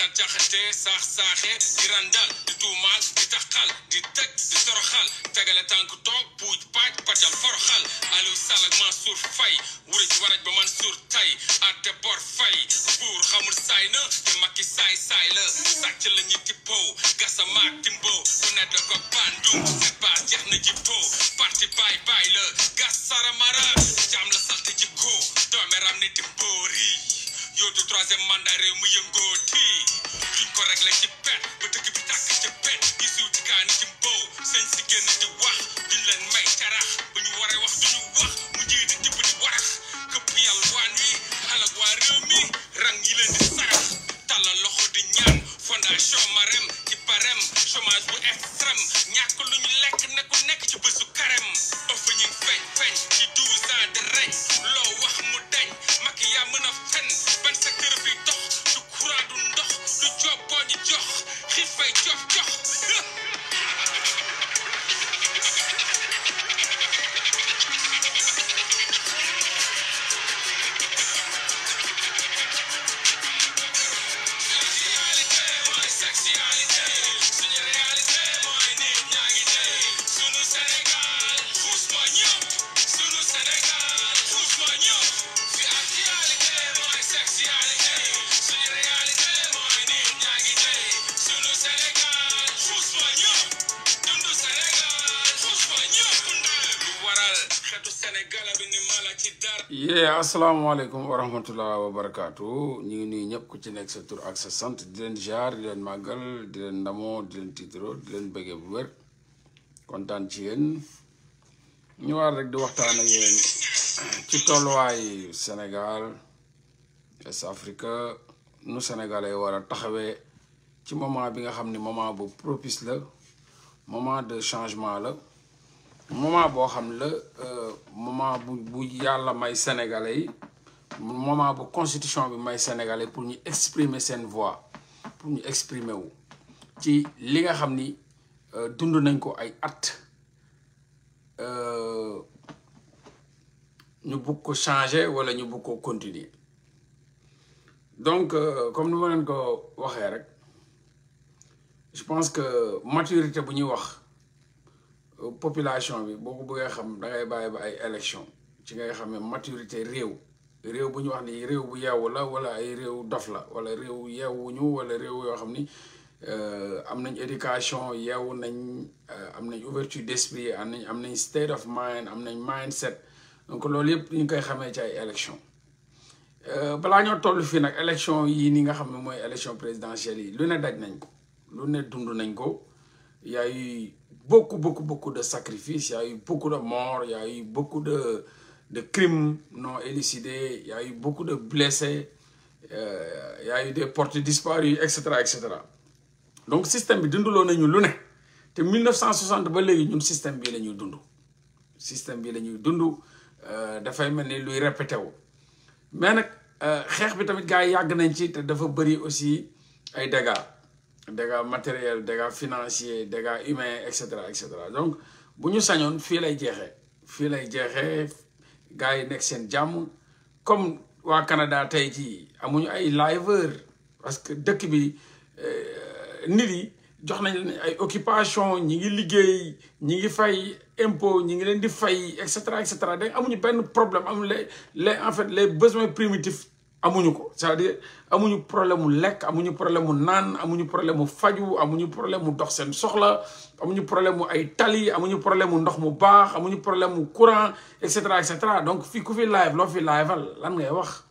caxat caxate saax saaxe di randal di tuumaal di taxal di teg di toroxal tegale tànk toog puuj paaj pajal foroxal Aliou Sall ak Mansour Faye wuraj waraj ba Mansour tay atte bor fay buur xamul saay na te Macky saay saay la sàcc la ñu tippoo gasa maak timboo ku ne da ko bandum set ba jeex na jibtoo parti baay baay la gas saramara jaam la salte jikkoo doomeram ni dimboori yootu troisième mandat réew mu yëngoo tii duñ ko réglé ci pet ba dëkk bi tàkk ci pet ñi siw ci kaani ci mboow sëñ si génn di wax duñ may carax bu ñu waree wax duñu wax mu jii di tibb di warax këpp yàlla waan wi xalak waa réew mi rang yi leen di sarax tàllal loxo di ñaan fondation marem ci barem chômage bu extrême asalaamaaleykum assalamu alaikum warahmatullahi wabarakatuh ñi ngi nuyu ñep ku ci nek sa tour ak sa sante di len jaar di len magal di len ndamoo di len titro di len bëgge bu wër contane ci yeen ñu war rek di waxtaan ak yeen ci Sénégal Est Afrique nu Sénégalais wara taxawé ci moment bi nga xamni moment bu propice la moment de changement la. moment bo xam la euh, moment bu yalla may sénégalais moment bu constitution bi may sénégalais pour ñu exprimer sen voix pour ñu exprimer wu ci li nga xam ni euh, dund nañ ko ay at euh, ñu bu ko changer wala ñu bu ko continuer donc comme nous venons de ko waxee rek je pense que maturité bu ñuy wax population bi boo ko xam da ngay baye ba ay élection ci ngay xamé maturité réew réew bu ñu wax ni réew bu yeewu la wala ay réew dof la wala réew yeewuñu wala réew yo xamni euh am nañ éducation yeewu nañ euh, am nañ ouverture d'esprit am nañ am nañ state of mind am nañ mindset donc lool yëpp ñu koy xamé ci ay élection euh, bala ñoo tollu fi nak élection yi ni nga xamné moy élection présidentielle yi lu ne daj nañ ko lu ne dund nañ ko yaay beaucoup, beaucoup, beaucoup de sacrifices, il y a eu beaucoup de morts, il y a eu beaucoup de, de crimes non élucidés, il y a eu beaucoup de blessés, euh, il y a eu des portes disparues, etc. etc. Donc, le système, nous avons en 1960, nous avons un système le est Le système bi le ñuy dund euh, dafay mel ni luy répété mais il y euh, bi tamit gars yi yàgg nañ ci te aussi ay dégâts dégâts matériels dégâts financiers dégâts humains etc., etc. donc si nous, avons lay de lay des comme au Canada parce que dès nous avons occupation ñi etc etc. ñi ngi fay impôt ñi ngi Donc, problème en fait les besoins primitifs amuñu ko c'est-à-dire amuñu problème mu lekk amuñu problème mu naan amuñu problème mu faju amuñu problème mu dox seen soxla amuñu problème mu ay tali amuñu problème mu ndox mu baax amuñu problème mu courant etc. etc. et cetera donc fii ku fi live loo fi liveal lan ngay wax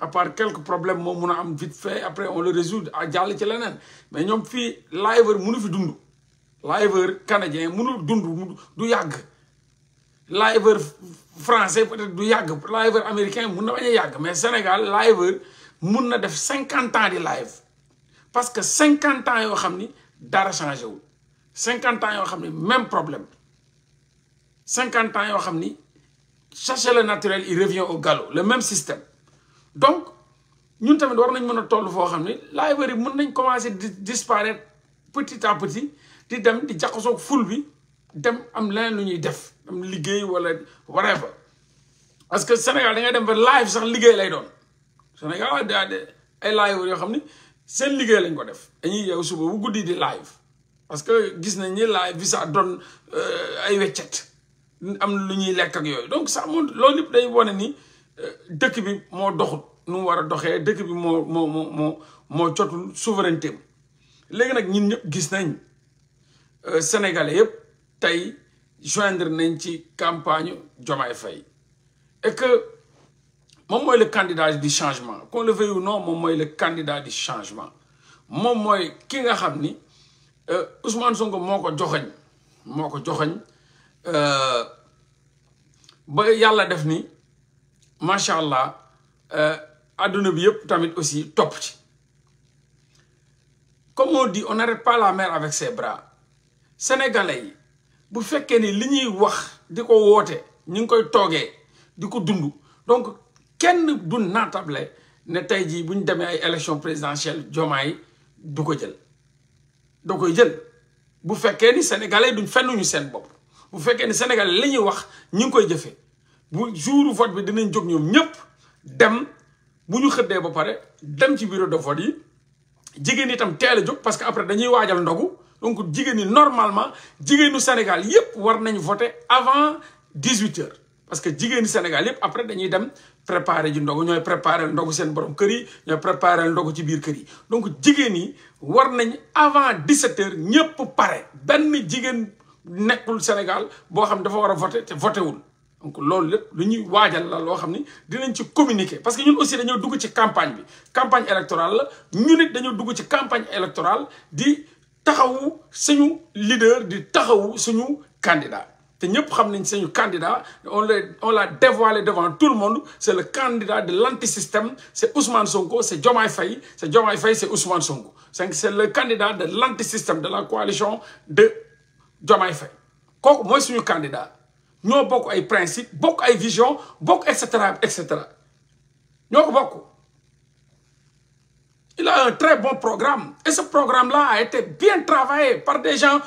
à quelques problèmes moom mun a am vite fait après on le résout à jàll ci leneen mais ñoom fii liveur mënu fi dund liveur canadien mënul dund du yag. Live français peut-être du américain mais Sénégal liveur il def 50 ans de live parce que 50 ans yoo dara changé wul 50 ans yoo même problème 50 ans yoo chercher le naturel il revient au galop le même système donc nous avons war nañ que a toll foo xam yi commencer di disparaître petit à petit di dem di ful bi dem am liggéey wala whatever parce que Sénégal da ngay dem ba live sax liggéey lay doon Sénégal da de ay live yoo xam ni seen liggéey lañ ko def dañuy yow suba bu guddi di live parce que gis nañ ni live bi sax doon euh, ay weccet am lu ñuy lekk ak yooyu donc sax moom loolu lépp day wane nii euh, dëkk bi moo doxut nu mu war a doxee dëkk bi moo moo moo moo moo jotul souveraineté léegi nag ñun ñëpp gis nañ euh, sénégalais yëpp tey joindre nañ ci campagne Diomaye Fay et que moom moi, le candidat du changement qu'on le veuille ou non moom moi, le candidat du changement moom mooy ki nga ramené euh, Ousmane Sonko Moko ko Moko moo Euh, joxoñ ba Mashaallah def ni macha euh, bi tamit aussi top. comme on dit on n'arrête pas la mer avec ses bras sénégalais bu fekkee ni li ñuy wax di ko woote ñu ngi koy toogee di ko dund donc kenn du naatable ne tey jii bu demee ay élection présidentielle Diomaye du ko jël da koy jël bu fekkee ni sénégalais duñ fennuñu seen bopp bu fekkee ni sénégalais li ñuy wax ñu ngi koy jëfee bu jour vote bi dinañ jóg ñoom ñëpp dem bu ñu xëddee ba pare dem ci bureau de vote yi jigéen itam teel a jóg parce que après dañuy waajal ndogu donc jigéen normalement jigéenu Sénégal yépp war nañ voter avant 18 h heures parce que jigéenu Sénégal yépp après dañuy dem préparer ji ndogu ñoy préparer ndogu seen borom kër yi ñoy préparer ndogu ci biir kër yi donc jigéen yi war nañ avant 17h heures paré ben benn jigéen nekkul Sénégal bo xam dafa wara voter té voté wul donc loolu lépp lu ñuy la lo xamni ni dinañ ci communiquer parce que ñun aussi dañu dugg ci campagne bi campagne électorale la ñu nit dañoo dugg ci campagne électorale di taxawu suñu leader du taxawu suñu candidat té ñëpp xam nañ suñu candidat on l'a on dévoilé devant tout le monde c'est le candidat de l'antisystème c'est Ousmane Sonko c'est est Fay c'est c'est Fay c'est Ousmane Sonko C'est le candidat de l'antisystème de la coalition de Diomaye Faye moi, moy suñu candidat Nous bokk ay de bokk ay de bokk etc., etc., etc. Nous beaucoup. Il a un très bon programme. Et ce programme-là a été bien travaillé par des gens,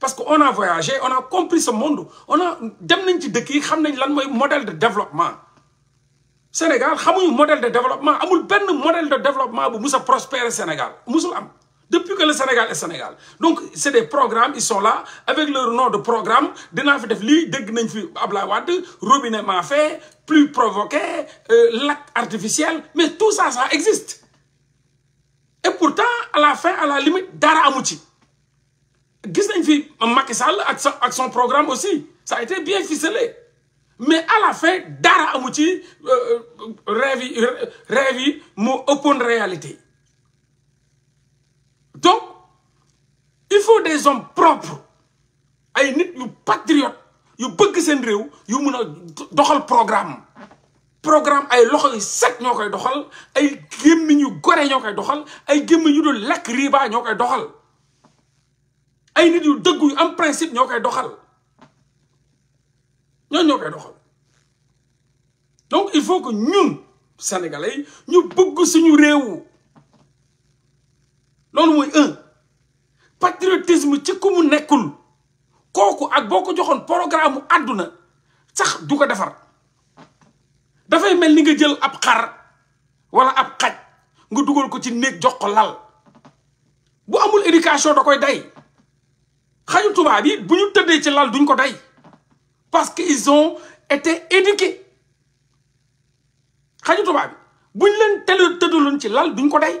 Parce qu'on a voyagé, on a compris ce monde. On a un modèle de développement. Sénégal, un modèle de développement. Il n'y a modèle de développement pour prospérer Sénégal. Il depuis que le Sénégal est Sénégal donc c'est des programmes ils sont là avec leur nom de programme de fi def li, de nañ fi robinet Mafé, plus provoqué euh, lac artificiel mais tout ça ça existe et pourtant à la fin à la limite dara Amouti, ci nañ Macky Sall son programme aussi ça a été bien ficelé mais à la fin dara Amouti rêve euh, euh, rêve yi réalité réalité donc il faut des hommes propres ay nit yu patriote yu bëgg seen réew yu mëna doxal programme programme ay loxo yu set ñokay doxal ay gémmiñ yu goré ñokay doxal ay gémmiñ yu dul lekk riba ñokay doxal ay nit yu dëgg yu am principe ñokay doxal ñoo ñokay doxal donc il faut que ñun sénégalais ñu bëgg suñu réew loolu mooy un patriotisme ci ku mu nekkul kooku ak boo ko joxoon programme mu àdduna sax du ko defar dafay mel ni nga jël ab xar wala ab xaj nga dugal ko ci néeg jox ko lal bu amul éducation da koy day xaju tubaab yi bu ñu tëddee ci lal duñ ko day parce que ils ont été éduqués xaju tubaab yi ñu leen tëddaloon ci lal duñ ko day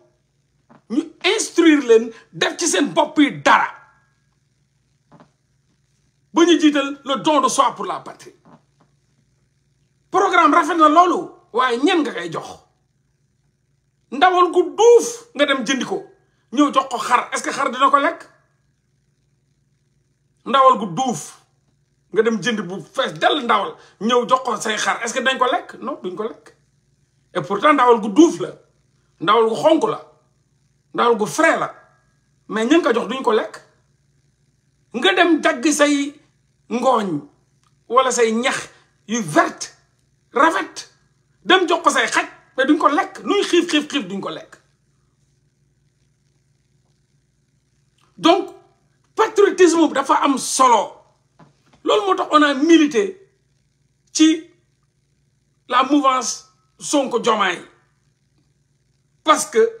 ñu instruire leen def ci seen bopp yi dara ba ñu jiital le don de soi pour la patrie programme rafet na loolu waaye ñen nga koy jox ndawal gu duuf nga dem jëndi ko ñëw jox ko xar est-ce que xar dina ko lekk ndawal gu duuf nga dem jënd bu fees del ndawal ñëw jox ko say xar est-ce que dañ ko lekk non duñ ko lekk et pourtant ndawal gu duuf la ndawal gu xonk la dans gu frère, mais ñu ko jox duñ ko nga dem wala say mais donc patriotisme dafa am solo lool motax on a milité ci la mouvance Sonko jomay parce que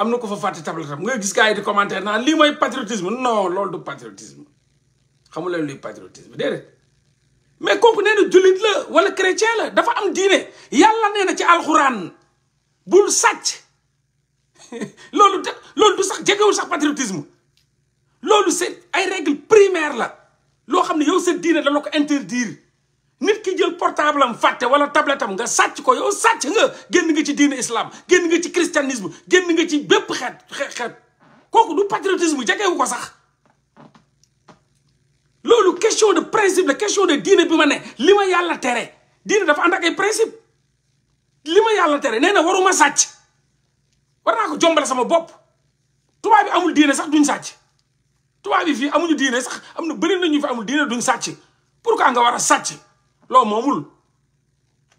am na ko fa fàtte table am nga gis gars yi di commentaire naan lii mooy patriotisme non loolu du patriotisme xamu leen luy patriotisme déedéet mais kooku nee na jullit la wala chrétien la dafa am diine yàlla nee na ci alxuraan bul sàcc loolu te loolu du sax jegewul sax patriotisme loolu c'est ay règles primaires la loo xam ne yow sa diine da la ko interdire nit ki jël portable am fàtte wala tablette nga sàcc ko yow sàcc nga génn nga ci diine islam génn nga ci christianisme génn nga ci bépp xeet xeet xeet kooku du patriotisme jegewu ko sax loolu question de principe la question de diine bi ma ne li ma yàlla tere diine dafa ànd ak ay principe li ma yàlla tere nee na waruma sàcc war naa ko jombale sama bopp tubaab bi amul diine sax duñ sàcc tubaab bi fii amuñu diine sax am na bëri na ñu fi amul diine duñ sàcc pourquoi nga war a sàcc loo moomul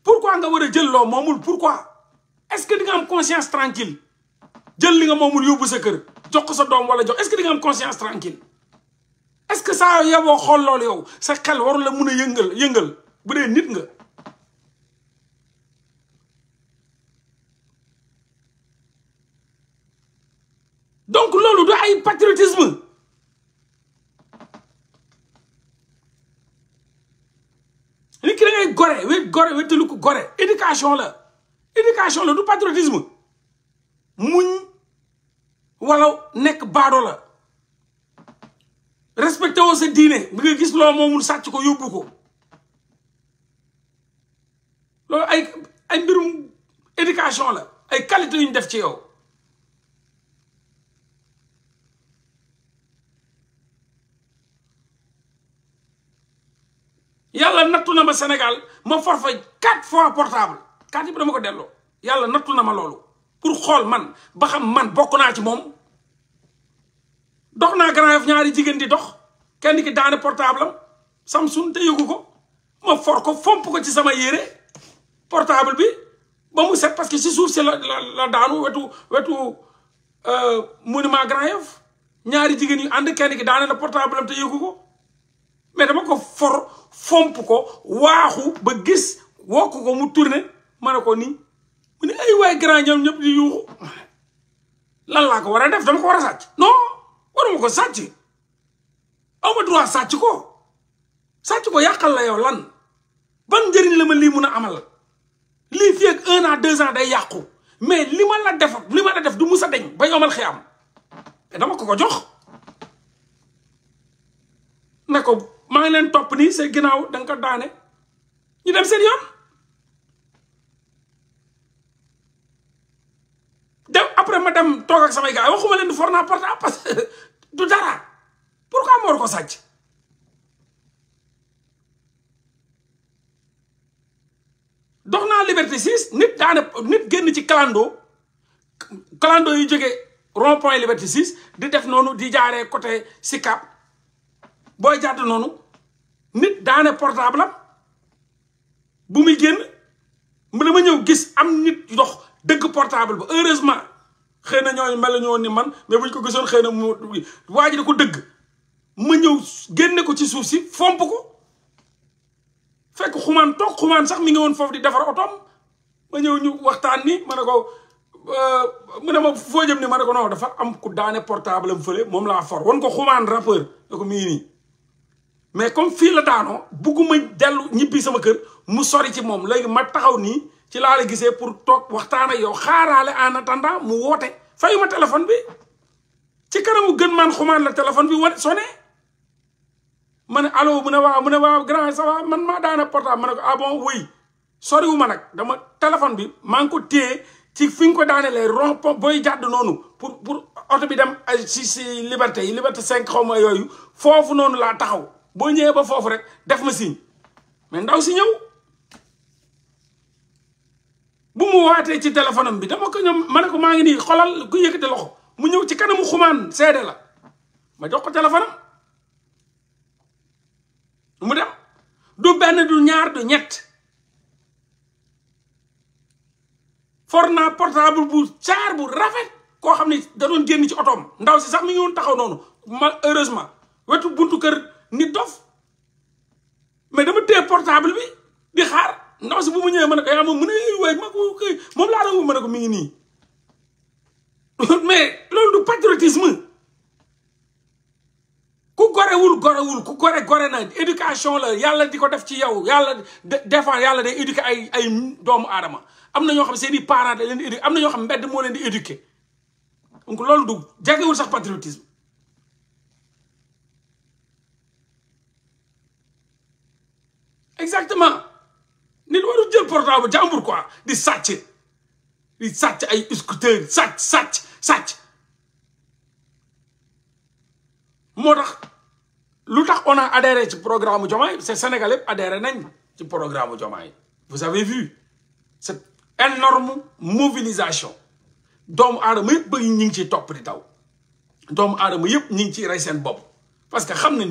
pourquoi nga war a jël loo moomul pourquoi est-ce que di nga am conscience tranquille jël li nga moomul yóbbu sa kër jox ko sa doom wala jox est-ce que di am conscience tranquille est-ce que saa yow boo xool loolu yow sa xel waru la mun a yëngal yëngal bu dee nit nga. donc loolu du ay patriotisme. li ki da ngay gore we gore wetalu ko gore éducation la éducation la du patriotisme muñ walla nekk baado la respecté woo sa diine bi nga gis loo moomul sàcc ko yóbbu ko loolu ay ay mbirum éducation la ay qualité yu ñu def ci yow yàlla nattu na ma Sénégal ma forfait quatre fois portable carte yi dama ko delloo yàlla nattu na ma loolu pour xool man ba xam man bokk naa ci moom dox naa Grand Yoff ñaari jigéen di dox kenn ki daane portable am Samsung te ko ma ko fomp ko ci sama yére portable bi ba mu set parce que si suuf si la la daanu wetu wetu euh, monument Grand Yoff ñaari jigéen yu ànd kenn ki daane na portable am te yëgu ko mais dama ko for fomp ko waaxu ba gis wokk ko mu turne ma ne ko nii mu ne ay waay grand ñoom ñëpp di yuuxu lan laa ko war a def dama ko war a sàcc non waruma ko sàcc aw ma ko sàcc ko yàqal la yow lan ban njëriñ la ma lii mun a amal lii fii ak un an deux day yàqu mais li ma la def li ma la def du mus a deñ ba yomal xiyam dama ko ko jox na ko maa ngi leen topp nii seen ginnaaw da ko daane ñu dem seen yoon dem après ma dem toog ak samay gars yi waxuma leen du for naa porte parce que du dara pourquoi ma war ko sàcc dox naa liberté six nit daane nit génn ci clando kalando yu jóge rond point liberté six di def noonu di jaaree côté Sicap booy jàdd noonu nit daane portable am bu muy génn mu ma ñëw gis am nit dox dëgg portable ba heureusement xëy na ñooñu mel ñoo ni man mais buñ ko gisoon xëy na mu waa ji ko dëgg ma ñëw génne ko ci suuf si fomp ko fekk xumaan toog xumaan sax mi ngi woon foofu di defar otoom ma ñëw ñu waxtaan ni ma ne ko euh, mu ne ma foo jëm ni ma ne ko non dafa am ku daane portable am fële moom laa for wan ko xumaan rappeur ne ko mi ngi mais comme fii la daanoo bugguma dellu ñibbi sama kër mu sori ci moom léegi ma taxaw nii ci laa la gisee pour toog waxtaan ak yow xaaraale en attendant mu woote fayu ma téléphone bi ci kanamu gën maan xumaan téléphone bi wane sonné ma ne allo mu ne waaw mu ne waaw grand ça man maa daana portable ma ne ko ah bon ma nag dama téléphone bi maa ngi ko téye ci fi nga ko daanelee rond point booy jàdd noonu pour pour oto bi dem si si liberté yi liberté cinq xaw ma yooyu foofu noonu laa taxaw. boo ñëwee ba foofu rek def ma signe mais ndaw si ñëw bu mu waatee ci téléphone am bi dama ko ñoom ma ne ko maa ngi nii xolal ku yëkkati loxo mu ñëw ci kanamu xumaan seede la ma jox ko téléphone mu dem du benn du ñaar du ñett for naa portable bu caar bu rafet koo xam ne danoon doon génn ci otoom ndaw si sax mi ngi woon taxaw noonu ma heureusement wetu buntu kër nit dof mais dama téye portable bi di xaar ndaw si bu mu ñëwee ma ne ko yaa moom mu ne waaye ma ko kay moom laa doon ma ne ko mu ngi nii mais loolu du patriotisme ku gorewul gorewul ku gore gore na éducation la yàlla di ko def ci yow yàlla des fois yàlla day éduquer ay ay doomu aadama am na ñoo xam seeni parents da leen di éduquer am na ñoo xam mbedd moo leen di éduquer donc loolu du jegewul sax patriotisme exactement Nous waru jël portable jàmbur quoi di sàcc Des sàcc ay scooter Satch, satch, satch. moo tax on a adhéré au programme Jomai. c'est Sénégal yëpp adhéré nañ ci programme Jomai. vous avez vu cette énorme mobilisation Dom aadama yëpp bëgg ñu ngi ciy topp di daw doomu aadama yëpp ñu ngi ciy parce que xam nañ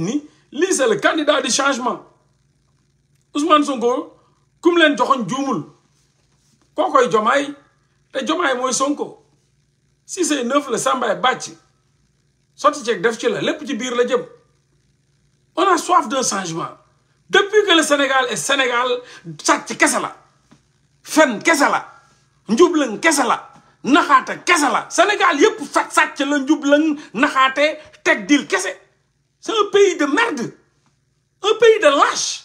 ni c'est le candidat du changement Ousmane Sonko kum leen joxoon juumul kookoy Jomaay Et Jomaay mooy Sonko si c'est neuf le Samba est battu. ceeg def ci la les ci biir la djem. on a soif d'un changement depuis que le Sénégal est Sénégal te casse la fen casse la njublan casse la naxaate casse la Sénégal yep, faire ça, la njublan naxaate teg dil kese c'est un pays de merde un pays de lâche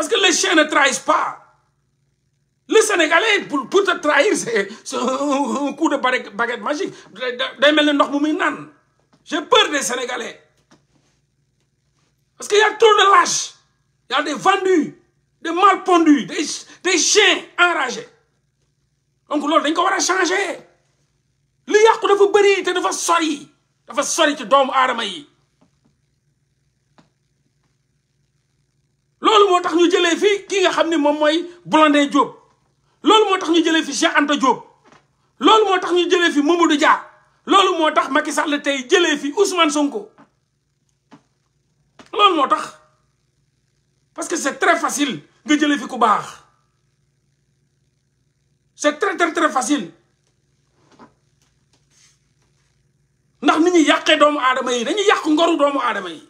Parce que les chiens ne trahissent pas. Les Sénégalais, pour, te trahir, c'est un, coup de baguette magique. J'ai peur des Sénégalais. Parce qu'il y a trop de lâches. Il y a des vendus, des mal pendus, des chiens enragés. Donc, l'autre, il va changer. Le il de vous sortir. Il sortir sortir De vous loolu moo tax ñu jëlee fi kii nga xam ni moom mooy Blondin jóob loolu moo tax ñu jëlee fi Cheikh Anta Diop loolu moo tax ñu jëlee fi Mamadou jaar loolu moo tax Macky Sall tey jëlee fi Ousmane Sonko loolu moo tax parce que c'est très facile nga jëlee fi ku baax c'est très très très facile ndax nit ñu yàqee doomu aadama yi dañuy yàq ngoru doomu aadama yi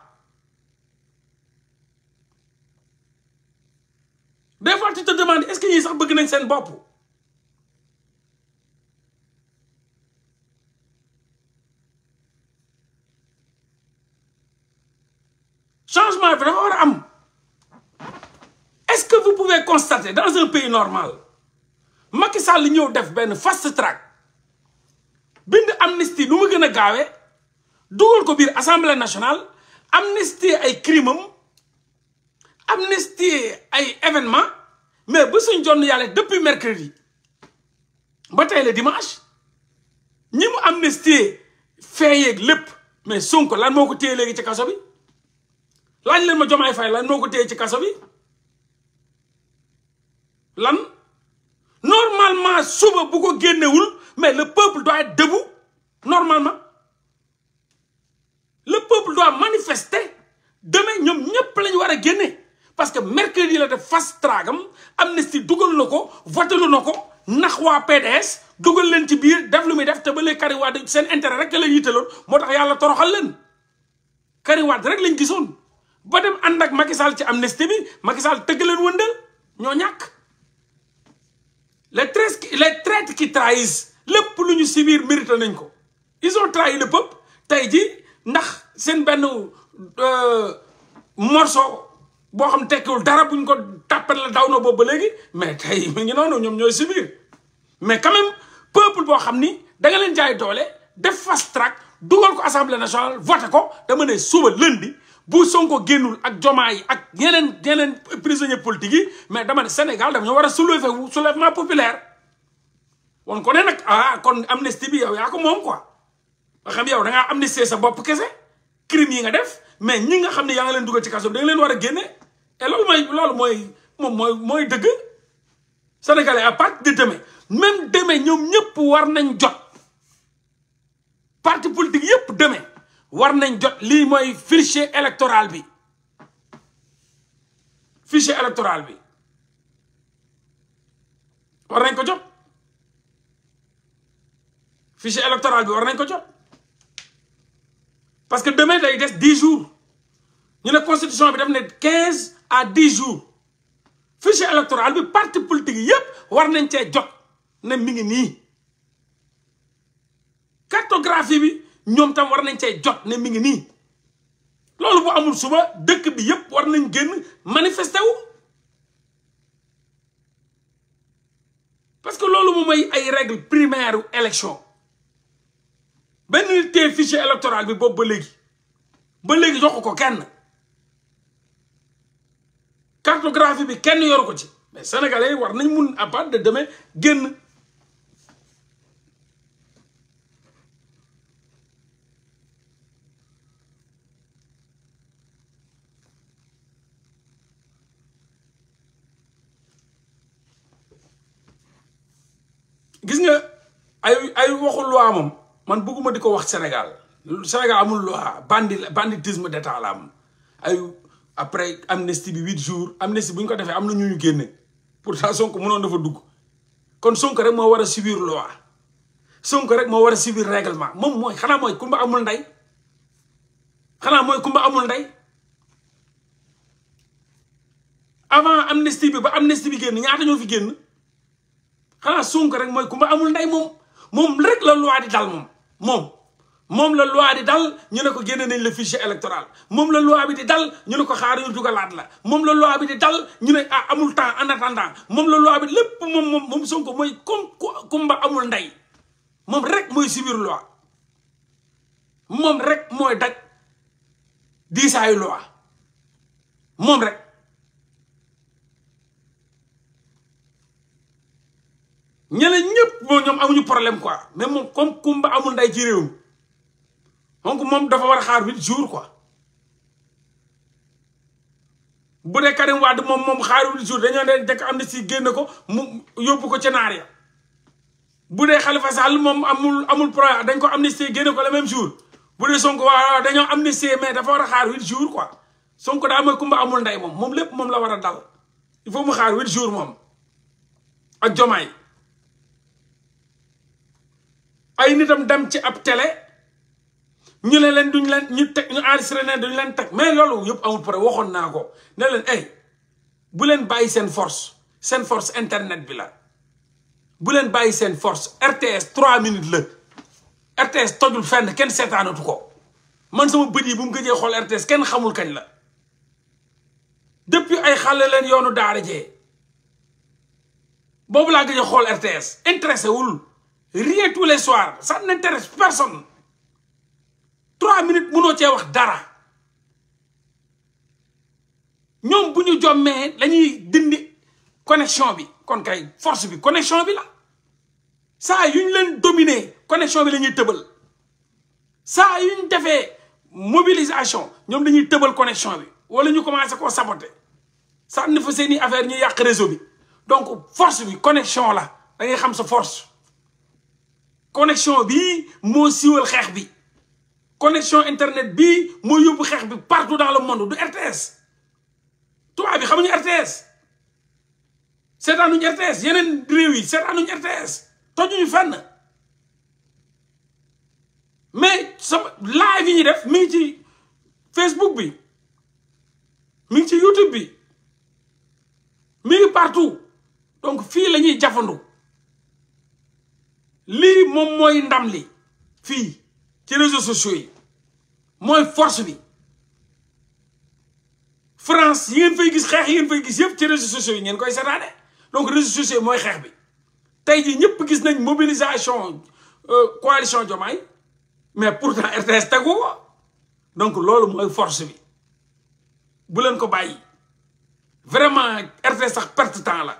des fois tu te demandes est-ce que y a un changement vraiment est-ce que vous pouvez constater dans un pays normal Macky Sall ñëw def un fast track bind amnistie nous avons gën a l'Assemblée ko biir assemblée nationale amnistie et crime amnistie ay événement mais bu suñ jonn yàlla depuis mercredi ba tey le dimanche ñi mu amnistie feeyeeg lépp mais Sonko lan moko ko téye ci kasso bi lan leen ma jomay fay lan moko ko ci kasso bi lan normalement souba bu ko guenewul mais le peuple doit être debout normalement le peuple doit manifester demain ñom ñep lañ wara a parce que mercredi la def fast track am amnistie dugal na ko votalu na ko nax waa PDS dugal leen ci biir def lu muy def te ba léegi Karim seen intérêt rek la yitaloon moo tax yàlla toroxal leen Karim Wade rek lañ gisoon ba dem ànd ak Macky Sall ci amnistie bi Macky Sall tëgg leen wëndal ñoo ñàkk les traîtres les traîtres qui trahissent lépp lu ñu subir mérité nañ ko ils ont trahi le peuple tey ji ndax seen benn euh, morceau boo xam tekkiwul dara buñ ko tàppal la daw na boobu ba léegi mais tey mi ngi o ñoom ñooy subir mais quand même peuple boo xam ni da leen jaay doole def fast track dugal ko assemblée nationale voté ko dama ne suba lundi bu Sonko génnul ak jomaa yi ak yeneen yeneen prisonniers politiques yi mais daman Sénégal dafa ñu war a soulever soulèvement populaire won ko ne nag ah kon amnistie bi yow yaa ko moom quoi nga xam yow da ngaa amnistier sa bopp kese crime yi nga def mais ñi nga xam ne yaa nga leen dugal ci kaso da nga leen war a génne et loolu moi, moi, moi, sénégalais à partir de demain même demain nous ñëpp war nañ jot parti politique politiques, demain war nañ jot fichier électoral bi fichier électoral bi war nañ fichier électoral bi war nañ ko parce que demain il reste 10 jours La constitution bi a à dix jour fichier électoral bi parti politique yépp war nañ cee jot ne mi ngi nii cartographie bi ñoom tam war nañ cee jot ne mi ngi nii loolu bu amul suba dëkk bi yépp war nañ génn manifesté wu parce que loolu moom may ay règle primaire u élection benn tee fichier électoral bi boobu ba léegi ba léegi jox ko kenn cartographie bi kenn yoru ko ci mais sénégalais war nañ mun à partir de demain génn gis nga ay ay waxu loi moom man bëgguma di ko wax Sénégal Sénégal amul loi bandi banditisme d'état la am ay après amnistie bi huit jours amnistie bu ñu ko defee am na ñu ñu pour pourtant Sonko mënoon fa dugg kon Sonko rek moo war a suivre loi Sonko rek moo war a suivre règlement moom mooy xanaa mooy kumba amul ndey xanaa mooy kumba amul ndey avant amnistie bi ba amnistie bi génn ñaata ñoo fi génn xanaa Sonko rek mooy kumba amul ndey moom moom rek la loi di dal moom moom. moom la loi di dal ñu ne ko génne nañ le fichier électoral moom la loi bi di dal ñu ne ko xaar ñu dugalaat la moom la loi bi di dal ñu ne ah amul temps en attendant moom la loi bi lépp moom moom moom Sonko mooy comme kumba amul ndey moom rek mooy subir loi moom rek mooy daj diisaayu loi moom rek ñeneen ñëpp moom ñoom amuñu problème quoi mais moom comme amul ndey ci donc moom dafa war a xaar huit jours quoi bu dee Karim Wade moom moom xaar huit jours dañoo ne jëkk amnistie génn ko mu yóbbu ko ca naar ya bu de Khalifa Sall moom amul amul problème dañ ko amnistie génn ko le même jour bu dee Sonko waaw dañoo amnistie mais dafa war a xaar huit jours quoi Sonko daa mooy kumba amul ndey moom moom lépp moom la war a dal il faut mu xaar huit jours moom ak jomaay ay nitam dem ci ab télé. ñu ne leen duñ leen ñu teg ñu enregistré leen leen teg mais loolu yëpp amul pare waxoon naa ko ne leen ay bu leen bàyyi seen force seen force internet bi la bu leen bàyyi seen force RTS trois minutes la RTS tojul fenn kenn seetaanatu ko man sama bët yi bu mu gëjee xool RTS kenn xamul kañ la depuis ay xale leen yoonu daara jee boobu laa gëj a xool RTS intéressé wul rien tous les soirs ça n'intéresse personne trois minutes Nous cee wax dara lañuy connexion bi force bi connexion Ça, la une yu leen connexion bi la Ça, mobilisation ñoom dañuy tëbal connexion bi wala commencé à saboter Ça, fa seeni affaire ñu donc force connexion la connexion bi connexion internet bi, partout dans le monde du RTS Toi, bi xamuñu RTS RTS yeneen rew yi RTS ñu fenn mais sama live yi def mi ci Facebook bi mi YouTube bi mi partout donc les lañuy jafandu li mom moy ndam li sur ci réseaux sociaux mooy force bi France yi ngeen fay gis xeex yi ngeen gis yëpp ci réseaux sociaux yi ngeen koy seetaane donc réseaux sociaux yi mooy xeex bi tey jii ñëpp gis nañ mobilisation euh, coalition Diomaye mais pourtant RTS tegu ko donc loolu mooy force bi bu leen ko bàyyi vraiment RTS sax perte temps la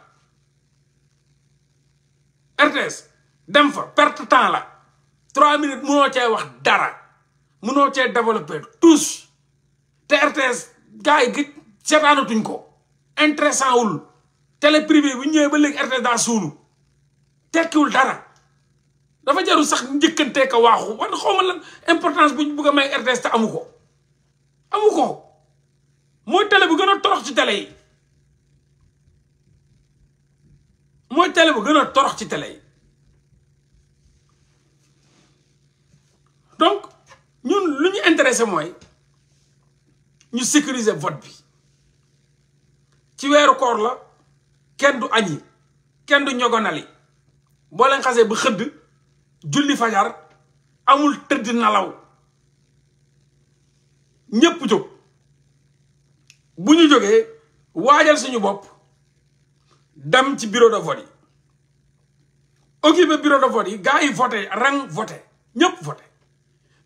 RTS dem fa perte temps la trois minutes mënoo cay wax dara mënoo cee développé tous te RTS gars yi gi seetaanatuñ ko intéressant wul télé privé bu ñëwee ba léegi RTS daa suulu tekkiwul dara dafa jarul sax njëkkantee ka waaxu wan xaw ma importance bu bugg a may RTS te amu ko amu ko mooy télé bu gën a torox ci télé yi mooy télé bu gën a torox ci télé yi donc ñun lu ñu intéressé mooy ñu sécuriser vote bi ci weeru koor la kenn du añi kenn du ñogonali boo leen ba xëdd julli fajar amul tëdd nalaw ñépp jóg bu ñu jógee waajal suñu bopp dem ci bureau de vote yi occupé bureau de vote yi gars yi voté rang voté ñépp voté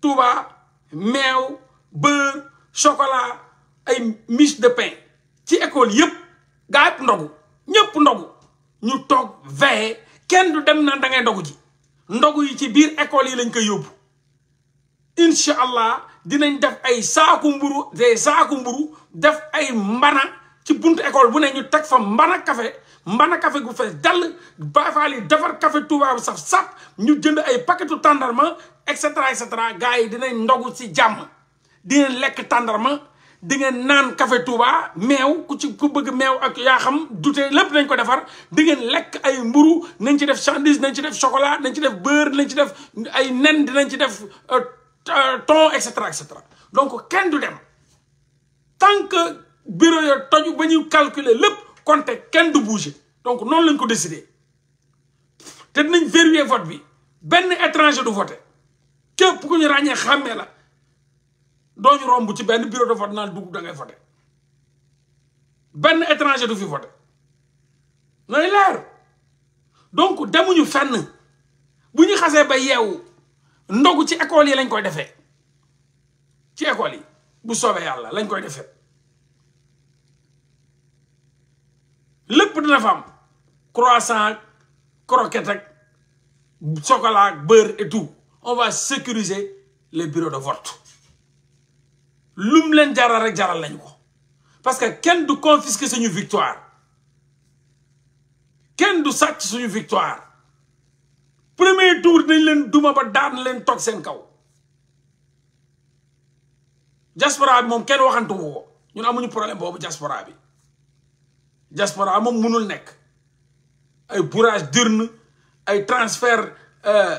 Touba meew beurre chocolat ay miche de pain ci école yëpp gaa yëpp ndogu ñëpp ndogu ñu toog veillé kenn du dem na da ngay ndogu ji ndogu yi ci biir école yi lañ koy yóbbu incha allah dinañ def ay saaku mburu saaku mburu def ay mbana ci buntu école bu ne ñu teg fa mbana café mbana kafe gu fees dal baafaal defar kafe Touba bu saf saf ñu jënd ay paquetu tàndarma et cetera et cetera gars yi ndogu ci jam dina lek tandarma dina nan café Touba mew ku ci ku bëgg mew ak ya xam douté lepp dañ ko défar dina lek ay mburu nañ ci def sandwich nañ ci def chocolat nañ ci def beurre nañ ci def ay nen dinañ ci def euh, ton euh, et cetera et cetera donc kenn du dem tant que bureau yo toju bañu calculer lepp compter kenn du bouger donc non lañ ko décider té dinañ vérifier vote bi ben étranger du voter képp ku ñu ràññee xàmmee la doo ñu romb ci benn bureau de vote naan dugub da ngay voté benn étranger du fi voté nooy leer donc demuñu fenn bu ñu xasee ba yeewu ndogu ci école yi lañ koy defee ci école yi bu soobee yàlla lañ koy defee lépp dina fa am croissant croquette ak chocolat beurre on va sécuriser les bureaux de vote lum len jaral rek jaral lañ ko parce que ken du confisquer suñu victoire Ken du sacc suñu victoire premier tour dañ leen douma ba daan leen tok sen kaw diaspora bi moom kenn waxantu ko ñun amuñu problème bobu diaspora bi diaspora mom mënul nek. ay bourrage d'urne ay transfert euh,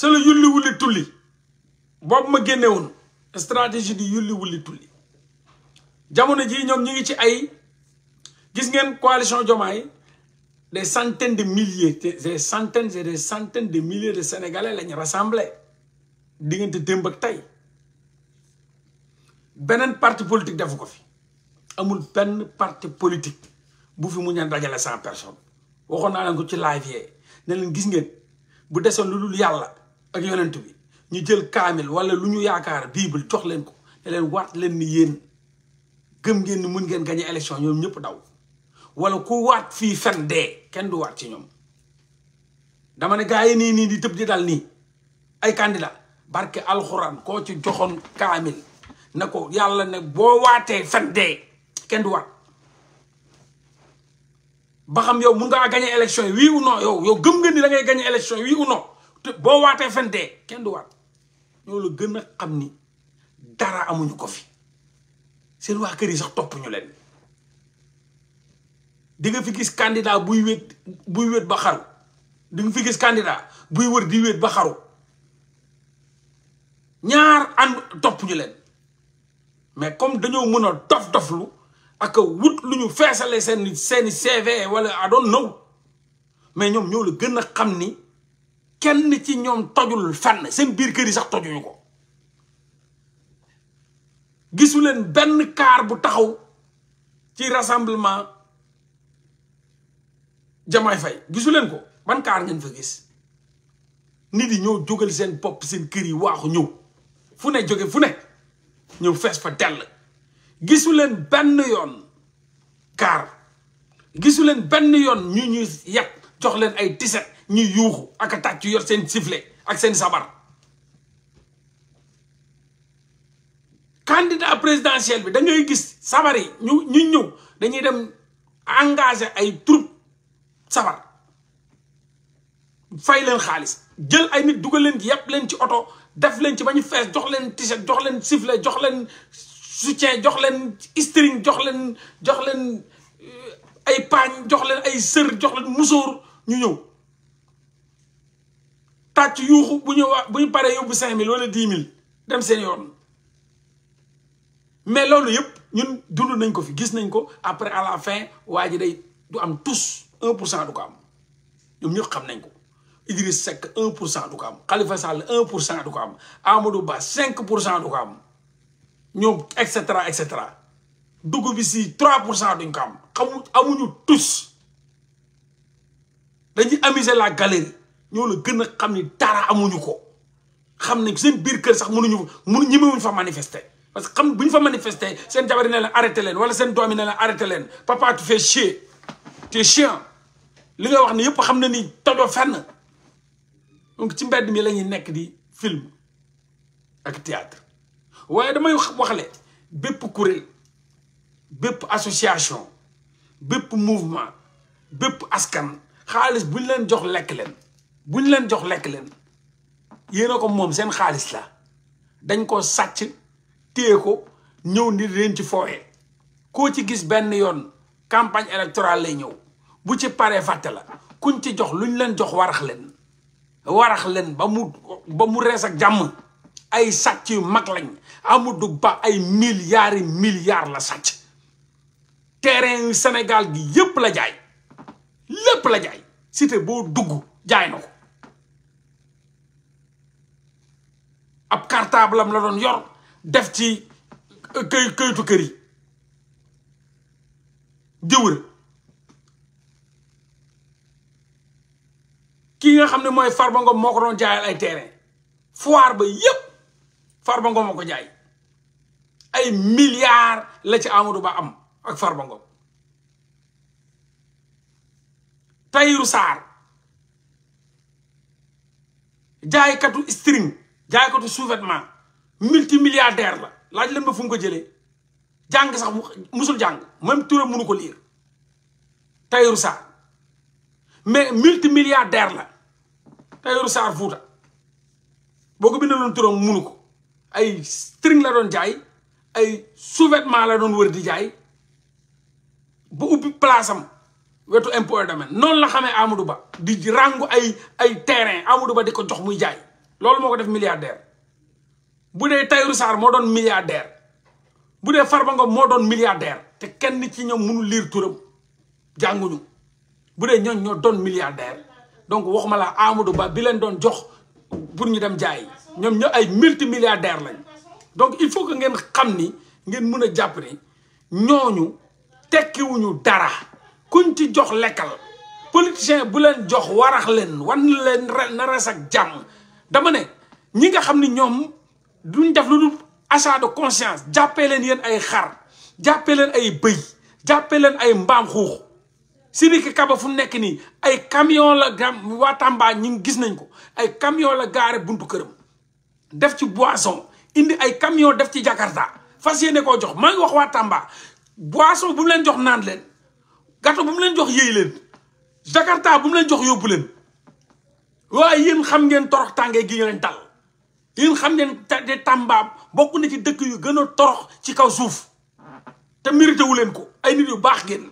c'est le yulli wulli tulli boobu ma génne stratégie di yulli wulli tulli jamono jii ñoog ñu ngi ci ay gis ngeen coalition Diomaye des centaines de milliers des centaines et des centaines de milliers de sénégalais lañu rassemblé diggante démb ak tey beneen parti politique defu ko fi amul benn parti politique bu fi mu ñaan dajale cent personnes waxoon naa leen ko ci live yee ne leen gis ngeen bu desoon lu dul yàlla ak yonent bi ñu jël kaamil wala lu ñu yaakaar bible jox leen ko te leen waat leen ni yéen gëm ngeen ni mun ngeen gañe élection ñoom ñëpp daw wala ku waat fii fen dee kenn du waat ci ñoom dama ne gaa yi nii nii di tëb dal nii ay candidat barke alxuraan koo ci joxoon kaamil na ko yàlla ne boo waatee fen kenn du waat ba xam yow mun ngaa gañe élection yi oui ou yow yow gëm ngeen ni da ngay gañe élection yi oui ou te boo waatee fen dee kenn du waat ñoo la gën a xam ni dara amuñu ko fi seen waa kër yi sax topp ñu leen dinga fi gis candidat buy wéet buy wéet ba xaru di fi gis candidat buy wër di wéet ba xaru ñaar ànd topp ñu leen mais comme dañoo mën a dof-doflu ak wut lu ñu feesale seen seeni CV wala I naw mais ñoom ñoo la gën a xam ni kenn ci ñoom tojul fenn seen biir kër yi sax tojuñu ko gisuleen benn kaar bu taxaw ci rassemblement Diomaye Faye gisu leen ko ban kaar ngeen fa gis nit yi ñoo jógal seen bopp seen kër yi waaxu ñëw fu ne jóge fu ne ñëw fees fa dell gisu leen benn yoon kaar gisu benn yoon ñu ñuy yàq jox leen ay tiset ñu yuuxu ak a tàcc seen sifflet ak seen sabar candidat présidentiel bi da gis sabar yi ñu ñëw dañuy dem engage ay troupe sabar fay leen xaalis jël ay nit dugal leen ci yàpp leen ci oto def leen ci ba ñu fees jox leen t-shirt jox leen sifflet jox leen soutien jox leen string jox leen jox leen euh, ay paañ jox leen ay sër jox leen musóor ñu ñëw tàcc yuuxu bu ñu wax bu ñu paree yóbbu cinq mille wala dix mille dem seen yoon mais loolu yëpp ñun dund nañ ko fi gis nañ ko après à la fin waa ji de du am tous un pour cent du ko am ñoom ñëpp xam nañ ko Idriss Seck un pour cent du ko am Khalifa Sall un pour cent du ko am Amadou Ba cinq pour cent du ko am ñoom et cetera et cetera dugub bi si trois duñ ko am xamu amuñu tous dañuy amuser la galerie ñoo la gën a xam ni dara amuñu ko xam ne seen biir kër sax munuñu mënu ñemewuñ fa manifester parce que xam bu ñu fa manifester seen jabar yi ne la leen wala seen doom yi ne la leen papa tu fais chier tu li nga wax ne yëpp xam na ni tojo fenn donc ci mbedd mii la ñuy nekk di film ak théâtre waaye damay waxle bépp kuréel bépp association bépp mouvement bépp askan xaalis buñ leen jox lekk leen bu ñu leen jox lekk leen yéen a ko moom seen xaalis la dañ ko sàcc téye ko ñëw nit leen ci fooye koo ci gis benn yoon campagne électorale lay ñëw bu ci paree fàtte la kuñ ci jox luñ leen jox warax leen warax ba mu ba mu rees ak jàmm ay sàcc yu mag lañ dugg Ba ay milliards yi milliards la sàcc terrain yu Sénégal gi yépp la jaay lépp la jaay cité boo dugg jaay na ko ab cartable am la doon yor def ci euh, këy këytu kër yi di wër kii nga xam ne mooy Farba Ngom moo ko doon jaayal ay terrain foire ba yépp Farba jaay ay milliards la ci Amadou Ba am ak Farba Ngom Tahirou jaaykatu string jaaykatu sous-vêtement multimilliardaire la laaj leen ba fu mu ko jëlee jàng sax musul jàng même turam mënu ko liir Tahirou Sarr mais multimilliardaire la Tahirou Sarr Fouta boo ko na turam mënu ko ay string la doon jaay ay sous-vêtement la doon wër di jaay ba ubbi place wetu impôt domaine noonu la xamee Amadou Ba di ràngu ay ay terrain Amadou Ba di ko jox muy jaay loolu moo ko def milliardaire bu dee Tahirou Sarr moo doon milliardaire bu dee Farba moo doon milliardaire te kenn ci ñoom mënu liir turam jànguñu bu dee ñooñ ñoo doon milliardaire donc waxuma la Amadou Ba bi leen doon jox pour ñu dem jaay ñoom ñoo ay multi milliardaire lañ donc il faut que ngeen xam ni ngeen mën a jàpp ni ñooñu tekkiwuñu dara kuñ ci jox lekkal politicien bu leen jox warax leen wan leen na res ak jàmm dama ne ñi nga xam ni ñoom duñ def lu dul achat de conscience jàppee leen yen ay xar jàppe leen ay bëy jàppe leen ay mbaam xuux Sidiki Kaba fu nekk nii ay camion la ga Tamba ñi gis nañ ko ay camion la gaare buntu këram def ci boisson indi ay camion def ci Jakarta fas yéene koo jox maa ngi wax waa Tamba boisson bu leen jox naan leen gâteau bu mu leen jox yéey leen jakarta bu mu leen jox yóbbu leen waaye yéen xam ngeen torox tàngee gi ngeen dal yéen xam ngeen de Tamba bokku na ci dëkk yu gën a torox ci kaw suuf te mérité wu leen ko ay nit yu baax ngeen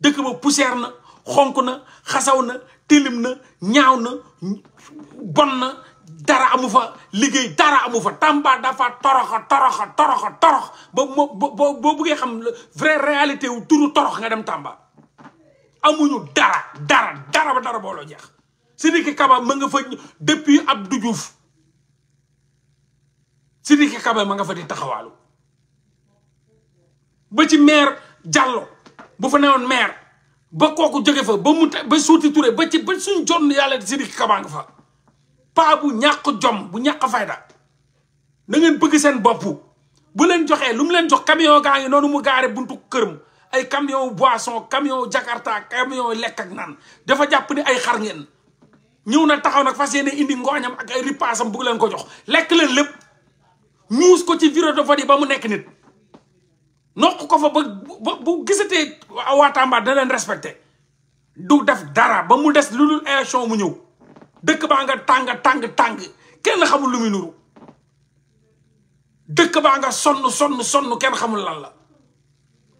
dëkk ba poussière na xonk na xasaw na tilim na ñaaw na bon na dara amu fa tara dara amu fa Tamba dafa torox torox torox torox bo bo bu buggee xam vraie réalité wu turu torox nga dem Tamba amuñu dara dara dara ba dara booloo jeex Sidiki Kaba ma nga fa depuis Abdou Diouf Sidiki Kaba ma nga fa di taxawalu ba ci maire Diallo bu fa newoon maire ba koku jóge fa ba mu ba souti Touré ba ci ba suñu jonne yalla Sidiki Kaba nga fa paa bu ñak jom bu ñak fayda na ngeen bëgg seen bop bu leen joxee lu mu leen jox camion gaa nonu mu gaare buntu kërëm ay camion boisson camion jakarta camion lek ak nan dafa japp ni ay xar ngeen ñew na taxaw nak fasiyene indi ngoñam ak ay ripaasam bu leen ko jox lek leen lepp ñuus ko ci viro do vote ba mu nekk nit noq ko fa bu gisete wa Tamba da leen respecté du def dara ba mu des lulul dul élection mu ñew dëkk baa nga tàng tàng tàng kenn xamul lu muy dëkk baa nga sonn sonn sonn kenn xamul lan la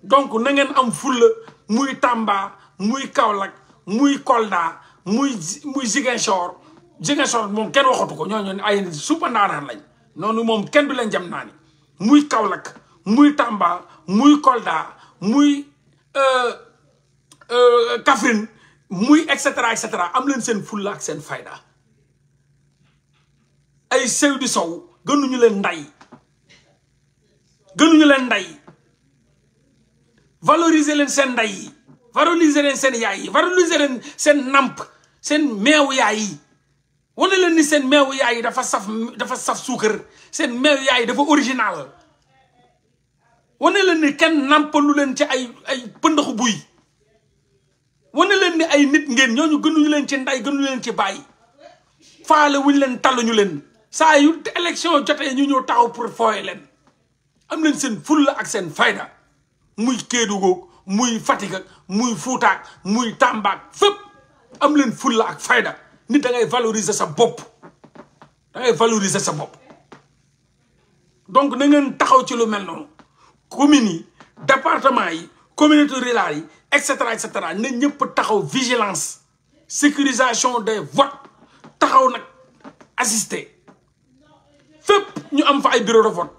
donc na ngeen am fulla muy Tamba muy Kaolack muy Kolda muy muy Ziguinchor Ziguinchor moom kenn waxatu ko ñooñu ay suppa ndaanaan lañ noonu moom kenn du leen jam naani muy kawlak muy Tamba muy Kolda muy euh, euh, Kaffrine muy et cetera et cetera am leen seen fulla seen fayda ay sew di sow gënuñu leen nday gënuñu leen nday valoriser leen seen nday yi valoriser leen seen yaay yi valoriser leen seen namp seen meewu yaay yi wane leen ni seen meewu yaay yi dafa saf dafa saf suukar seen meewu yaay yi dafa original wane leen ni kenn nampalu leen ci ay ay pëndaxu buy wane leen ni ay nit ngeen ñooñu gënuñu leen ci nday gënuñu leen ci bàyyi faale wuñ leen taluñu leen saa yu élection jotee ñu ñëw taxaw pour fooye leen am leen seen fulla ak seen fayda muy Kédougou muy Fatick muy Fouta muy Tamba ak fépp am leen fulla ak fayda nit da ngay sa bopp da ngay sa bopp donc na ngeen taxaw ci lu mel noonu communes yi départements yi communauté rurale yi etc. etc. Nous, cetera taxaw vigilance sécurisation des votes taxaw nag assister nous ñu am fa bureau de vote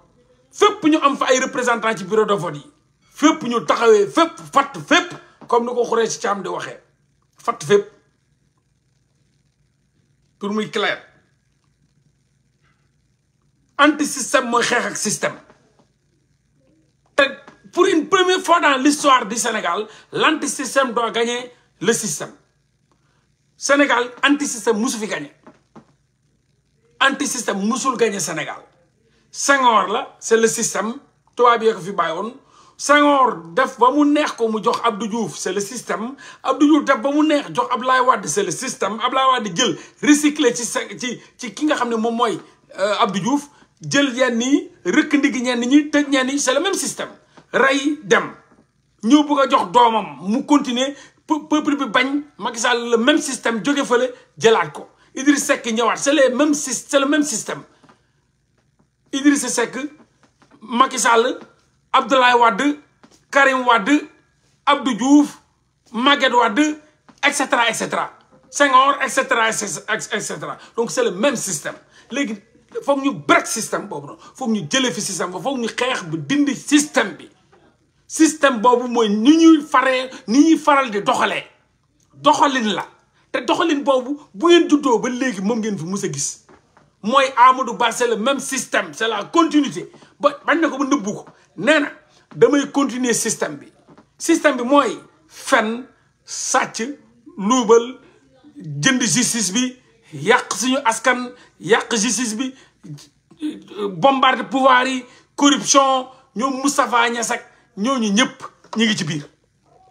Nous avons am fa ay représentants bureau de vote yi nous ñu taxawee bureau de comme nous avons xuree ci caam di tout pour nous clair anti système un système pour une première fois dans l'histoire du Sénégal, l'antisystème doit gagner le système. Sénégal, antisystème, Moussoufi gagner. Antisystème, Moussoul gagner Sénégal. Senghor, là, c'est le système. Toi, bien que Bayon. Senghor, def va mou nek, comme mu Abdou Diouf, c'est le système. Abdou Diouf def va mou nek, jox Ablai Wad, c'est le système. Ablai Wad, jël recycler ci ci ci ki nga xamné mom moy euh, Abdou Diouf, jël yenn yi, rëkk ndig ñenn ñi, c'est le même système. Ray dem ñëw bëgg jox domam mu continuer peuple bi bañ Macky Sall le même système jóge feulé jëlaat ko Idriss Seck ñëwaat c'est le même c'est le même système Idriss Seck Macky Sall Abdoulaye Wade Karim Wade Abdou Diouf Maguette Wade etc. cetera Senghor etc etc etc. donc c'est le même système Faut foog ñu break système bobu noonu foog ñu jëlé fi système faut foog ñu xeex bu dindi système bi Sistem ba wou mwen nini faral de dokhalen. Dokhalen la. Te dokhalen ba wou, mwen yon doudou, mwen le ki mwen gen vye mwese gis. Mwen amou do basen le menm sistem. Se la kontinite. Mwen nekou mwen nou boukou. Nena, de mwen kontinite sistem bi. Sistem bi mwen fèn, satye, noubel, djen de jistis bi, yak si yon askan, yak jistis bi, bombard pouvari, korupsyon, yon mwese fanyasek, ñooñu ñëpp ñu ngi ci biir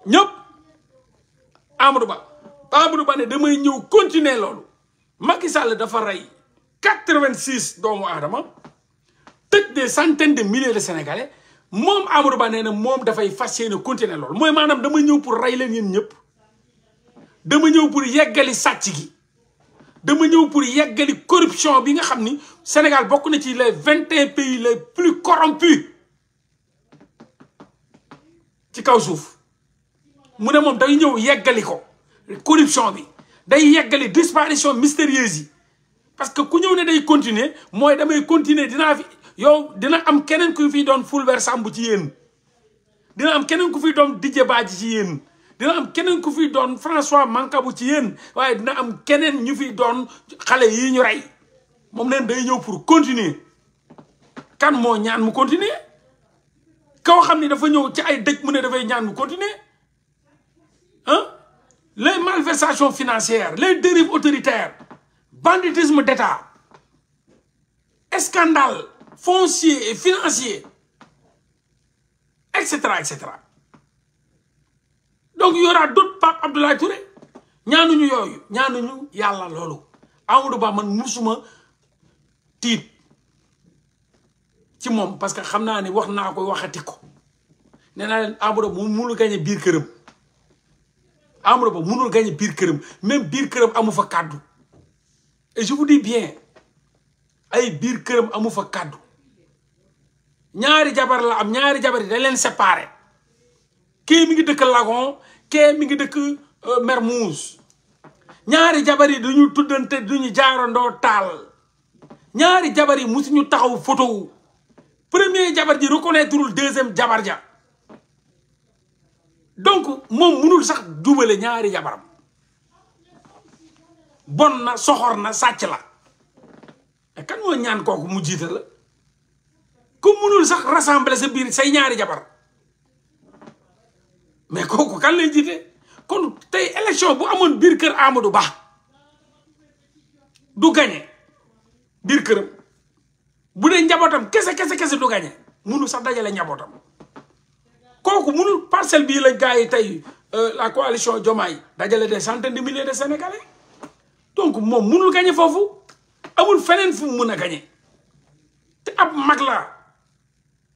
ñëpp Amadou Ba Amadou Ba ne damay ñëw continuer loolu Macky Sall dafa rey quatre-vingt-six doomu aadama tëj des centaines de milliers de sénégalais moom Amadou Ba nee na moom dafay fas yéene continuer loolu mooy maanaam damay ñëw pour rey leen yéen ñëpp dama ñëw pour yeggali sàcc gi dama ñëw pour yeggali corruption bi nga xam ni Sénégal bokk na ci les vingt et pays les plus corrompus ci kaw suuf mu ne moom day ñëw yeggali ko corruption bi day yeggali disparition mystérieuse yi parce que ku ñëw ne day continuer mooy damay continuer dinaa fi yow dina am keneen ku fi doon Fulbert Sambou ci yéen dina am keneen ku fi doon Didier Badji ci yéen dina am keneen ku fi doon François Mancabou ci yéen waaye dina am keneen ñu fi doon xale yi ñu rey moom leen day ñëw pour continuer kan moo ñaan mu continuer koo xam dafa ñëw ci ay dëj mu ne dafay continuer Hein? les malversations financières les dérives autoritaires banditisme d'État scandales fonciers et financiers, etc etc donc y aura d'autres papes, Abdoulaye Touré ñaanuñu yooyu ñaanuñu yàlla loolu Amadou Ba man musuma tiit ci moom parce que xam naa ni wax naa ko waxati ko nee naa leen Amadou Ba munul gañe biir këram Amadou Ba munul gañe biir këram même biir këram amu fa kàddu et je vous bien ay biir këram amu fa kàddu ñaari jabar la am ñaari jabar yi dañ leen séparé kii mi ngi dëkk Lagon kee mi ngi dëkk euh, Mermoz ñaari jabar yi du ñu tuddante du duñu jaarandoo taal ñaari jabar yi ñu taxaw photo premier jabar ji reconnaîtreul deuxième jabar ja donc moom munul sax dubale ñaari jabaram bon na soxor na sàcc la te kan moo ñaan kooku mu jiite la ku munul sax rassembler sa biir say ñaari jabar mais kooku kan lay jiite kon tey élection bu amoon biir kër Amadou Ba du gagné biir këram. bu dee njabootam kese kese kese du gañe munu sax dajale njabootam kooku munul parcelle bii la gars yi tey euh, la coalition Diomaye dajale des centaines de milliers de sénégalais donc moom munul gañe foofu amul feneen fu mu mun a gañe te ab mag la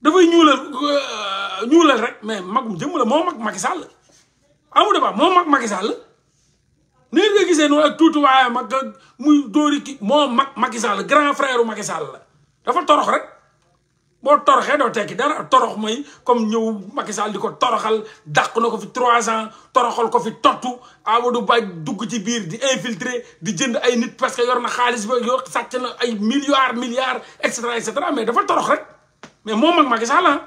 dafay ñuulal euh, ñuulal rek mais mag jëmm la moo mag Macky Sall amul débat moo mag Macky Sall ni nga gisee noonu ak tuuti waaye muy dóori moo mag Macky Sall grand frère u la dafa torox rek boo toroxee doo tekki dara torox mooy comme ñëw Macky Sall di ko toroxal dàq na ko fi trois ans toroxal ko fi tottu Amadou Ba dugg ci biir di infiltrer di jënd ay nit parce que yor na xaalis ba yor sàcc na ay milliards milliards et cetera et cetera mais dafa torox rek mais moom mag Macky Sall ah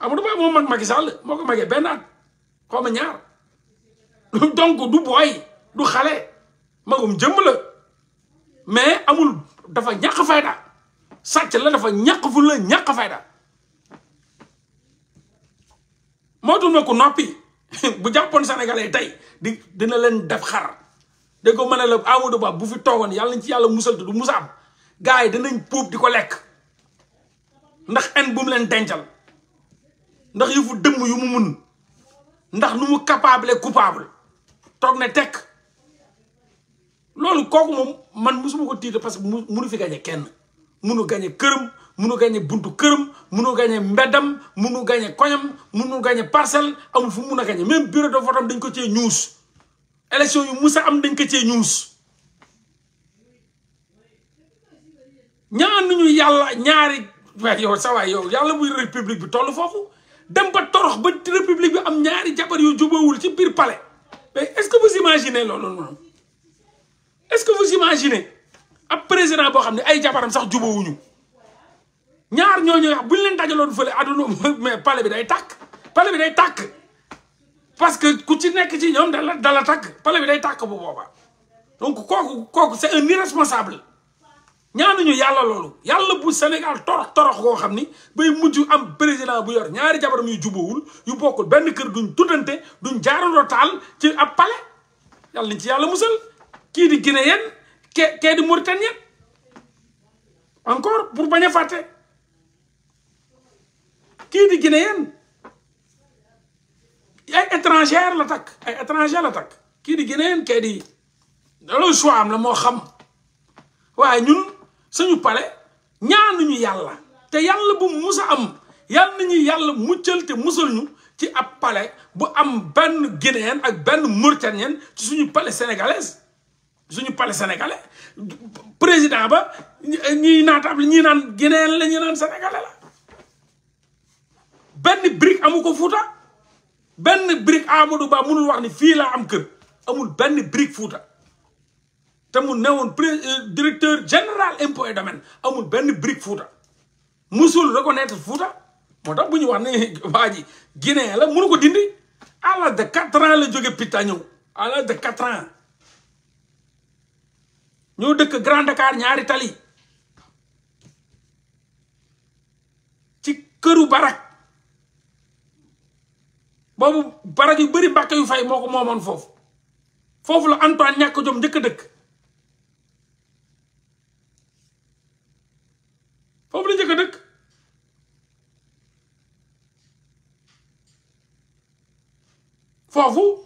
Amadou Ba moom mag Macky Sall moo ko magee benn at xaw ma ñaar donc du booy du xale magum jëmm la mais amul dafa ñàkk fayda sàcc la dafa ñàkk fu la ñàkk fayda moo tax ko noppi bu jàppoon sénégalais tey di dina leen def xar da ko mën a la Amadou Ba bu fi toogoon yàlla nañ ci yàlla musal te du musaam gars yi danañ puub di ko lekk ndax en bu mu leen dencal ndax yëfu dëmm yu mu mun ndax nu mu capable coupable toog na tekk loolu kooku moom man musuma ko tiita parce que munu fi gañe kenn munu gañe këram munu gañe buntu këram munu gañe mbeddam munu gañe koñam munu gañe parcelle amul fu mun a gañe même bureau de dañ ko cee ñuus élection yu musa am dañ ko cee ñuus ñaanuñu yàlla ñaari waaye sa waay yow yàlla muy république bi toll foofu dem ba torox ba république bi am ñaari jabar yu jubawul ci biir pale mais est-ce que vous imaginez loolu noonu est-ce que vous imaginez a président boo xam ne ay jabaram sax jubawuñu ñaar ñooñu wax buñ leen dajaloon fële àdduna mais palais bi day tàkk palais bi day tàkk parce que ku ci nekk ci ñoom dala dala tàkk palais bi day tàkk bu booba donc kooku kooku c'est un irresponsable ñaanuñu yàlla loolu yàlla bu Sénégal torox torox koo xam ni bay mujj am président bu yor ñaari jabaram yu jubawul yu bokkul benn kër duñ tuddante duñ jaarandoo taal ci ab palais yàlla nañ ci yàlla musal kii di Guinéen kee kee di Mauritanien encore pour bañ a fàtte kii di Guinéen ay étranger la takk ay étranger la takk kii di Guinéen kee di loolu soi am la moo xam waaye ñun suñu pale ñaanuñu yàlla te yàlla bu mus a am yàlla nañu yàlla muccal te musal ñu ci ab pale bu am benn Guinéen ak benn Mauritanien ci suñu pale sénégalaise suñu pale sénégalais président ba ñiy naatable ñi naan guinéen la ñi naan sénégalais la benn brique amu ko Fuuta benn brique Amadou Ba mënul wax ni fii laa am kër amul benn brique Fuuta te mu newoon pré euh, directeur général impôt et amul benn brique Fuuta musul reconnaître Fuuta moo tax bu ñu wax ne waa ji guinéen la mënu ko dindi à de quatre ans la jóge Pita ñëw à de quatre ans ñoo dëkk Grand Dakar ñaari tali ci këru barak boobu barak yu bari mbàkk yu fay moo ko moomoon foofu foofu la Antoine ñàkk jom njëkk dëkk foofu la njëkk dëkk foofu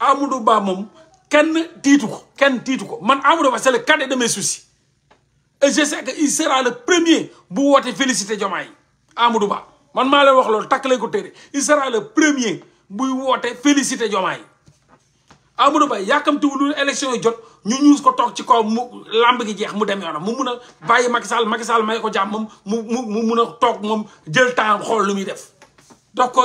Amadou Ba mom kenn titou ko kenn tiitu ko man Amadou Ba c'est le cadet de mes soucis et je sais que il sera le premier bu woté félicité Diomaye Amadou Ba man maa leen wax lol takk lañ ko téré il sera le premier bu woté félicité Diomaye Amadou Ba yakamti lu élection yi jot ñu ñuus ko tok ci ko lamb gi jeex mu dem yoonam mu mun a Macky Sall Macky Sall may ko jàmm mu mu mu tok mom jël temps xol lu mi def dox ko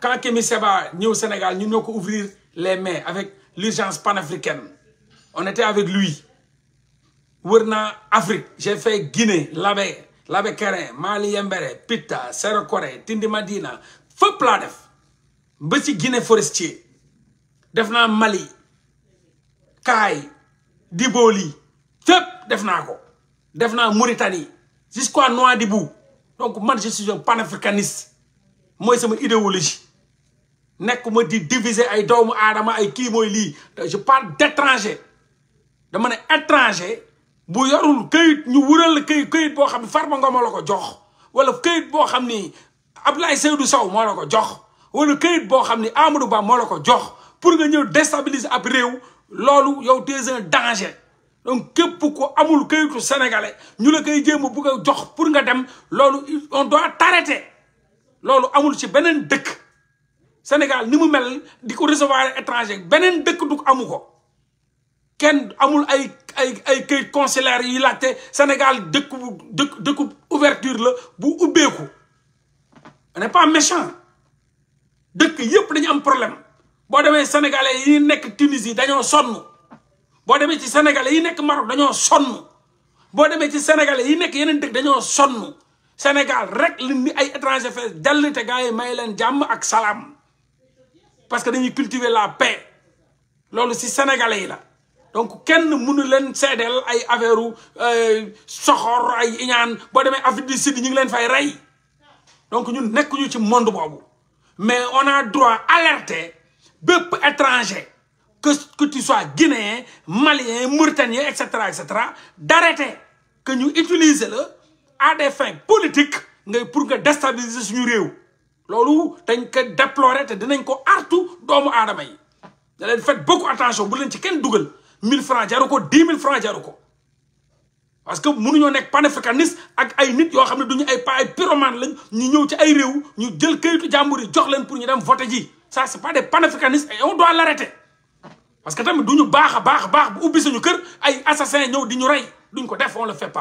Kan ke mi seba, nyo Senegal, nyo nyo kou ouvrir le men avèk l'urjans pan-Afrikan. On etè avèk luy. Wèr nan Afrik. Jè fè Gine, Labè, Labè Kèren, Mali Yemberè, Pita, Serokore, Tindimadina, fè pladef. Bè si Gine Forestier, def nan Mali, Kay, Diboli, def nan Mouritani, zis kwa Noua Dibou. Donk man jè si yon pan-Afrikanis. Mwen se mwen ideoloji. nekuma di diviser ay doomu adama ay ki moy li je parle d' dama né étranger bu yorul keuyit ñu wural la këyit këyit boo xam Farba Ngom la ko jox wala keuyit bo xamni ni Abdoulaye Seydou saw mo la ko jox wala keuyit bo xamni Amadou Ba mo la ko jox pour nga ñeu déstabiliser ab rew lolu yow t'es un danger donc képp ko amul këyitu sénégalais ñu la kay jëm bu ko jox pour nga dem lolu on doit t'arrêter lolu amul ci benen deuk Sénégal ni mel di ko recevoir étranger benen dekk du amuko ken amul ay ay ay këyit consulaire yi laté Sénégal dekk dekk dëkk ouverture le bu ubbeeku on n'est pas méchant dekk yépp dañu am problème bo démé sénégalais yi nekk Tunisie dañoo sonn bo démé ci sénégalais yi nekk Maroc dañoo sonn bo démé ci sénégalais yi nekk yenen dekk dañoo sonn Sénégal rek li ni ay étranger fees dalité gaay may len jàmm ak salam parce que nous cultiver la paix loolu ci sénégalais yi la donc kenn mënu leen seedeel ay affaireu euh, soxor ay iñaan des demee des du Sud ñu ngi leen fay rey donc ñun dans ci monde mais on a droit d'alerter bépp étranger que que tu sois guinéen malien mauritanien etc. etc d'arrêter que ñu utiliser le à des fins politiques pour que déstabiliser suñu pays. loolu dañ ko déplorer te dinañ ko artu doomu aadama yi da leen fait attention bu leen ci kenn dugal 1000 francs jaru ko 10 mille francs jaru ko parce que mënuñoo nekk panafricaniste ak ay nit yoo xam ne duñu ay pas ay pyromane lañ ñu ñëw ci ay réew ñu jël kayitu jàmbur yi jox leen pour ñu dem voter ji ça c'est pas des panafricanistes et on doit que tamit duñu baax a baax a baax bu ubbi suñu kër ay assassin ñëw di ñu rey duñ ko def on le fait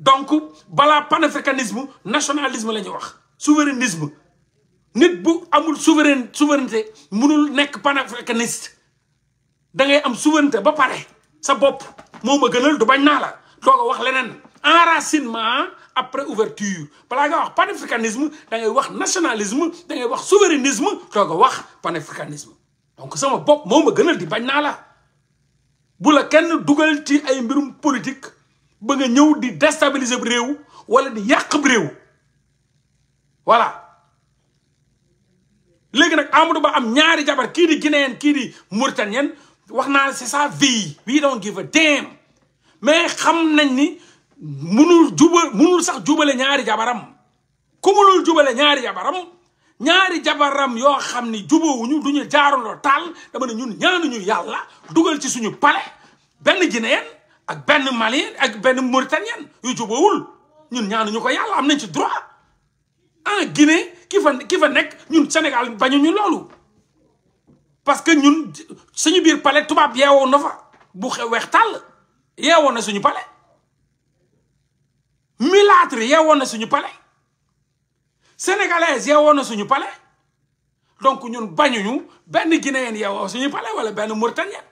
donc balaa panafricanisme nationalisme la ñuy wax souverainisme nit bu amul souverain souveraineté mënul nekk panafricaniste da ngay am souveraineté ba pare sa bopp moo ma gënal du bañ naa la doog a wax leneen enracinement après ouverture balaa nga wax panafricanisme da ngay wax nationalisme da ngay wax souverainisme doog a wax panafricanisme donc sama bopp moo ma gënal di bañ naa la bula kenn dugal ci ay mbirum politique ba nga ñëw di déstabiliser réew wala di yàq réew voilà léegi nag Amadou Ba am ñaari jabar kii di guinéen kii di mauritanien wax naa si sa vie we don't give a damn mais xam nañ ni munul juba munul sax jubale ñaari jabaram ku munul jubale ñaari jabaram ñaari jabaram yoo xam ni jubóowuñu du ñu jaaruloo taal dama ne ñun ñaanuñu yàlla dugal ci suñu palais benn guinéen ak benn malien ak benn mauritanien yu jubóowul ñun ñaanuñu ko yàlla am nañ ci droit en Guinée qui fa qui fa nek ñun Sénégal bañu ñu lolu parce que ñun suñu bir palais tubaab yeewoo na fa bu weex tal yéwo na suñu palais mulâtre yéwo na suñu palais sénégalais yéwo na suñu palais donc ñun bañu ñu ben guinéen yéwo suñu palais wala ben mauritanien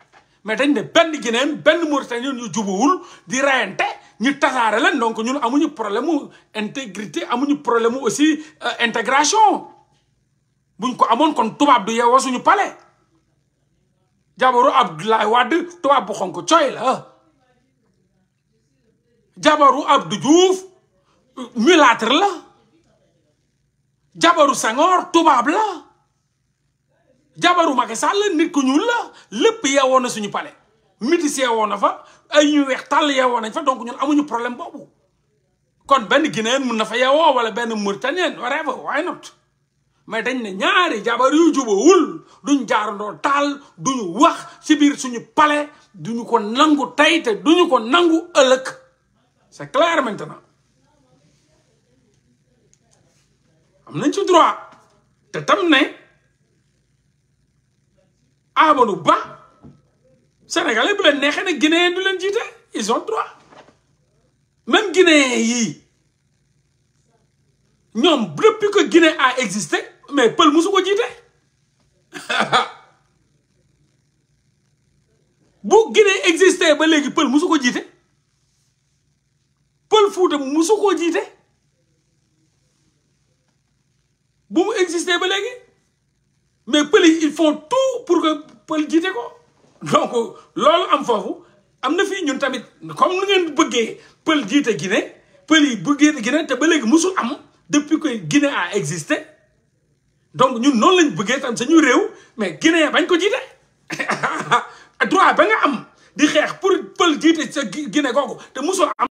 mais dañ ne ben guinéen ben mauritanien ñu jubuwul di reyante ñu tasaare leen donc ñun amuñu problème mu intégrité amuñu problème aussi euh, intégration buñ ko amoon kon tubaab du yeewoo suñu palais jabaru Abdoulaye Wade tubaab bu xonk cooy la jabaru Abdou Diouf euh, mulâtre la jabaru Senghor tubaab la jabaru Macky Sall nit ku ñuul la lépp yeewoo na suñu palais métis yeewoo na fa ay ñu weex tàll yeewoo nañ fa donc ñun amuñu problème boobu kon benn guinéen mun na fa yeewoo wala benn mauritanien whatever why not mais dañ ne ñaari jabar yu jubawul duñ jaarandoo taal duñu wax ci biir suñu palais duñu ko nangu tey te duñu ko nangu ëllëg c'est clair maintenant am nañ ci droit te tam ne Amadou Ba sénégalais vous les des ne guinéen ils ont droit même guinéen yii depuis que Guinée a existé mais le musulman bu Guinée existé ba léegi gens musu ko musu bu mu mais ils font tout pour que les donc lol, am fofu am fi ñun tamit comme ngeen yi ba musul am depuis que Guinée a existé donc ñun non lañ tam mais Guinée bañ ko droit ba nga am di pour sa Guinée te musul am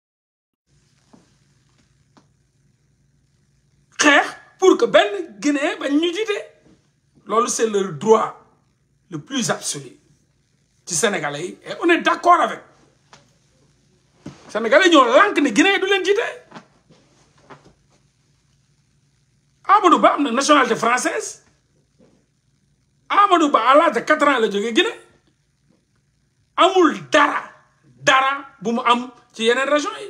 pour que ben guiné bañ c'est le droit le plus absolu ci sénégalais yi et on est d'accord avec sénégalais ñoo lànk ne Guinée du leen jiite Amadou Ba am na nationalité française Amadou Ba à l'âge de quatre ans la jógee Guinée amul dara dara bu mu am ci yeneen région yi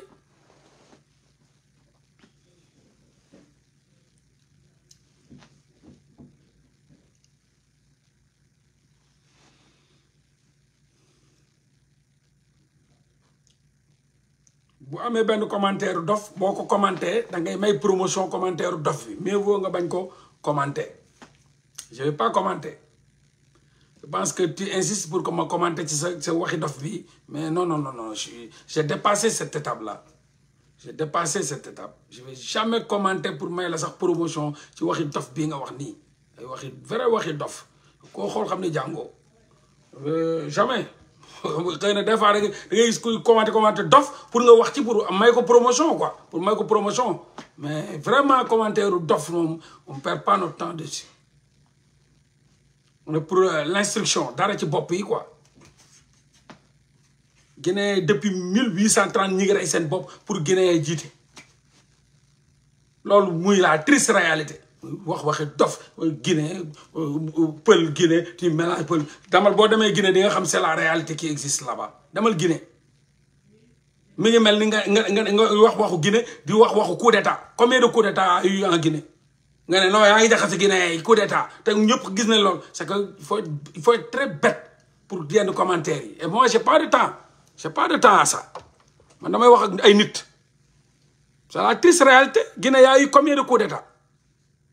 bu amee benn commentaire dof boo commenter. commenté da ngay may promotion commentaire dof bi mais vous nga bañ ko commenter. je vais pas commenter je pense que tu insistes pour que ma commenté ci ce sa waxi dof bi mais non non non non je j'ai dépassé cette étape là j'ai dépassé cette étape je vais jamais commenter pour may la sax promotion ci waxi dof bii nga wax nii ay waxi vrai waxi dof koo xool xam ne jàngoo euh, jamais y a des fois da ngay pour nga wax ci pour may ko promotion quoi pour may promotion mais vraiment commenter dof moom on perd pas notre temps dessus on est pour euh, l'instruction dara ci pays. yi quoi depuis 1830 huit ngi pour Guinée jiite C'est muy la triste réalité wax waxe dof Guinée pël Guinée tu mélange pël damal bo démé Guinée di nga xam c'est la réalité qui existe là-bas damal Guinée mi ngi mel ni nga nga nga wax waxu Guinée di wax waxu coup d'état combien de coup d'état eu en Guinée nga né non yaa ngi jaxase Guinée coup d'état te ñëpp gis nañ lool c'est que il faut il faut être très bête pour dire nos commentaires et moi j'ai pas de temps j'ai pas de temps à ça man damay wax ak ay nit c'est la triste réalité Guinée a eu combien de coup d'état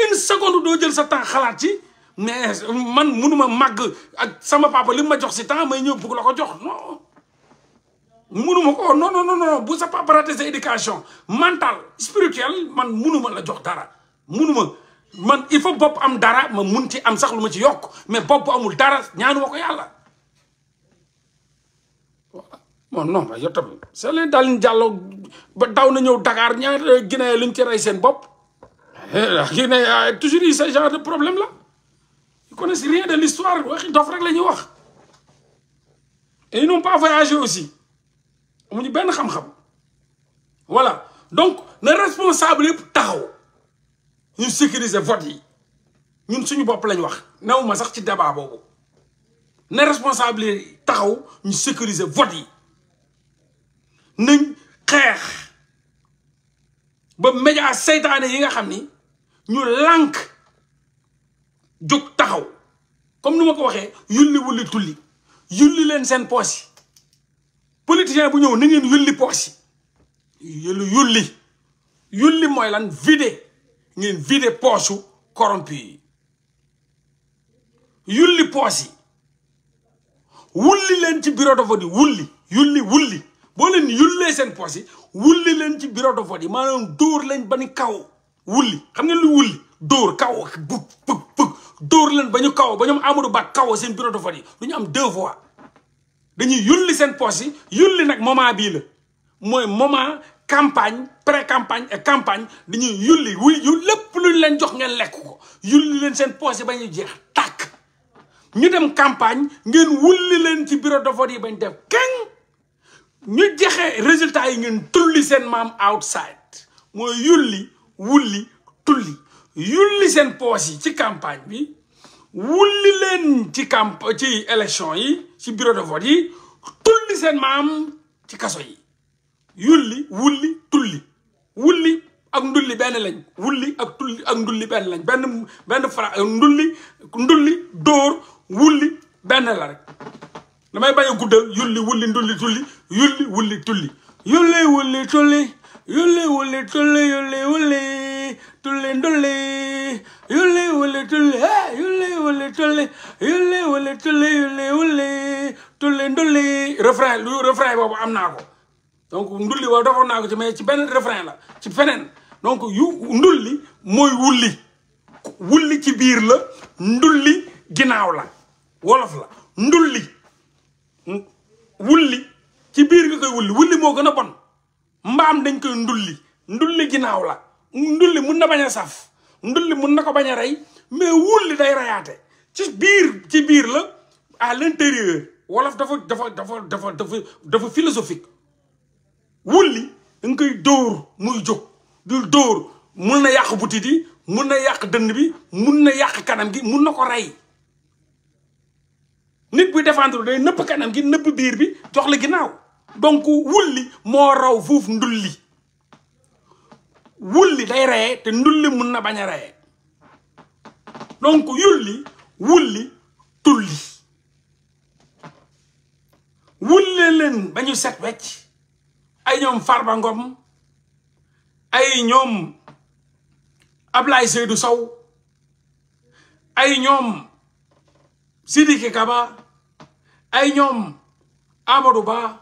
une seconde do jël sa temps xalat ci mais man munuma mag ak sama papa li ma jox ci temps may ñew bugg la ko jox non munuma ko non non non bu sa papa raté sa éducation mental spirituel man munuma la jox dara munuma man il faut bop am dara ma mun ci am sax luma ci yok mais bop amul dara ñaanu wako yalla bon non ba yow tamit c'est leen daal jàllo ba daw na ñëw Dakar ñaar Guinée luñ ci rey seen bopp Eh, ah, il y a toujours eu ce genre de problème là. Ils ne connaissent rien de l'histoire. Ils doivent régler les Et ils n'ont pas voyagé aussi. On me dit, ben, je Voilà. Donc, les responsables, ils sécurisent le voies. Ils ne sont pas plaignés. Ils ne sont pas Les responsables, ils sécurisent le voies. Ils sont clairs. Les médias, c'est un peu comme ñu lànk jóg taxaw comme nu ma ko waxee yulli wulli tulli yulli leen seen poos yi bu ñëw na ngeen yulli poos yi yulli yulli yulli mooy lan vider ngeen vider poosu corrompu yi yulli poos yi wulli leen ci bureau de vote yi wulli yulli wulli boo leen yullee seen poos yi wulli leen ci bureau de vote yi maanaam dóor lañ ba ni kaw wulli xam ngeen lu wulli dóor kaw bëgg bëgg bëgg dóor leen ba ñu kaw ba ñu Amadou Ba kaw seen bureau de vote du ñu am deux voix dañuy yulli seen poche yi yulli nag moment bii la mooy moment campagne pré campagne et campagne dañuy yulli wuy yu lépp luñ leen jox ngeen lekk ko yulli leen seen poche yi ba ñu jeex tàkk ñu dem campagne ngeen wulli leen ci bureau de vote yi bañ def keng ñu jexe résultat yi ngeen tulli seen maam outside mooy yulli wulli tulli yulli seen poos yi ci campagne bi wulli leen ci camp ci élection yi ci bureau de vote yi tulli seen maam ci kaso yi yulli wulli tulli wulli ak ndulli benn lañ wulli ak tulli ak ndulli benn lañ benn benn fra ndulli ndulli dóor wulli benn la rek damay bañ guddal yulli wulli ndulli tulli yulli wulli tulli yulli wulli tulli yulli wulli tulli yulli wulli tulli ndulli yulli wulli tulli hey yulli wulli tulli yulli wulli tulli ndulli refrain lu refrain am naa ko donc ndulli waaw defoon naa ko ci mais ci benn refrain la ci feneen donc yu ndulli mooy wulli wulli ci biir la ndulli ginnaaw la wolof la ndulli wulli ci biir nga koy wulli wulli moo gën a bon mbaam dañ koy ndulli ndulli ginnaaw la ndulli mun na bañ a saf ndulli mun na ko bañ a rey mais wulli day reyaate ci biir ci biir la à l'intérieur wolof dafa dafa dafa dafa dafa dafa philosophique wulli dañ koy dóor muy jóg dul dóor mun na yàq butit yi mun na yàq dënn bi mun na yàq kanam gi mun na ko rey nit buy défendre day nëpp kanam gi nëpp biir bi jox la ginnaaw donc wulli moo raw fuuf ndulli wulli day reye te ndulli mun na bañ a reye donc yulli wulli tulli wulle leen ba ñu set wecc ay ñoom Farba Ngom ay ñoom Ablaye Seydou Sow ay ñoom Sidiki Kaba ay ñoom Amadou Ba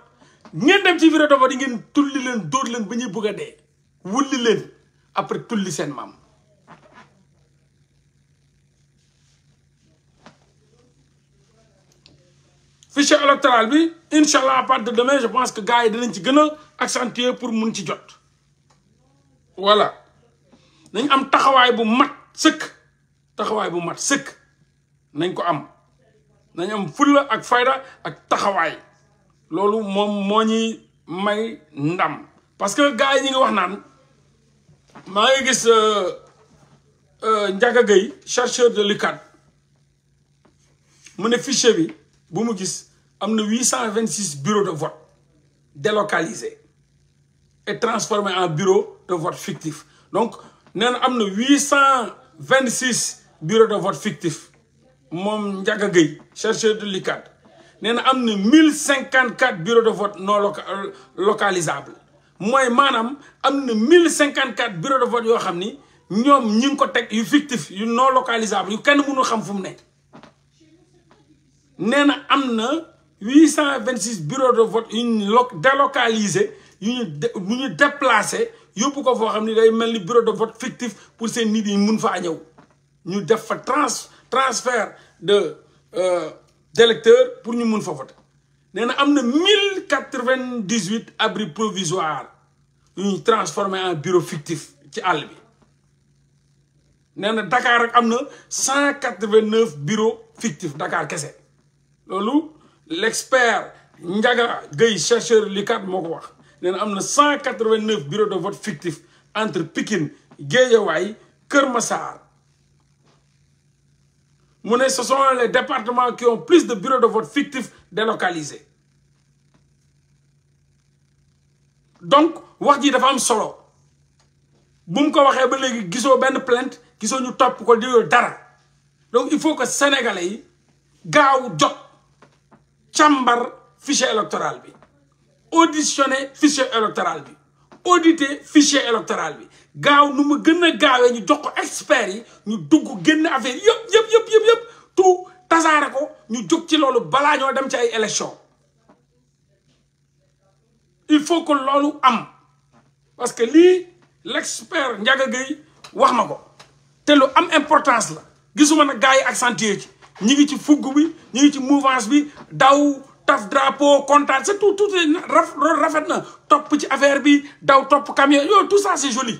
ngeen dem ci vidéo ba di ngeen tulli len dóor len mam. bëgga dé wulli len après tulli sen mam fiche électoral bi inshallah à partir de demain je pense que gaay dinañ ci gëna accentuer pour mën ci jot voilà nañ am taxaway bu mat seuk taxaway bu mat seuk nañ ko am nañ am fulla ak fayda ak taxaway loolu mom moñi may ndam parce que les yi ñi wax naan ma ngi euh, euh, Ndiaga chercheur de l'ICAD, mu fichier bi bu mu gis amna 826 bureaux de vote délocalisés et transformés en bureaux de vote fictifs donc il y 826 bureaux de vote fictifs mom Ndiaga Gueye chercheur de lucat nous avons 1054 bureaux de vote non euh, localisables. Moi et ma femme, 1054 bureaux de vote qui sont ñom fictif non localisable yu kenn 826 xam fu mu nekk 826 bureaux de vote délocalisés, déplacés. délocalisé yu ñu ñu bureau de vote fictif pour ces nit yi fa ñew ñu transfert de euh, d'électeurs pour nous, mun fa voter nee 1098 abris provisoires nous ñu transformé en bureau fictif qui àll bi nee Dakar 189 bureaux fictifs Dakar kese loolu l'expert Ndiaga Gay, chercheur Likat mokwa. wax nee a 189 bureaux de vote fictifs entre Pikine Guédiawaye Kermassar mu ce sont les départements qui ont plus de bureaux de vote fictifs délocalisés donc wax ji dafa am solo bu mu ko waxee ba léegi gisoo benn plainte pour ñu topp ko di dara donc il faut que sénégalais yi gaaw jot fichier électoral bi auditionner fichier électoral bi auditer fichier électoral bi gaaw nu mu ñu jox ko expert yi ñu dugg affaire tout il faut que lolu am parce que li l' expert Ndiaga am importance la gisuma na gaay Nous accentuer ci ñi ngi ci nous bi ñi ngi ci mouvance bi daw taf drapeau des c'est tout tout rafet na ci affaire bi camion tout ça c'est joli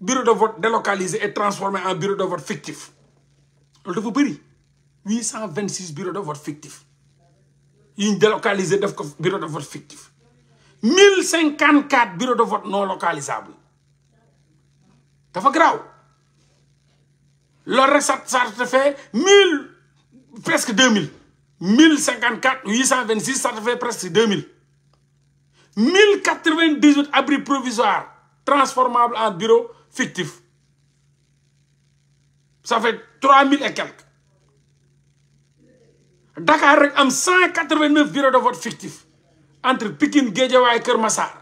bureau de vote délocalisé et transformé en bureau de vote fictif vous avez 826 bureaux de vote fictifs. Ils délocalisée délocalisé bureau de vote fictif 1054 bureaux de vote non localisables. C'est grave. Le reste, ça te fait 1000 presque 2000 1054 826 ça fait presque 2000 1098 abris provisoires transformables en bureaux fictif ça fait 3000 et quelques Dakar a 189 bureaux de vote fictif entre Pikine Guédiawaye et Kermassar.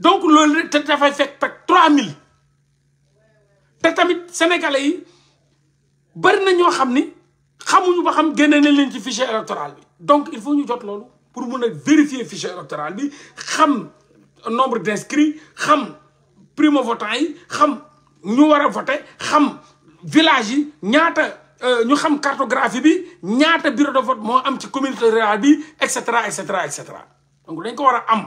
donc le travail fait 3000. sénégalais fichier électoral donc il faut ñu jot pour vérifier fichier électoral bi nombre d'inscrits primo votant yi xam ñu war a voter xam village yi ñaata euh, ñu xam cartographie bi ñaata bureau de vote moo am ci communauté rurale bi et cetera et cetera et cetera donc dañ ko war a am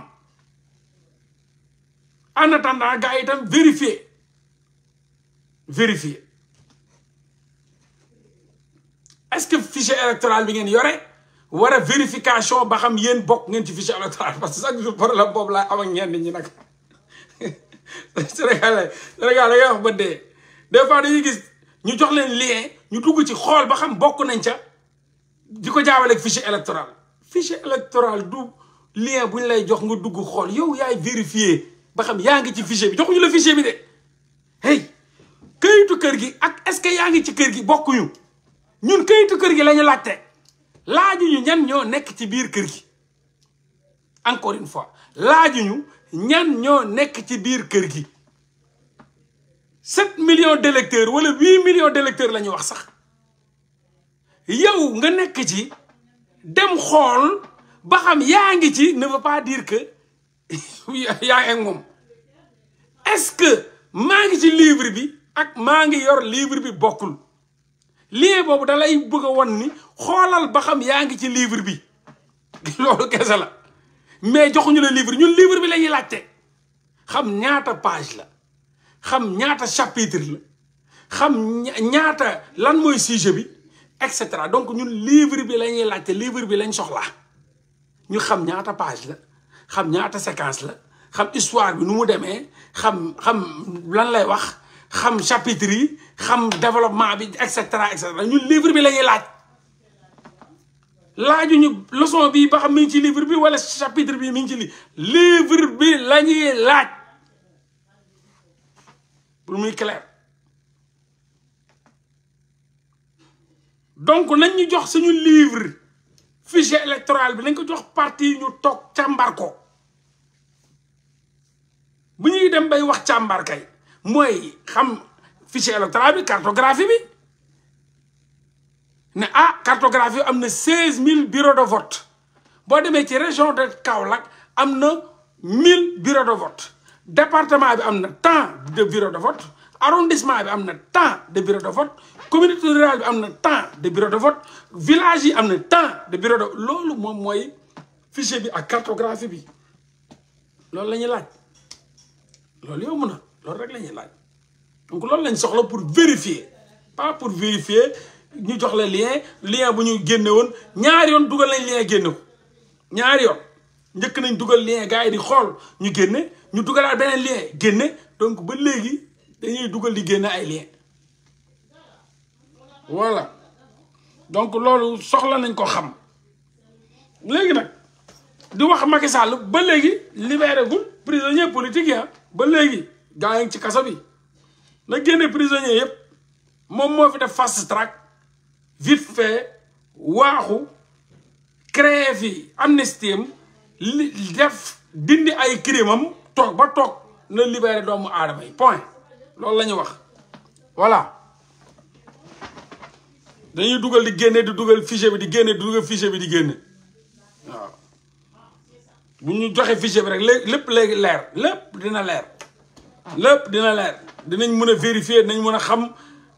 en attendant gars yi itam vérifier vérifier est-ce que fichier électoral bi ngeen yore war a vérification ba xam yéen bokk ngeen ci fichier électoral parce que chaque jour problème boobu laa am ak ñenn ñi nag. Sénégal Sénégal da ngay wax ba dee des fois dañuy gis ñu jox leen lien ñu dugg ci xool ba xam bokk nañ ca di ko jaawale ak fichier électoral. fichier électoral du lien bu ñu lay jox nga dugg xool yow yaay vérifier ba xam yaa ngi ci fichier bi joxuñu la fichier bi de hey këyitu kër gi ak est-ce que yaa ngi ci kër gi bokkuñu ñun këyitu kër gi lañu ñu laajte laajuñu ñan ñoo nekk ci biir kër gi encore une fois laajuñu. ñan ñoo nekk ci biir kër gi sept millions d'électeurs wala huit millions d'électeurs la ñu wax sax yow nga nekk ci dem xool ba xam yaa ngi ci ne veut pas dire que yaa ngi est-ce que maa ngi ci livre bi ak maa ngi yor livre bi bokkul lii boobu da lay bëgg won ni xoolal ba xam yaa ngi ci livre bi loolu kese la mais joxuñu la livre ñun livre bi la laajte xam ñaata page la xam ñaata chapitre la xam ñaata lan mooy sujet bi et cetera donc ñun livre bi lañuy laajte livre bi lañ soxla ñu xam ñaata page la xam ñaata séquence la xam histoire bi nu mu demee xam xam lan lay wax xam chapitre yi xam développement bi et cetera et cetera ñun livre bi la ñuy laaj. laajuñu leçon bi ba xam ci livre bi wala chapitre bi mi ngi ci li livre bi la ñuy laaj pour muy clair donc nañ ñu jox suñu livre fichier électoral bi nañ ko jox parti ñu tok chambar ko bu ñuy dem bay wax chambar kay moy xam fichier électoral bi cartographie bi ne a ah, cartographie amna 16000 bureaux de vote vous avez ci région de Kaolack amna 1 000 bureaux de vote département bi amna tant de bureaux de vote arrondissement bi amna tant de bureaux de vote communauté rurale bi tant de bureaux de vote village yi ont tant de bureaux de vote, lolu mom moy fichier bi ak cartographie bi lolu la laaj ce yow mëna lolu C'est rek que laaj donc lolu lañ soxla pour vérifier pas pour vérifier ñu jox la lien lien bu ñu génne woon ñaari yoon dugal nañ lien génne ko ñaari yoon njëkk nañ dugal lien gaa yi di xool ñu génne ñu dugalaat beneen lien génne donc ba léegi dañuy dugal di génne ay lien voilà donc loolu soxla nañ ko xam léegi nag di wax Macky Sall ba léegi libéré gul prisonnier politique ya ah. ba léegi gaa yi ci kaso bi na génne prisonnier yëpp moom moo fi def fast track vite fait waaxu créé fi amnistie am li def dindi ay crime am toog ba toog na libéré doomu aadama yi point loolu la wax voilà dañuy dugal di génne di dugal fichier bi di génne di dugal fichier bi di génne waaw bu ñu joxe fichier bi rek lépp léegi leer lépp dina leer lépp dina leer dinañ mën a vérifier dinañ mën a xam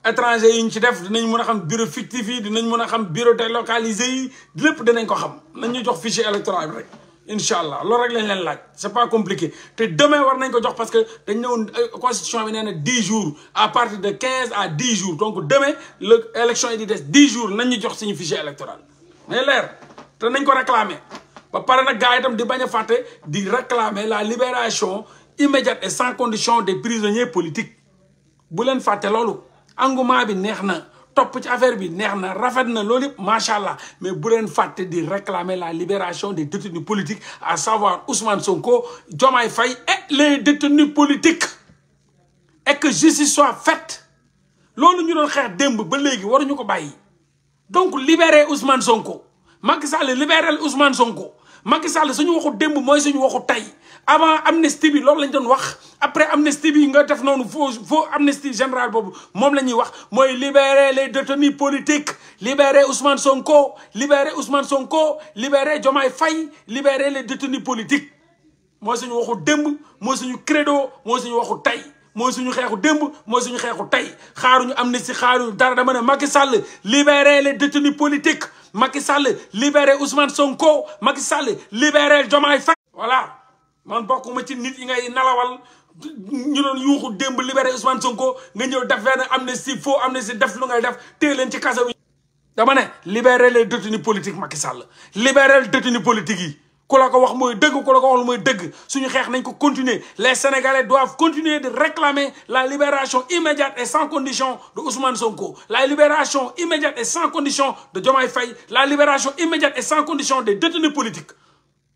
étrangers yiñ ci def dinañ mëna xam bureau fictif yi dinañ mëna xam bureau délocalisé yi lepp dinañ ko xam nañ ñu jox fichier électoral rek inshallah lool rek lañ leen laaj c'est pas compliqué té demain war nañ ko jox parce que dañ ñëw euh, constitution bi néna 10 jours à partir de 15 à 10 jours donc demain l'élection est di dess 10 jours nañ ñu jox suñu fichier électoral mais l'air té nañ ko réclamer ba paré nak gaay tam di baña faté di réclamer la libération immédiate et sans condition des prisonniers politiques bu leen faté loolu engouement bi neexna top ci affaire bi neexna rafetna rafet na loolu ne allah mais bu len faté di réclamer la libération des détenus politiques à savoir Ousmane Sonko Jomay Fay, et les détenus politiques et que justice soit faite loolu ñu doon xex demb ba légui waruñu ko bayyi donc libérer Ousmane Sonko Macky Sall libérer Ousmane Sonko Macky Sall suñu waxu demb moy suñu waxu tay avant amnistie bi loolu lañ doon wax après amnistie bi nga def noonu faux faux amnistie générale bobu mom lañuy wax moy libérer les détenus politiques libérer Ousmane Sonko libérer Ousmane Sonko libérer Jomay Fay. libérer les détenus politiques moy suñu waxu demb moy suñu credo moy suñu waxu tay moy suñu xeexu demb moy suñu xeexu tay xaruñu amnistie xaaruñu dara dama ne Macky Sall libérer les détenus politiques Macky Sall libérer Ousmane Sonko Macky Sall libérer Jomay Faye voilà man bokuma ci nit yi ngay nalawal ñu doon yuuxu demb libérer Ousmane Sonko nga ñëw def benn amnistie faux amnistie def lu ngay def leen ci wi dama ne libérer les détenus politiques Macky Sall libérer les détenus politiques yi ku la ko wax moy deug ku la ko wax moy deug suñu xex nañ ko continuer les sénégalais doivent continuer de réclamer la libération immédiate et sans condition de Ousmane Sonko la libération immédiate et sans condition de Diomaye Faye la libération immédiate et sans condition des détenus politiques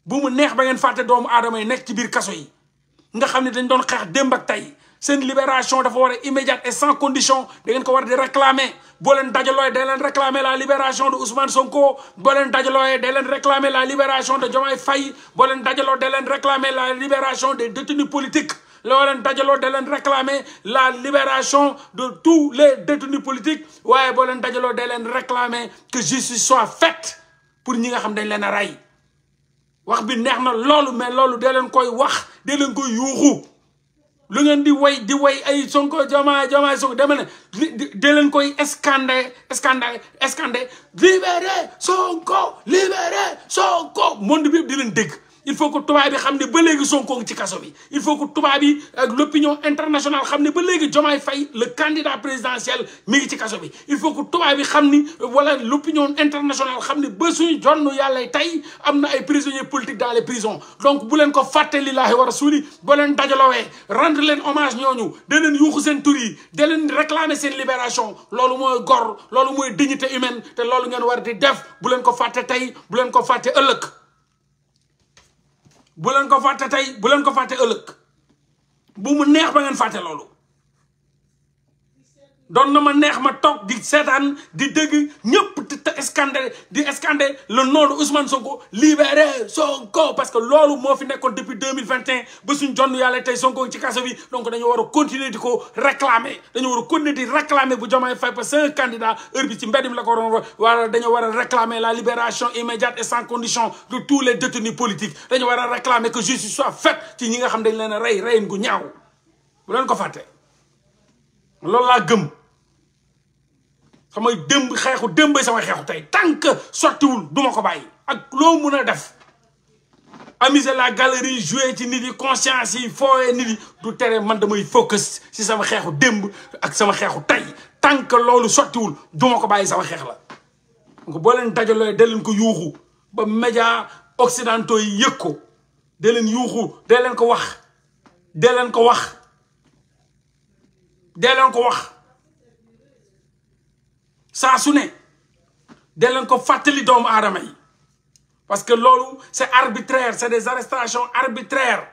bu mu neex ba ngeen faté doomu adamay yi ci biir kasso yi nga xamni dañ doon ak libération dafa wara immédiate et sans condition da ngeen ko war di réclamer boo leen dajalooyee réclamer la libération de Ousmane Sonko boo leen dajalooyee réclamer la libération de Diomaye Faye boo leen dajaloo réclamer la libération des détenus politiques lo len dajaloo de réclamer la libération de tous les détenus politiques waye boo leen de réclamer que justice soit faite pour ñi nga xam dañ leen wax bi neex na loolu mais loolu dee leen koy wax dee leen koy yuuxu lu ngeen di way di way ay sonko jamaay jamaay sonko dama ne dee leen koy escandé escandé escandé libéré sonko libéré sonko monde bi yëpp di leen dégg il faut que tubaab bi xam ba léegi Sonko ngi ci kasso bi il faut que tubaab bi ak l'opinion internationale xam ba léegi Jomay Fay le candidat présidentiel mi ngi ci kasso bi il faut que tubaab bi xamni wala l'opinion internationale xam ba suñu jonn Yalla tay amna ay prisonniers politiques dans les prisons donc bu len ko fàtte lillaahi wa rasuli boo leen dajalowee rendre len hommage ñooñu de len yuxu sen tour yi de len réclamer sen libération lolu moy gor lolu moy dignité humaine té lolu ngeen war di def bu len ko fàtte tay bu len ko fàtte euleuk bu leen ko fàtte tey bu leen ko fàtte ëllëg bu neex ba ngeen fàtte loolu doon na ma neex ma tok di setan di deug ñepp te scander di scander le nom de Ousmane Sonko libéré Sonko parce que l'OLU mo fi nekkoon depuis 2021. mille vingt et un ba suñ jonn yàlla tey Sonko ci kaso bi donc dañu wara continuer diko le réclamer dañu wara continuer continuer di réclamer bu jomay Faye parce que un candidat heure bi ci mbedd la ko waroon dañu wara réclamer la libération immédiate et sans condition de tous les détenus politiques dañu wara réclamer que justice soit faite ci ñi nga xam dañ leen ray rey reyin gu ñaaw bu leen ko loolu laa gëm samay démb xeexu démb sama xeexu tey tant sottiwul duma ko bàyyi ak loo mun a def amuser la galerie jouer ci nit yi conscience yi fooyee nit yi du tere man damay focus si sama xeexu démb ak sama xeexu tey tant loolu sottiwul duma ko bàyyi sama xeex la donc boo leen dajaloo da ko yuuxu ba média occidentaux yi yëg ko da leen yuuxu da leen ko wax da leen ko wax dee leen ko wax saa su ne dee leen ko fàttali doomu aadama parce que l'olu, c'est arbitraire c'est des arrestations arbitraires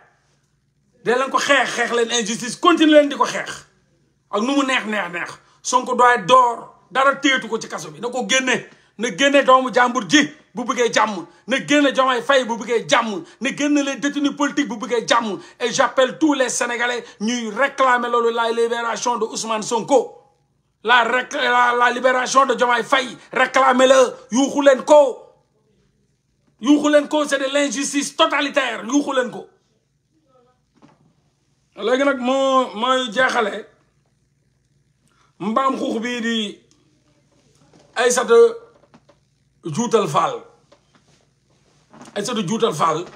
dee leen ko xeex xeex leen injustice continue leen di ko xeex ak nu mu neex neex neex Sonko doit door dara téyetu ko ci kaso bi na ko ne na génne doomu jàmbur ji bu bëggee jàmm na bu les détenus politiques bu et j'appelle tous les Sénégalais ñuy réclamer la libération de Ousmane Sonko la libération de Jamay Fay, réclamez-le yuuxu leen c'est de l'injustice totalitaire yuuxu leen ko juutal faal ay sa juutal faal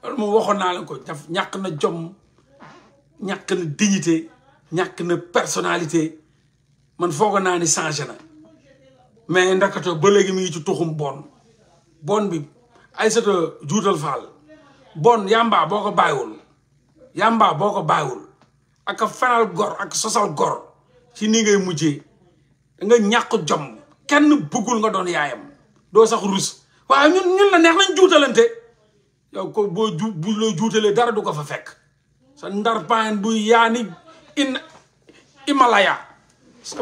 loolu moom waxoon naa leen ko daf ñàkk na jom ñàkk na dignité ñàkk na personnalité man foog naa ni changé na mais ndakato ba léegi mi ngi ci tuxum bon bon bi ay sa juutal faal bon yàmbaa boo ko bàyyiwul yàmbaa boo ko bàyyiwul ak fenal gor ak sosal gor ci ni ngay mujjee nga ñàkk jom kenn bëggul nga doon yaayam do sax rus wa ñun ñun la neex nañ joutalante yow ko bo bu lo joutale dara du ko fa fek sa ndar paan bu yaani in Himalaya sa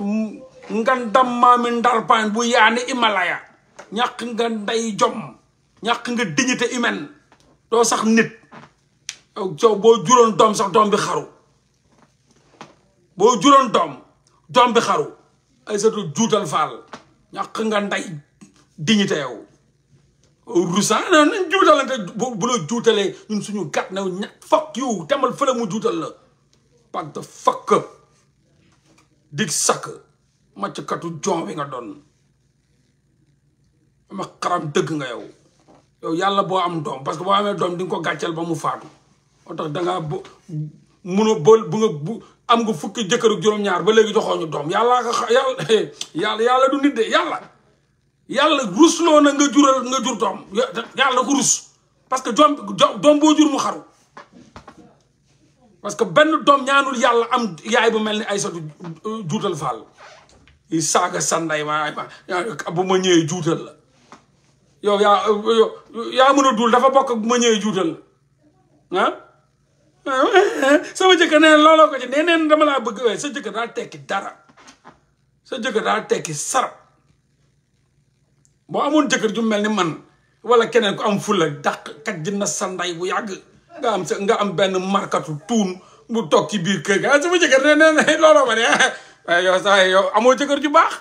ngandam ma mi ndar paan bu yaani Himalaya ñak nga nday jom ñak nga dignité humaine do sax nit yow yow boo juróon doom sax dom bi xaru bo juron dom dom bi xaru ay sa joutal fal ñak nga nday dignité yow rusan na ñu juutalante bu la juutalee ñun suñu gat na fuck you demal fele mu juutal la what the fuck dig ci katu jon wi nga don ma xaram deug nga yow yow yalla bo am dom parce que bo amé dom di nga ko gatchal ba mu faatu otax da danga bu mëno bol bu nga bu am nga fukki jëkkër juroom ñaar ba léegi joxooñu doom yalla yalla yalla du nit de yalla yàlla rusloo na nga jural nga jur doom yàlla ko rus parce que doom doom boo jur mu xaru parce que benn doom ñaanul yàlla am yaay bu mel ni ay Aysatu euh, juutal Fall yi saaga sanday ma bu ma ñëwee juutal la yow yaa euh, yaa mën a dul dafa bokk bu ma ñëwee juutal la ah sama jëkkër neen looloo ko ci nee neen dama laa bëgg wee sa jëkkër daa tekki dara sa jëkkër daa tekki sara boo amoon jëkkër ju mel ni man wala keneen ku am fulla dàq kat dina sanday bu yàgg nga am nga am benn markatu tuun bu toog ci biir kër ga ah, sama jëkkër ne ne looloo ma ne waaye eh, yow saa yow amoo jëkkër ju baax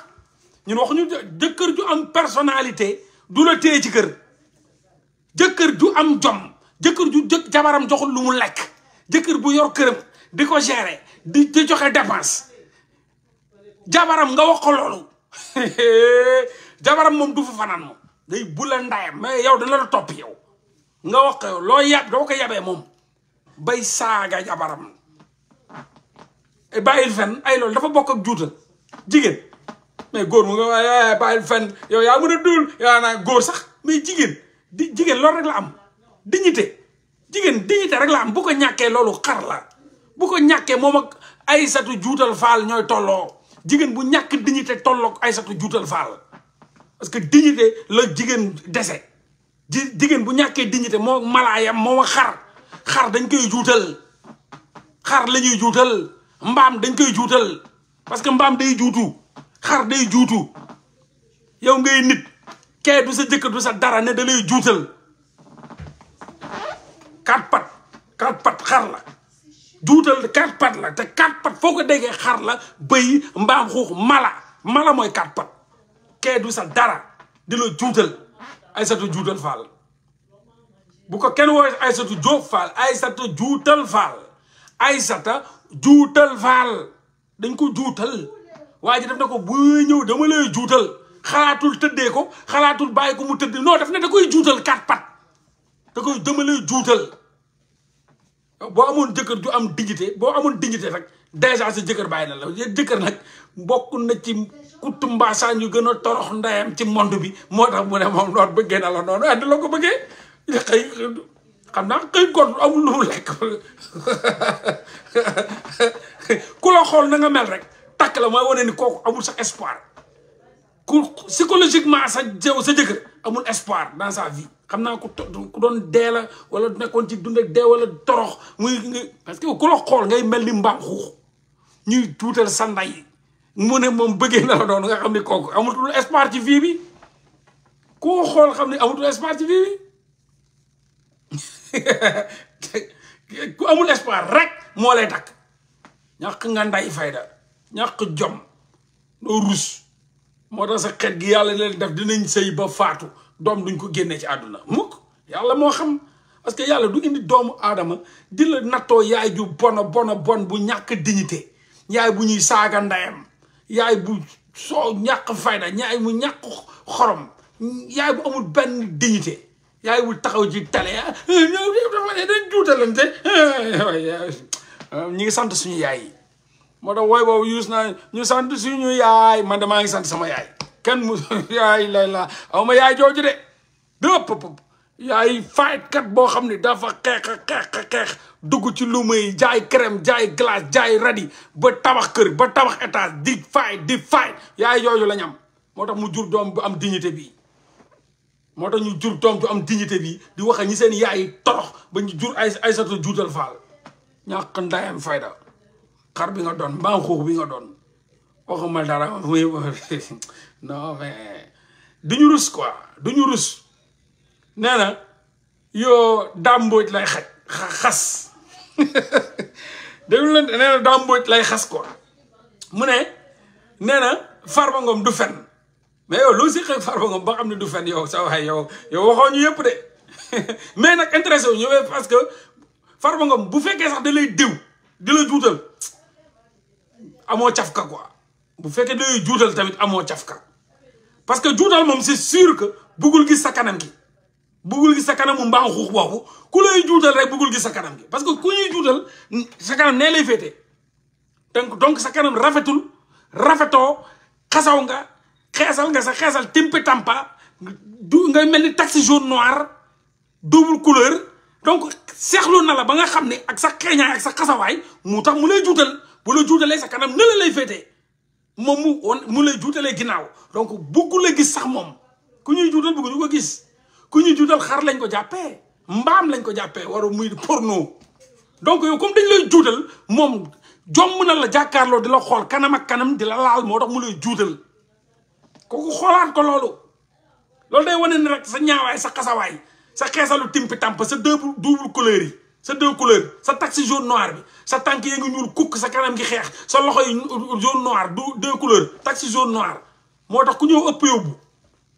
ñu ñun ñu jëkkër ju am personalité du la téye ci kër jëkkër ju am jom jëkkër ju jëkk jabaram joxul lu mu lekk jëkkër bu yor këram di ko gere di di joxe dépense jabaram nga wax loolu jabaram moom du fa fanaan moom day bula ndayam mais yow dana la topp yow nga wax ko loo yab doo ko yabee moom bay saaga jabaram bàyyil fen ay loolu dafa bokk ak juutal jigéen mais góor mu nga eh, eh, bàyyil fen yow yaa mën a dul yaa naa góor sax mais jigéen di jigéen loolu rek la am dignité jigéen dignité rek la am bu ko ñàkkee loolu xar la bu ko ñàkkee moom ak Aysatu juutal faal ñooy tolloo jigéen bu ñàkk tollook ay satu juutal faal parce que dignité la jigéen dese jigéen bu ñàkkee dignité moo yam moo xar xar dañ koy juutal xar lañuy juutal mbaam dañ koy juutal parce que mbaam day juutu xar day juutu yow ngay nit kee du sa jëkkër du sa dara ne da lay juutal quatre pat quatre pat xar la juutal quatre pat la te quatre pat foo ko déggee xar la bëy mbaam xuux mala mala mooy quatre pat kee du sa dara di la juutal Aysatu juutal faal bu ko kenn woowee Aysatu Jóob faal Aysata juutal faal Aysata juutal faal dañ ko juutal waa ji def na ko bu ñëw dama lay juutal xalaatul tëddee ko xalaatul bàyyi ko mu tëdd non daf ne da koy juutal quatre pat da koy dama lay juutal boo amoon jëkkër ju am dignité boo amoon dignité rek déjà sa jëkkër bàyyi na la jëkkër nag mbokku na ci kutumbaasa ñu gën a torox ndayam ci mont bi moo tax mu ne moom noonu bëggee na la noonu waaye ah la ko bëggee xam naa xëy ku la xool na mel rek takk la mooy ni kooku amul sa espoir ku psychologiquement sa jëw sa jëkkër amul espoir dans sa xam naa ku doon dee la wala nekkoon ci dund ak dee wala torox muy parce que ku la xool ngay mel ni mbaam xuux ñuy tuutal sa ndey mu ne moom bëggee na la doon nga xam ne kooku amatul espoir ci vie bi koo xool xam ni amatul espoir ci vie bi ku amul espoir rek moo lay dakk ñàkk nga nday fayda ñàkk jom doo rus moo tax sa xet gi yàlla leen def dinañ sëy ba faatu doom duñ ko génne ci àdduna mukk yàlla moo xam parce que yàlla du indi doomu aadama di la nattoo yaay ju bona bona bon bu ñàkk dignité yaay bu ñuy saaga ndeyam yaay bu soo ñàkk fayda yaay mu ñàkk xorom yaay bu amul benn dignité yaay bu taxaw ci tale ah, ñoom dafa ne dañ juutalante ñu ngi sant suñu yaay yi moo tax wooy boobu yuus naa ñu sant suñu yaay man maa ngi sant sama yaay kenn mu yaay lay la aw ma yaay jooju de dëpp yaay fight kat boo xam ni dafa xeex xeex xeex dugg ci lu yi jaay crème jaay glace jaay radi ba tabax kër ba tabax étage di fight di fight yaay yooyu lañ am moo tax mu jur doom bu am dignité bi moo tax ñu jur doom bu am dignité bi di wax ñi seen yaay torox ba ñu jur ay Aïssatou juutal faal ñax ndayam fayda xar bi nga doon mbaa xuux bi nga doon waxuma dara muy non mais duñu rus quoi duñu rus nee na yoo dàmbooj lay xaj xas déglu leen nee na dàmbooj lay xas quoi mu ne nee na Farba Ngom du fen mais yow loo si xëy Farba Ngom ba xam ne du fen yoo sa waay yow yow waxooñu ñu yëpp de mais nag intéressé wu ñu parce que Farba Ngom bu fekkee sax da lay diw di la juutal amoo cafka quoi bu fekkee da lay juutal tamit amoo cafka parce que juutal moom c'est sur que bëggul gis sa kanam bëggul gis sa kanamu mbaaxu xuux boobu ku lay juutal rek bëggul gis sa kanam gi parce que ku ñuy juutal sa kanam nee lay féetee donc donc sa kanam rafetul rafetoo xasaw nga xeesal nga sa xeesal timpi tampa du ngay mel ni taxi jaune noir double couleur donc seexlu na la ba nga xam ne ak sa xeeñaay ak sa xasawaay mu tax mu lay juutal bu la juutalee sa kanam lay féetee moom mu mu lay juutalee ginnaaw donc bëggu la gis sax moom ku ñuy juutal bëgguñu ko gis ku ñu juutal xar lañ ko jàppee mbaam lañ ko jàppee waru muy porno donc yow comme dañ lay juutal moom jomm na la jàkkaarloo di la xool kanam ak kanam di la laal moo tax mu lay juutal kooku xoolaat ko loolu loolu day wone ne rek sa ñaawaay sa xasawaay sa xeesalu timpi tamp sa double double couleur yi sa deux couleurs sa si jaune noir bi sa tànk yi ngi ñuul kukk sa kanam gi xeex sa loxo yi jaune noir du deux couleurs si jaune noir moo tax ku ñëw ëpp yóbbu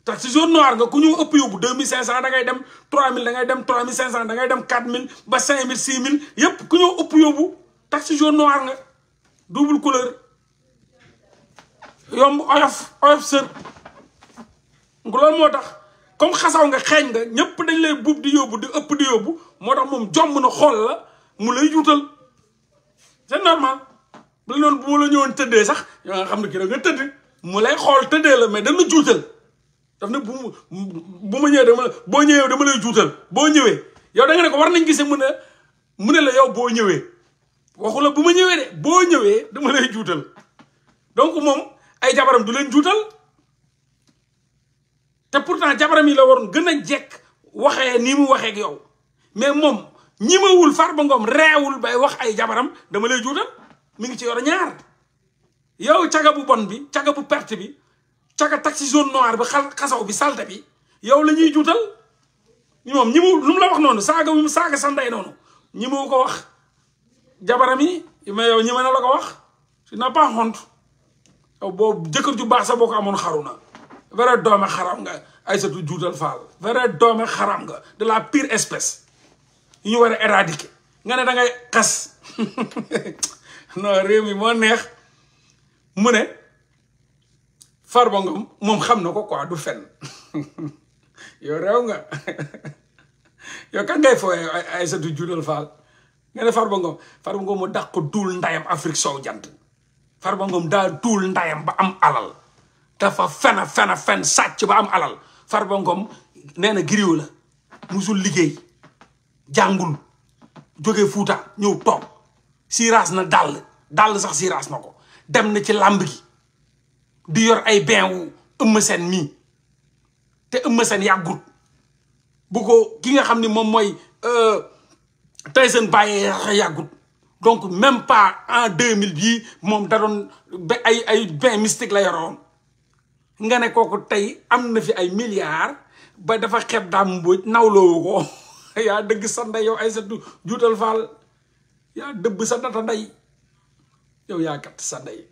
te si zone noire nga ku ñëw ëpp yóbbu deux mille cinq cent da ngay dem trois mille da ngay dem trois mille cinq cent da ngay dem quatre mille ba cinq mille six mille yëpp ku ñu ëpp yóbbu tax si zone noire nga double couleur yomb oyof oyof sër moo tax comme xasaw nga xeeñ nga ñëpp dañ lay buub di yóbbu di ëpp di yóbbu moo tax moom jomb na xool la mu lay juutal c'est normal bu la noonu bu ma la ñëwoon tëddee sax yoo nga xam ne ki da nga tëdd mu lay xool tëddee la mais dana juutal daf na bu bu ma ñëwee dama boo ñëwee dama lay juutal boo ñëwee yow da nga ne ko war nañ gise mun ne mu ne la yow boo ñëwee waxu la bu ma ñëwee de boo ñëwee dama lay juutal donc moom ay jabaram du leen juutal te pourtant jabaram yi la waroon gën a jekk waxee nii mu waxee ak yow mais moom ñimawul Farba Ngom reewul bay wax ay jabaram dama lay juutal mi ngi ci yor ñaar yow caga bu bon bi caga bu perte bi caga taxi zone noire bi xal xasaw bi salte bi yow la ñuy juutal moom ñi mu lu la wax noonu saaga wu saaga sanday noonu ñi ko wax jabaram yi mais yow ñi ma la ko wax tu n'as pas honte yow jëkkër ju baax sa boo ko amoon xaru na vrai doome xaram nga Aïssatou Juutal Fall vrai doome xaram nga de la pire espèce yu ñu war a éradiquer nga ne da xas non réew mi moo neex mu ne Farba Ngom moom xam na ko quoi du fen yow réew nga yow kan ngay fooyee ay sa du julal faal nga ne Farba Ngom Farba Ngom mu dàq duul ndayam Afrique sow jant Farba Ngom daa duul ndayam ba am alal dafa fena fena fen sàcc ba am alal Farba Ngom nee na giriw la musul liggéey jàngul jóge Fuuta ñëw toog siiraas na dàll dàll sax siiraas na ko dem na ci làmb gi di yor ay bain wu Eumeu Sène mii te Eumeu Sène yàggut bu ko ki nga xam ni moom mooy euh, Tyson bàyyee yàggut donc même pas en deux mille bii moom da doon ba ay ay bain mystique la yoroon nga ne kooku tey am na fi ay milliards ba dafa xeeb daa mbóoj nawloowu ko yaa dëgg sa ndey yow ay sa juutal faal yaa dëbb sa data ndey yow yaa kat sa ndey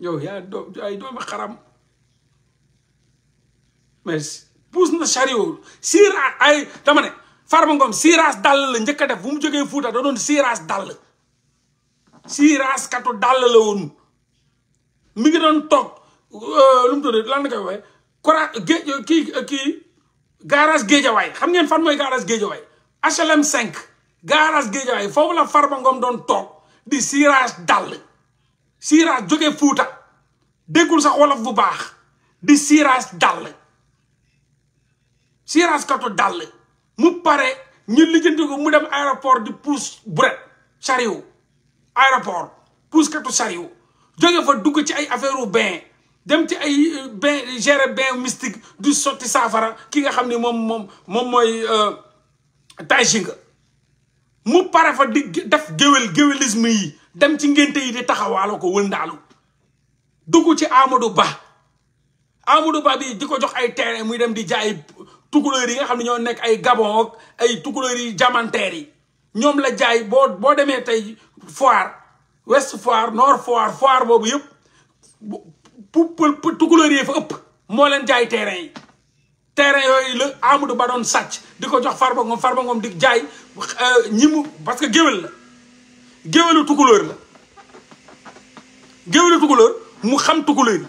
yow yaa doom ay doomi xaram mais puus na chariot siiraas ay dama ne Farba Ngom siiraas dall la njëkk def bu mu jógee Fuuta da doon siiraas dàll siiraas katu dàll la woon mi ngi doon toog euh, lu mu tudd lan la koy waxee kora géej kii kii garage géejawaay xam ngeen fan mooy garage géejawaay HLM 5 garage géejawaay foofu la Farba Ngom doon toog di siiraas dàll siiraas jóge fuuta déggul sax wolof bu baax di siiraas dàll siiraas katu dàll mu pare ñu lijjanti ko mu dem aéroport di puus buret chariot aéroport puus katu chariot jóge fa dugg ci ay affaire u bain dem ci ay euh, bain gérer bain mystique du sotti saafara ki nga xam ne moom moom moom mooy euh, tajinga mu pare fa di def géwél géwélisme yi dem ci ngénte yi di taxawaalo ko wëndaalu dugg ci Amadou Ba Amadou Ba bi di ko jox ay terrain muy dem di jaay tukulóor yi nga xam ne ñoo nekk ay Gabon ak ay tukulóor yi jamanteer yi ñoom la jaay boo boo demee tey foire West Foire Nord Foire foire boobu yëpp pour tukulóor yi fa ëpp moo leen jaay terrain yi terrain yooyu la Amadou Ba doon sàcc di ko jox Farba Ngom Farba Ngom di jaay euh, ñi mu parce que géwél la géwélu tukulóor la géwélu tukulóor mu xam tukulóor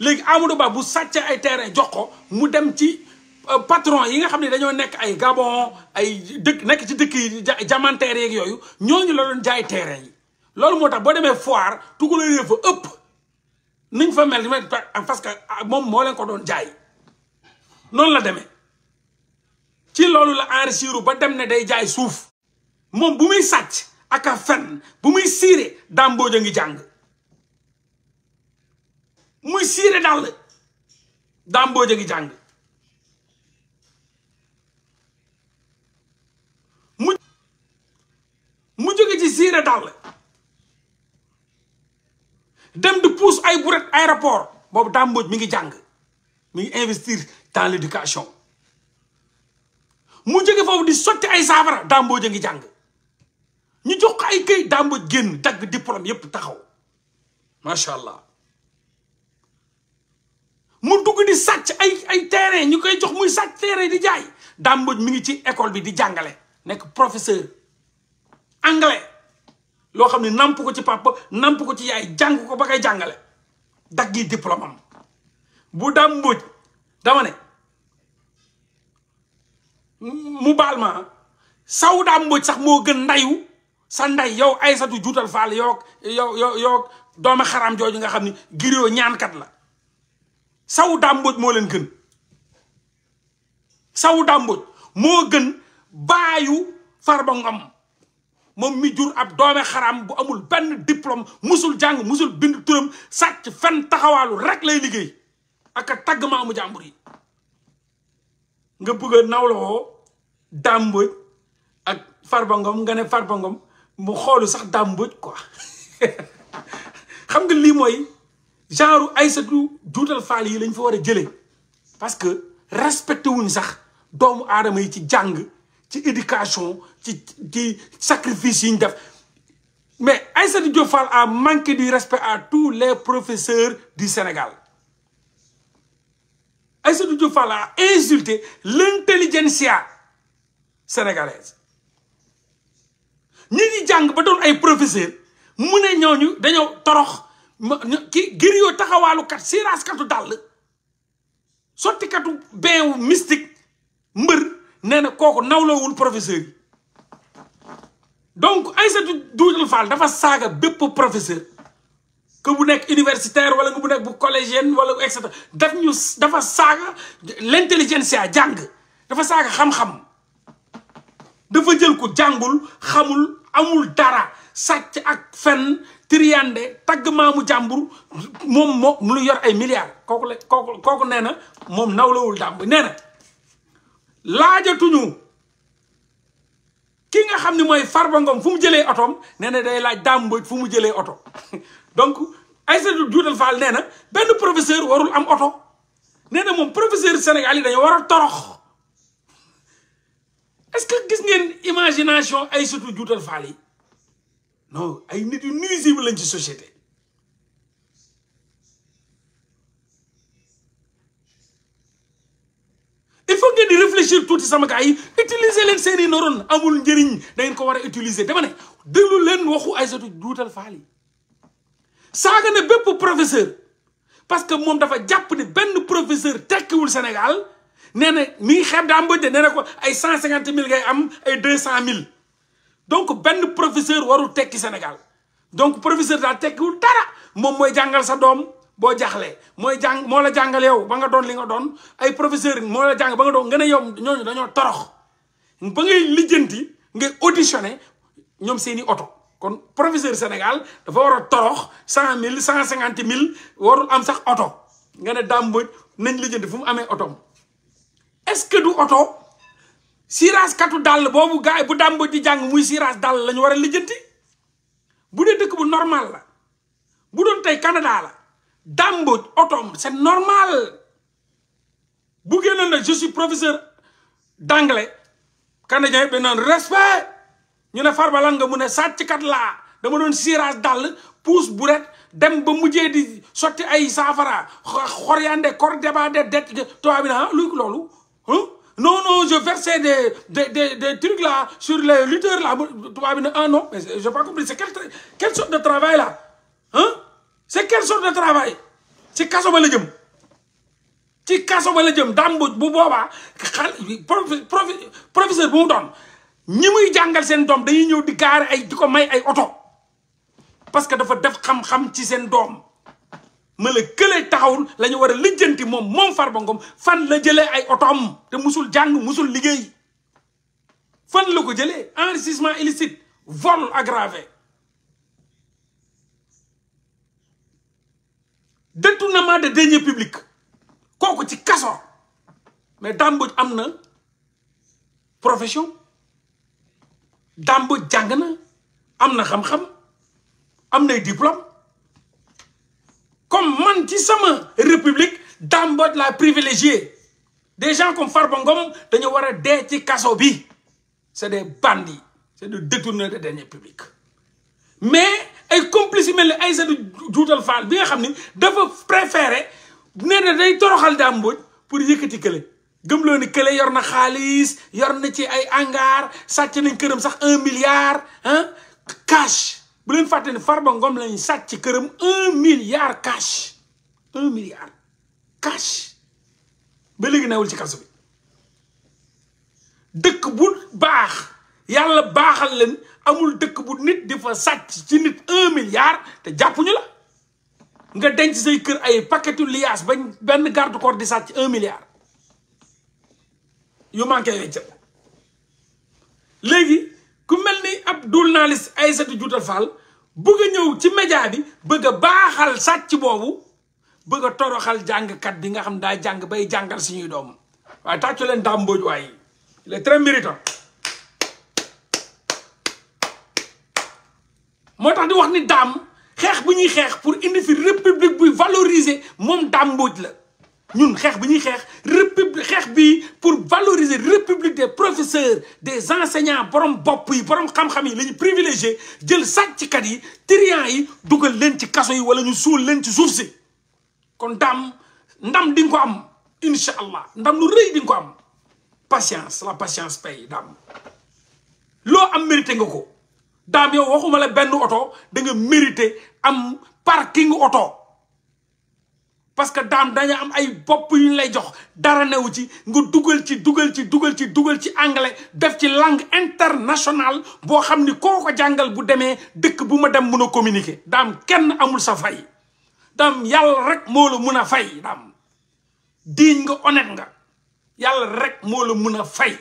léegi Amadou Ba bu sàccee ay terrain jox ko mu dem ci euh, patron yi nga xam ne dañoo nekk ay Gabon ay dëkk nekk ci dëkk yi jamanteer yeeg yooyu ñooñu la doon jaay terrain yi loolu moo tax boo demee foire tukulóor yi fa ëpp niñ fa mel parce que ah, moom moo leen ko doon jaay noonu la demee ci loolu la enrichiru ba dem ne day jaay suuf moom bu muy sàcc ak fen bu muy siire Dame Mbodj ngi jàng muy siire dàll Dame Mbodj ngi jàng mu mu jóge ci siire dàll dem di puus ay buret aéroport boobu Dame Mbodj mi ngi jàng mu ngi investir dans l'éducation mu jóge foofu di sotti ay saafara Dame Mbodj ngi jàng ñu jox ko ay kay dàmb génn dagg diplôme yépp taxaw macha allah mu dugg di sàcc ay ay terrain ñu koy jox muy sàcc terrain di jaay dàmb mu ngi ci école bi di jàngale nekk professeur anglais loo xam ne namp ko ci papa namp ko ci yaay jàng ko ba koy jàngale daggi diplôme am bu dàmb dama ne mu baal ma saw dàmb sax moo gën ndayu sa nday yow Aysatu juutal faal yow yow yow yow doomu xaram jooju nga xam ni giroo ñaankat la sawu dàmbooj moo leen gën sawu dàmbooj moo gën baayu Farba Ngom moom mi jur ab doome xaram bu amul benn diplôme musul jàng musul bind turam sàcc fen taxawaalu rek lay liggéey ak a tagg maamu jàmbur yi nga bëgg a nawloo dàmbooj ak Farba Ngom nga ne Farba Ngom mu xoolu sax Dame quoi xam nga genre Aïssatou yi fa parce que respecter les sax de la sacrifice mais Aïssatou a manqué du respect à tous les professeurs du Sénégal Aïssatou a insulté l'intelligentsia sénégalaise ñi ñi jang ba doon ay professeur mu ne ñooñu dañoo torox ki gëriyoo taxawalu kat dal soti katu beu mystique mbeur neena koku kooku nawloowul professeur yi donc Aïssatou Doudou Fall dafa saga bepp professeur ke bu nek universitaire wala nga bu nek bu collégienne wala et cetera daf ñu dafa l'intelligence ya jang dafa saga xam-xam dafa jël ko jàngul xamul amul dara sàcc ak fenn triyande tagg maamu jàmbur moom moo lu yor ay milliards kooku la kooku kooku nee na moom nawlawul dàmb nee na laajatuñu ki nga xam ni mooy Farba Ngom fu mu jëlee otoom nee na day laaj Dame fu mu jëlee oto donc Aïssatou Dioutal Fall nee na benn professeur warul am oto nee na moom professeur Sénégal yi dañoo war a torox est-ce que gis ngeen imagination ay surtout juutal faal non ay nit nuisible dans ci société il faut ngeen di réfléchir tuuti sama gars yi utiliser leen seeni neurones amul njëriñ da ngeen ko war a utiliser dama ne déglu leen waxu ay surtout juutal Ça a saaga ne pour professeur parce que moom dafa jàpp ne tel professeur le Sénégal nee na mi ngi xeeb de nee na ay cent cinquante mille ngay am ay deux cent mille donc benn professeur warul tekki Sénégal donc professeur daal tekkiwul dara moom mooy jàngal sa doom boo jaxlee mooy jàng moo la jàngal yow ba nga doon li nga doon ay professeur moo la jàng ba nga doon nga ne yow ñooñu dañoo torox ba ngay lijjanti ngay ne ñoom seeni oto kon professeur Sénégal dafa war a torox cent mille cent cinquante mille warul am sax oto nga ne dàmboj nañ lijjanti fu mu amee otoom est-ce que du auto siras katu dal bobu gaay bu dambo di jang muy siras dal lañu wara lijeenti bu de dekk bu normal la bu kanada tay Canada la dambo otom c'est normal bu gene na je suis professeur d'anglais canadien ben non respect ñu ne Farba lan nga mu ne kat la dama don siras dal pousse bu dem ba mujjé di soti ay safara xor yande kor débat de det toabi na ah, lu lolu Hein? Non, non, je versais des, des, des, des trucs là sur les lutteurs là. Ah non, mais je n'ai pas compris. C'est quel, quelle, sorte de travail là hein? C'est quelle sorte de travail C'est Kasso Balagem. C'est Kasso Balagem. Dambou, Bouboba, professeur Boudon. Ni muy jangal sen dom dañuy ñew di gaar ay diko may ay auto parce que dafa def xam xam ci sen dom ma la kële taxawul lañu ñu war a lijjanti moom moom Farba Ngom fan la jëlee ay otoom te musul jàng musul liggéey fan la ko jëlee enrichissement illicite vol aggravé détournement de deniers publics kooku ci kaso mais dàmboj am na profession dàmboj jàng na am na xam-xam am nay diplôme comme man ci république d'ambot la privilégié des gens comme des c'est des bandits c'est des détourneurs de deniers publics mais les complices de ne Fall bi nga préférer dafa day toroxal pour a ni ci ay un milliard hein, cash bu leen fàtte ni Farba Ngom lañ sàcc ci këram un milliard cash un milliard cash ba léegi newul ci kaso bi dëkk bu baax yàlla baaxal leen amul dëkk bu nit di fa sàcc ci nit un milliard te jàppuñu la nga denc say kër ay paketu liaas ba benn garde corps di sàcc un milliard yu manqué weccam léegi ku mel ni ab journaliste Aïssatou Dioutal Fall bëgg a ñëw ci média bi bëgg a baaxal sàcc boobu bëgg toroxal jàngkat bi nga xam daa jàng bay jàngal suñuy doom waaye tàccu leen Dame Mbodj waaye il est très moo tax di wax ni Dame xeex bu ñuy xeex pour indi fi république buy valoriser moom dàmbóoj la ñun xeex bi ñuy xeex république xeex bi pour valoriser république des professeurs des enseignants borom bopp yi borom xam-xam yi la ñu privilégié jël sàcckat yi triant yi dugal leen ci kaso yi wala ñu suul leen ci suuf si ndam di ko am incha ndam lu rëy di ko am patience la patience paye daam Lo am mérité nga ko daam yow waxuma la benn oto da nga mérité am parking auto. parce que daam dañu am ay bopp yu lay jox dara newu ci nga dugal ci dugal ci dugal ci dugal ci anglais def ci langue internationale boo xam ni koo ko jàngal bu demee dëkk bu ma dem mun a communiquer daam kenn amul sa fay daam yàlla rek moo la mun a fay daam diiñ nga honnête nga yàlla rek moo la mun a fay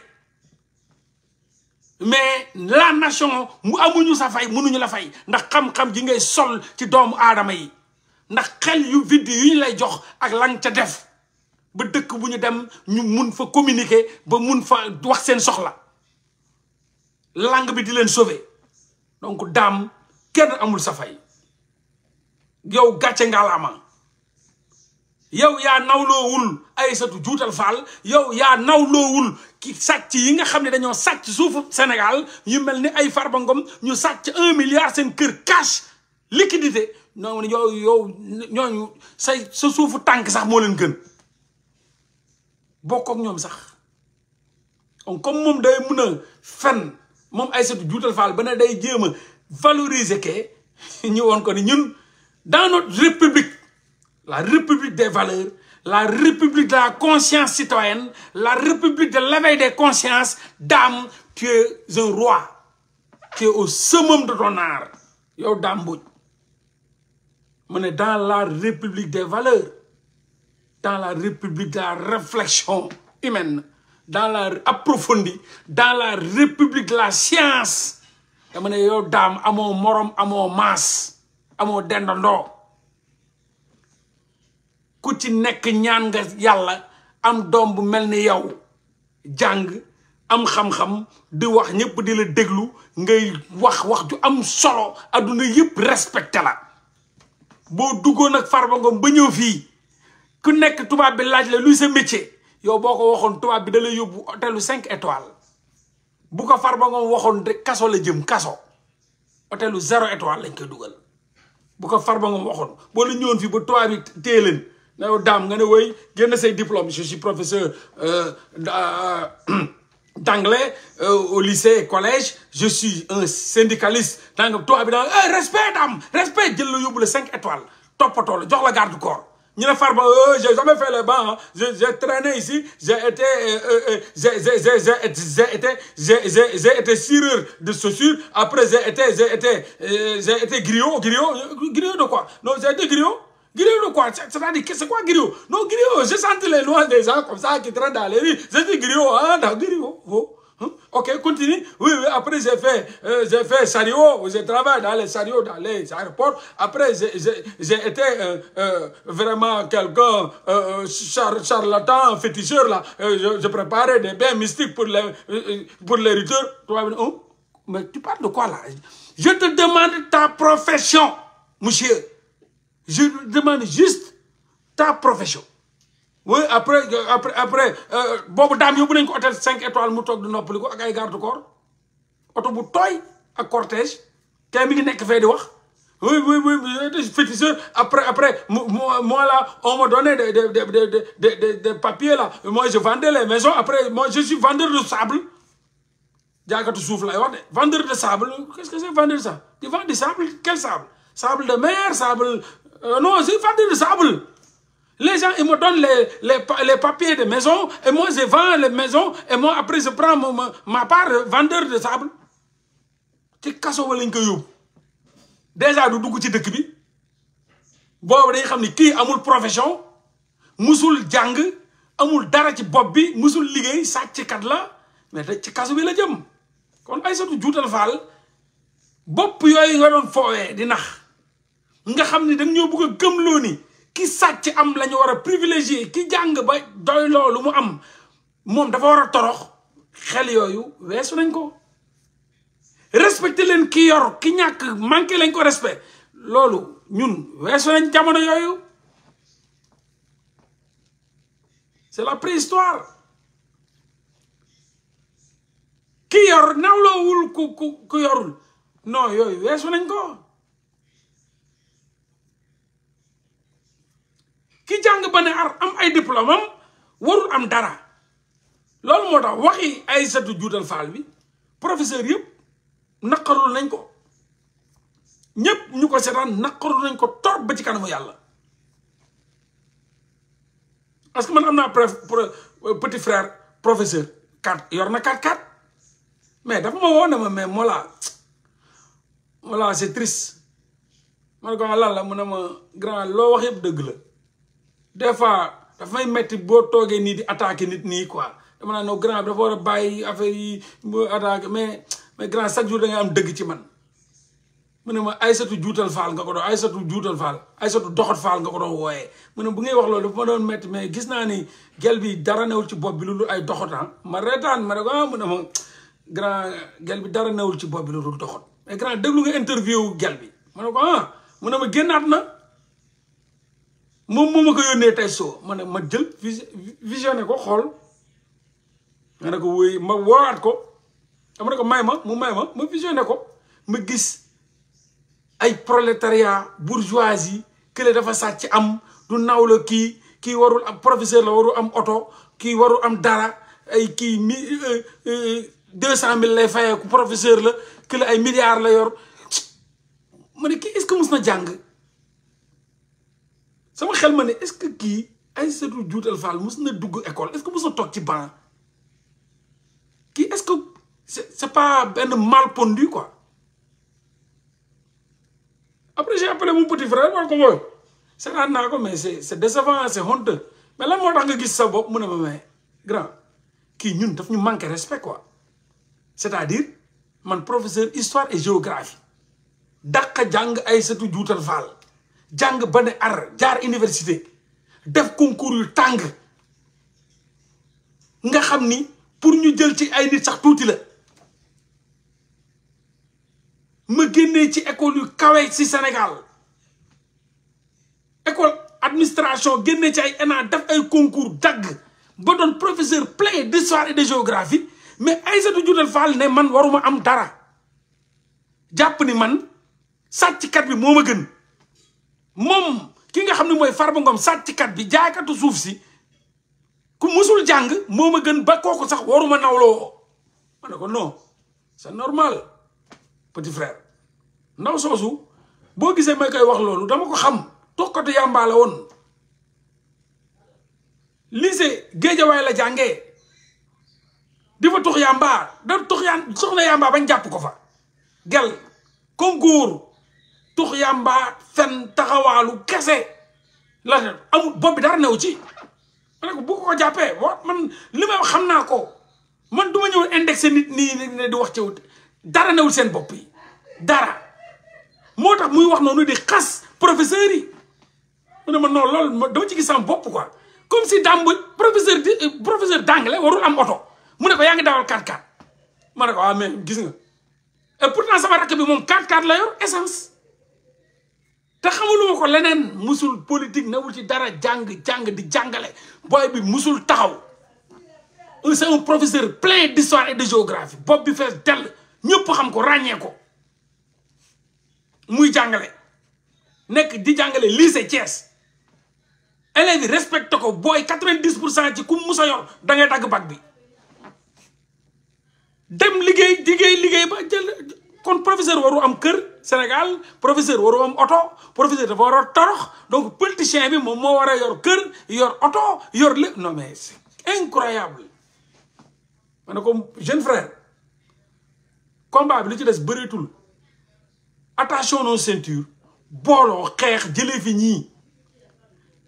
mais la nation mu amuñu sa fay mënuñu la fay ndax xam-xam ji ngay sol ci doomu aadama yi ndax xel yu vide yu ñu lay jox ak lan ca def ba dëkk bu ñu dem ñu mun fa communiquer ba mun fa wax seen soxla langue bi di leen sauver donc daam kenn amul sa fay yow gàcce ngaalaama yow yaa nawloowul Aïssatou Juutal Fall yow yaa nawloowul ki sàcc yi nga xam ne dañoo sàcc suufu Sénégal ñu mel ni ay Farba Ngom ñu sàcc un milliard seen kër kaas liquidité ñooñu yow yow ñooñu say sa suufu tank sax mo leen gën bokk ak ñom sax on comme mom day mëna fenn on moom Aïssatou Fall ba ne day jéem valoriser ke ñu won ko ni ñun dans notre république la république des valeurs la république de la conscience citoyenne la république de l'éveil des consciences dame tu es un roi tu es au summum de ton art yow Dame mu ne dans la république des valeurs dans la république de la réflexion humaine dans la approfondie dans la république de la science dama ne yow daam amoo morom amoo maas amoo dendandoo ku ci nekk ñaan nga yàlla am doom bu mel ni yow jàng am xam-xam di wax ñëpp di la déglu ngay wax wax ju am solo adduna yëpp respecté la boo duggoon ak Farba ba ñëw fii ku nekk tubaab bi laaj la luy sa métier yow boo ko waxoon tubaab bi da lay yóbbu hôtelu cinq étoiles bu ko Farba Ngom waxoon rek kaso la jëm kaso hôtelu zéro étoile lañ koy dugal bu ko Farba Ngom waxoon boo ñëwoon fii ba tubaab bi téye leen na daam nga ne woy génn say diplôme je si professeur euh, euh, d'anglais euh, au lycée et collège je suis un syndicaliste donc toi bi eh, respect dame, respect jël la pour 5 cinq étoiles Top, patrol jox la garde corps Je n'ai eh, j'ai jamais fait le banc hein. j'ai traîné ici j'ai été j'ai j'ai j'ai été j'ai j'ai été de chaussures après j'ai été j'ai été euh, j'ai été griot griot griot de quoi non j'ai été griot Griot, quoi cest c'est quoi griot Non, griot, j'ai senti les lois des gens comme ça qui traînent dans les rues. J'ai dit griot, ah, oh, oh. hein, non, griot. Oh. Ok, continue. Oui, oui, après j'ai fait, euh, j'ai fait Sario, j'ai travaillé dans les Sario, dans les aéroports. Après, j'ai été euh, euh, vraiment quelqu'un euh, char, charlatan, féticheur, là. Je, je, préparais des bains mystiques pour les, pour les rituels. Hein? Mais tu parles de quoi, là Je te demande ta profession, monsieur. Je demande juste ta profession. Oui, après, euh, après, après, Bob Dam, vous avez hôtel 5 étoiles, vous avez un hôtel avec garde corps. Auto bu toy cortège. Vous mi ngi nek fay di wax. Oui, oui, oui, féticheur. Après, après, moi, là, on m'a donné des, des, des, des, des, papiers là. Moi, je vendais les maisons. Après, moi, je suis vendeur de sable. jaakatu quand tu souffles là, vendeur de sable qu'est-ce que c'est vendre de sable Tu vends du sable quel sable sable de mer sable euh, non, je vendeur du sable. Les gens, ils me donnent les, les, papiers de maison, et moi, je vends les maisons, et moi, après, je prends ma, part vendeur de sable. te ce que ko dire. déjà du dugg ci dëkk bi boobu day qui amul profession musul jang, amul dara ci bi musul la mais ci bi la jëm kon Fall nga xam ni dañ ñoo bugg a gëmloo ni ki sàcc am la ñu war a privilégié ki jàng ba doy loolu mu am moom dafa war a torox xel yooyu weesu nañ ko respecté leen ki yor ki ñàkk manqué lañ ko respect loolu ñun weesu nañ jamono yooyu c'est la préhistoire ki yor nawloowul ku ku ku yorul non yooyu weesu nañ ko ki jàng ba ne am ay diplôme am warul am dara loolu moo tax waxi Aïssatou Juutal Faal bi professeur yëpp naqarul nañ ko ñëpp ñu ko seetaan naqarul nañ ko torop ba ci kanamu yàlla parce que man am naa petit professeur kat yor na kat kat mais dafa ma woo ma mais Mollah Mollah c'est triste man ko ah, lan la mu ne ma grand loo wax yëpp dëgg la des fois may métti boo toogee nii di attaquer nit nii quoi dama naa no grand bi dafa war a bàyyi affaire yi mu mais mais grand chaque jour da am dëgg ci man mun ne ma Aysatu juutal faal nga ko doon Aysatu juutal faal Aysatu doxat faal nga ko doon wooyee bu ngay wax loolu dafa doon métti mais gis naa ni gel bi dara newul ci bopp bi lu dul ay doxatan ah. ma reetaan ma ne ko ah mu ne ma grand gel dara newul ci bopp bi lu dul doxat mais grand déglu nga interview gel bi ma a ko ah mu ne ma génnaat na moom moo ma ko yónnee tey soo ma ne ma jël visionné ko xool ma ne ko wuy ma woowaat ko dama ne ko may ma mu may ma ma visionné ko ma gis ay prolétariat bourgeoisie kële dafa sàcc am du naw la kii kii warul am professeur la warul am oto kii warul am dara ay kii mi euh, euh, deux cent mille lay fayeeku professeur la kële ay milliards la yor ma ne kii est-ce que mus na jàng sama xel ma ne est-ce que kii Aïssatou Diouf Fall mës na dugg école est-ce que mës na toog ci banc kii est-ce que c'est pas benn malpondu quoi après j'ai appelé mon petit frère wax ko mooy seetaan naa ko mais c'est c'est décevant c'est honteux mais lan moo tax nga gis sa bopp mu ne ma mais grand kii ñun daf ñu manquer respect quoi c'est-à-dire man professeur histoire et géographie dàq jàng Aïssatou Diouf Fall jàng ba ne ar jaar université def concours yu tàng nga xam ni pour ñu jël ci ay nit sax tuuti la ma génnee ci école yu kawe ci Sénégal école administration génnee ci ay ENA def ay concours dagg ba doon professeur plein d'histoire et de géographie mais ay Aïssatou Dioutal Fall ne man waruma am dara jàpp ni man sàcckat bi moo ma gën Mum, ki nga xamni moy farbu Farba Ngom sàcckat bi jaaykatu suuf si ku musul jang moma gën ba koku sax waruma nawlo ma non c'est normal petit frère ndaw soosu bo gisé may koy wax lolu dama ko xam tokkatu yambala won lycée way la jangé di fa tux yàmba da tux yamba soxna yamba bañ japp ko fa gel concours tux yamba fen taxawaalu kese la amul bopp bi dara new ci ma ko bu ko jàppee wa man li xamna ko man duma ñew ñëw indexé nit ni ne di wax ci wut dara newul sen bop yi dara motax muy wax nonu di khas professeur yi mu man non lol do ci gissam bop quoi comme si dambu professeur di professeur d'anglais warul am auto mu ne ko yaangi dawal 4x4 ma ko ah mais gis nga et pourtant sama rakk bi mom 4x4 la yor essence te mu ko leneen musul na wul ci dara jàng jàng di jàngale booy bi musul taxaw c'est un professeur plein d'histoire et de géographie bopp bi fees dell ñëpp xam ko ràññee muy jàngale nekk di jàngale lycée cees élèves yi respecté ko booy quatre-vingt-dix pour cent ci ku musa yor da dagg bac bi dem liggéey liggéey liggéey ba jël kon professeur waru am kër Sénégal professeur waru am oto professeur dafa war a torox donc politicien bi moom moo war a yor kër yor oto yor lépp non mais incroyable ma ne ko jeune frère combat bi lu ci des bëreetul attention nos ceintures booloo xeex jëlee fi ñii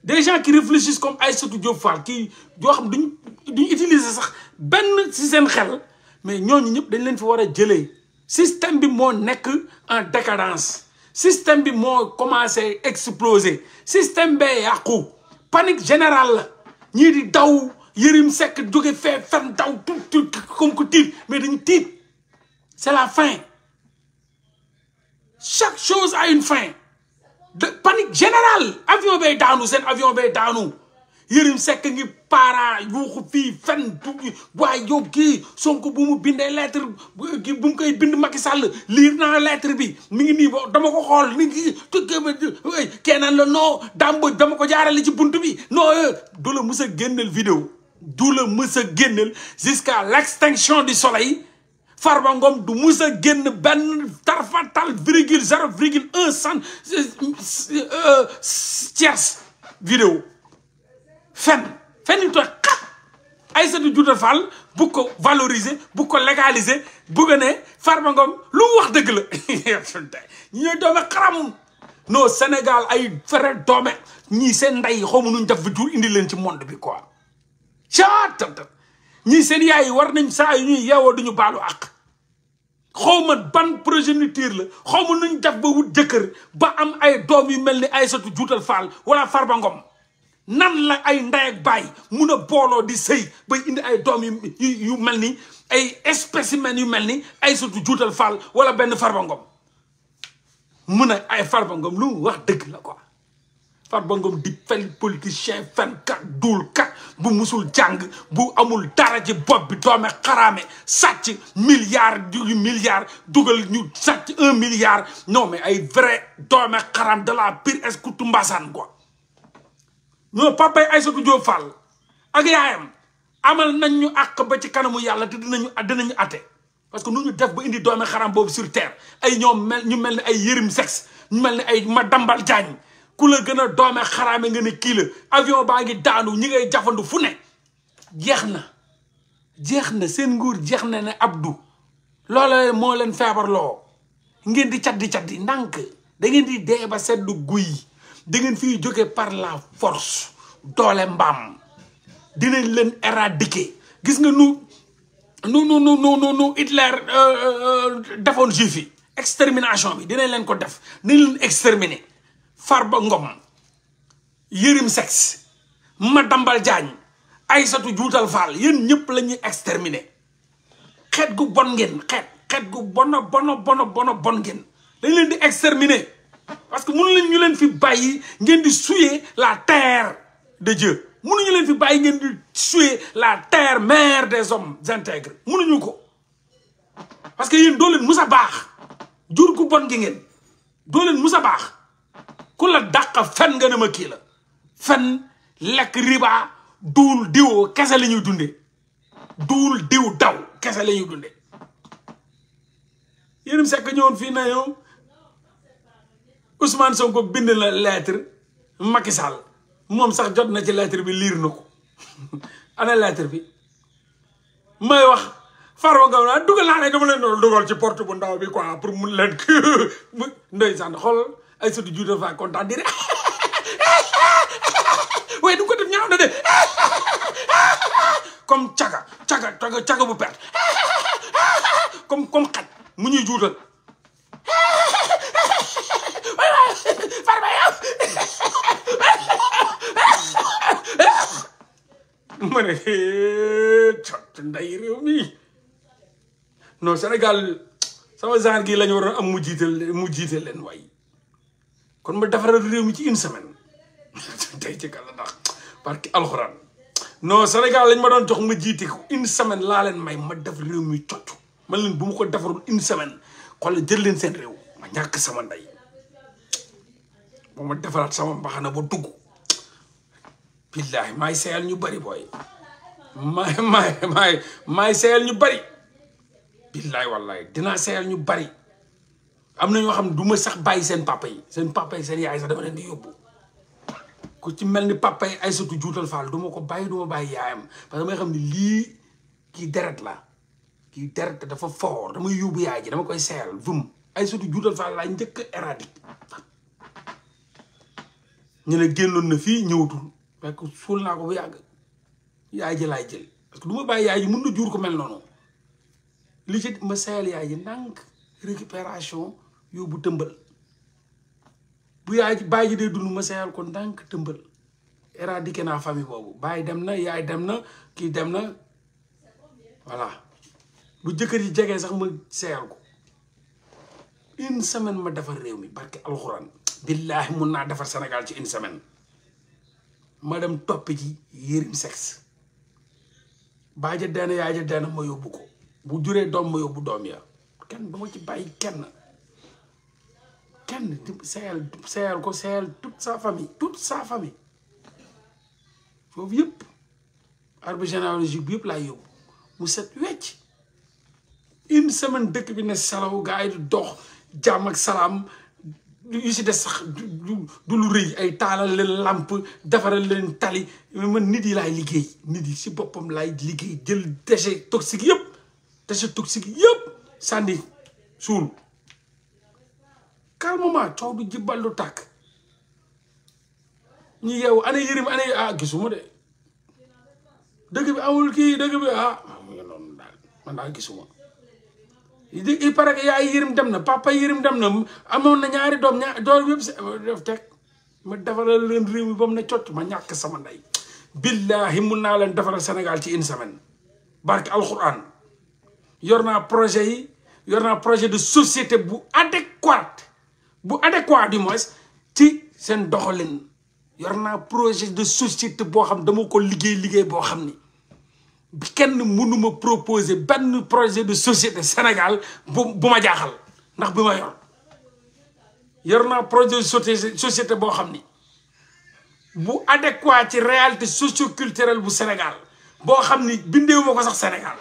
des gens qui réfléchissent comme Aïssatou Diop Fall kii yoo xam duñ duñ utiliser sax benn ci seen xel mais ñooñu ñëpp dañ leen fi war a jëlee système bi mo nek en décadence système bi mo commencé exploser système bee yàqu panique générale ñi di daw Yérim que jóge fee fen daw tout tout comme que tire mais dañu tire c'est la fin chaque chose a une fin de panique générale avion est daanu nous. avion bay daanu Yérim Seck ngi para yuuxu fii fen du waaye yow kii Sonko bu mu bindee lettre bu mu koy bind Macky sàll liir naa lettre bi mi ngi nii dama ko xool ni ngi keenaan la non dambo dama ko jaarale ci bunt bi non eh, du la mës a génneel vidéo du la mës a génneel jusqu'à l'extinction du soleil Farba Ngom du mës a benn tarfatal virgule zéro virgule un cent euh, tiers vidéo fen fenn tooy xat Aïssatou Diouda Fall bu ko valoriser bu ko légaliser bëgg ne Farba Ngom lu mu wax dëgg la ñi ñooy doome xaram non Sénégal ay fere doome ñii seen ndey xawma nuñ def fi jur indi leen ci monde bi quoi caatata ñii seen yaay yi war nañ saa yu ñuy yeewoo duñu baalu àq xawma ban progéniture la xawma nuñ def ba wut jëkkër ba am ay doom yu mel ni Aïssatou Diouda Fall wala Farba Ngom nan la ay ndey ak baay mun a booloo di sëy ba indi ay doom yu mel ni ay spécimen yu mel ni ay surtout juutal faal wala benn Farba mun a ay Farba lu mu wax dëgg la ko Farba Ngom di fen politicien fenkat duul kat bu musul jàng bu amul dara ci bopp bi doome xaraame sàcc milliard du milliard ñu sàcc un milliard non ay vrai doome xaraam de la pire escoutu mbaasaan non papay ay Diop Fall ak yaayam amal nañ ñu àq ba ci kanamu yàlla te dinañu dinañu atte parce que nu ñu def ba indi doomi xaram boobu sur ay ñoom mel ñu mel ni ay yërim sexe ñu mel ni ay madambal jaañ ku la gën a doome xaraame nga ne kii la avion baa ngi daanu ñu ngay jafandu fu ne jeex na jeex na seen nguur jeex na ne Abdou loola moo leen feebarloo ngeen di caddi caddi ndànk da ngeen di dee ba seddu guy dingeen ngeen fiy jóge par la force doole mbaam dinañ leen éradiquer gis nga nu nu nu nu nu nu Hitler euh, euh, defoon juif yi extermination bi dinañ leen ko def dinañ leen exterminer ba Ngom Yérim Seck Madiambal Diagne Aïssatou Dioudal Fall yéen ñëpp la ñuy exterminer xeet gu bon ngeen xeet xeet gu bona bona bona bona bon ngeen dañ leen di exterminer parce que mënu leen ñu leen fi bàyyi ngeen di souiller la terre de Dieu mënuñu leen fi bàyyi ngeen di souiller la terre mère des hommes intègres mënuñu ko parce que yéen doo leen mus a jur ku bon gi ngeen doo musa bax a baax ku la dàq fen nga ne ma la fen lekk riba doul diwo kese liñu dundé doul duul diw daw kese liñu dundé yeenum yéen ñewon fi ñëwoon na yow Ousmane Sonko bind la lettre Macky moom sax jot na ci lettre bi liir na ko ana lettre bi may wax Farba Ngom naa dugal naa ne dama leen doon dugal ci porte bu ndaw bi quoi pour mun leen ndeysaan xool ay sutu juuta fa kontaan di rek waaye du ko def ñaaw de comme caga caga caga caga bu perte comme comme mu ñuy juutal farba yow ma ne cot nday réew mi non Sénégal sama genre gi la ñu am mu jiital mu jiital leen way kon ma defaral réew ci une semaine tey ci kàlla ndax parce que alxuraan non Sénégal lañ ma doon jox ma jiite ko une semaine laa leen may ma def réew mi cot man leen bu ma ko defarul une semaine xoolal jël leen seen réew ma ñàkk sama ndey ba ma defaraat sama mbaxana ba dugg billahi maay seyal ñu bari booy maay maay seyal ñu bari billahi wallahi dinaa seyal ñu bari am na ñoo xam ne duma sax bàyyi seen papa seen papa yi seen yaay sax dama leen di yóbbu ku ci mel ni papa ay satu juutal faal du ma ko bàyyi du ma bàyyi yaayam parce que may xam ne lii kii deret la kii deret dafa fort damay yóbbu yaay ji dama koy seeral vum ay sutu juutal fa laa njëkk éradique ñu ne génnoon na fii ñëwatul fekk suul naa ko bu yàgg yaay ji jël parce que bàyyi yaay ji mën na jur ko mel noonu li ci ma seeyal yaay ji ndànk récupération yóbbu tëmbal bu yaay ji bàyyi ji dee dund ma seeyal ko ndànk tëmbal éradiqué naa famille boobu bàyyi dem na yaay dem na kii dem na voilà bu jëkkër ji jegee sax ma seyal ko une semaine ma defar réew mi barke alxuraan billaahi mun naa defar Sénégal ci une semaine ma dem topp ji yërim sexe baaja deen yaaja deen ma yóbbu ko bu juree doom ma yóbbu doom ya kenn dama ci bàyyi kenn kenn seyal seyal ko seyal toute sa famille toute sa famille foofu yëpp arbre généalogique bi yëpp laay yóbbu mu set wecc une semaine dëkk bi ne salaw gars yi du dox jàmm ak salaam yu si des sax du lu rëy ay taalal leen làmp defaral leen tali man nit yi laay liggéey nit yi si boppam laay liggéey jël déchets toxiques yëpp déchets toxiques yëpp sànni suul calmement coow du jibbal du tàkk ñu yeewu ana yërim ana ah gisuma bi amul kii bi ah gisuma il paraît que yaay yërim dem na papa yërim dem na amoon na ñaari doom ñaari doom yëpp def teg ma defaral leen réew mi ba mu ne cocc ma ñàkk sama ndey billahi mun naa leen defaral Sénégal ci une semaine barke alquran yor naa projet yi yor naa projet de société bu adéquate bu adéquat du moins ci seen doxalin yor naa projet de société boo xam dama ko liggéey liggéey boo xam ni kenn me proposer un projet de société Sénégal pour bu Je vais ndax bi Il yor a un projet de société société xam adéquat bu adéquat réalité socioculturelle culturelle bu Sénégal boo xam ni bindee sax Sénégal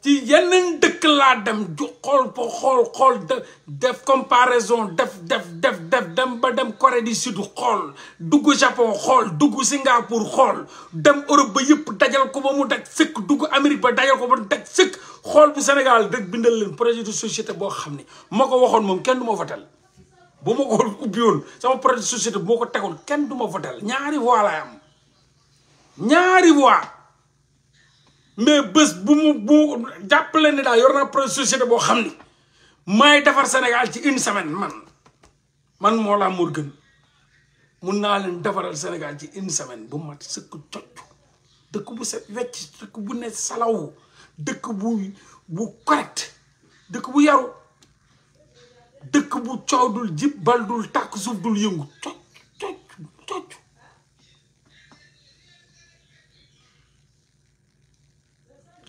ci yeneen dëkk laa dem ju xool ba xool xool def comparaison def def def def dem ba dem Corée du Sud xool dugg Japon xool dugg Singapour xool dem Europe ba yëpp dajal ko ba mu deg sëkk dugg Amérique ba dajal ko ba mu daj sëkk xool bu Sénégal rek bindal leen projet de société boo xam ne moo ko waxoon moom kenn du ma votel bu ma ko ubbi sama projet de société boo ko tegoon kenn duma ma votel ñaari voix laay am ñaari voix mais bés bu mu bu jàppale ne daal yor naa projet société boo xam ni may defar Sénégal ci une semaine man man moo Mollah Morgun mun naa leen defaral Sénégal ci une semaine bu mat sëkk cocc dëkk bu set wecc dëkk bu ne salaw dëkk bu bu correct dëkk bu yaru dëkk bu coow dul jib bal dul tàkk suuf dul yëngu cocc cocc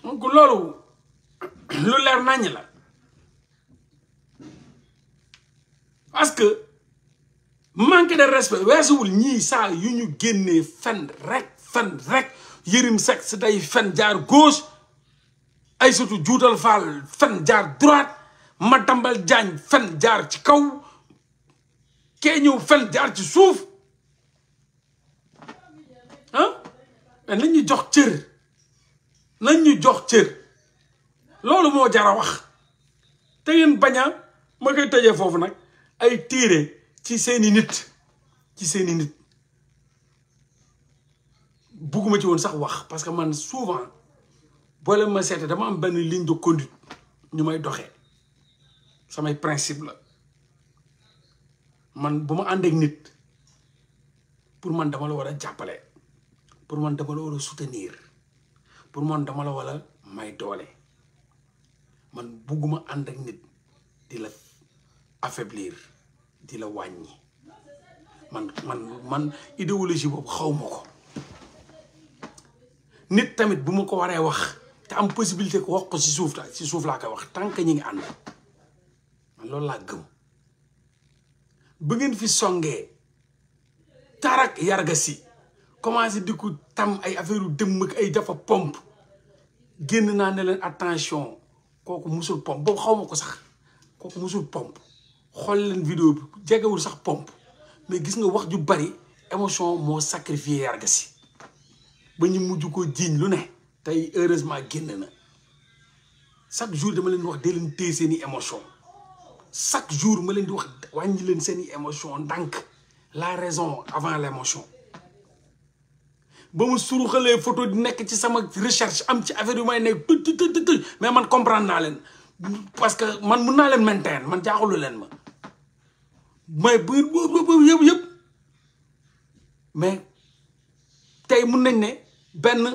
donc loolu lu leer naññ la parce que manque de respect weesuwul ñii saa yu ñu génnee fen rek fen rek Yérim Seck si day fen jaar gauche Aïssatou Juutal Fall fen jaar droite Madiambal Diagne fen jaar ci kaw kee ñëw fen jaar ci suuf ah mais jox cër nañ ñu jox cër loolu moo jar a wax te ngeen bañ a ma koy tëjee foofu nag ay tiire ci seeni nit ci seeni nit bugguma ci woon sax wax parce que man souvent boo leen ma seete dama am benn ligne de conduite ñu may doxee samay principe la man bu ma ànd nit pour man dama la war a jàppale pour man dama la war a soutenir pour mon dama la walal may doole man buguma and ak nit di la affaiblir di la wàññi man man man idéologie boobu xawmako nit tamit buma ko waré wax té am possibilité ko wax ko ci ta si souf la koy wax tank ñi ngi and man gëm bu ngeen fi songé tarak yargasi. commencé di coup tam ay affaire yu dëmm ak ay dafa pompe génn na ne len attention kooku musul pompe bo xaw ko sax kooku musul pompe xol len vidéo bi jegewul sax pompe mais gis nga wax ju bari émotion mo sacrifier yarga si ba ñu muju ko djign lu ne tay heureusement génn na chaque jour dama len wax de len té seni émotion chaque jour ma len di wax wàññi len seni émotion dank la raison avant l'émotion ba ma suruxalee photo di nekk ci sama recherche am ci affaire yu may nekk tut tut tut mais man comprendre naa leen parce que man mun naa leen mainten man jaaxalu leen ma mais biir boobu yëpp mais tey mun nañ ne benn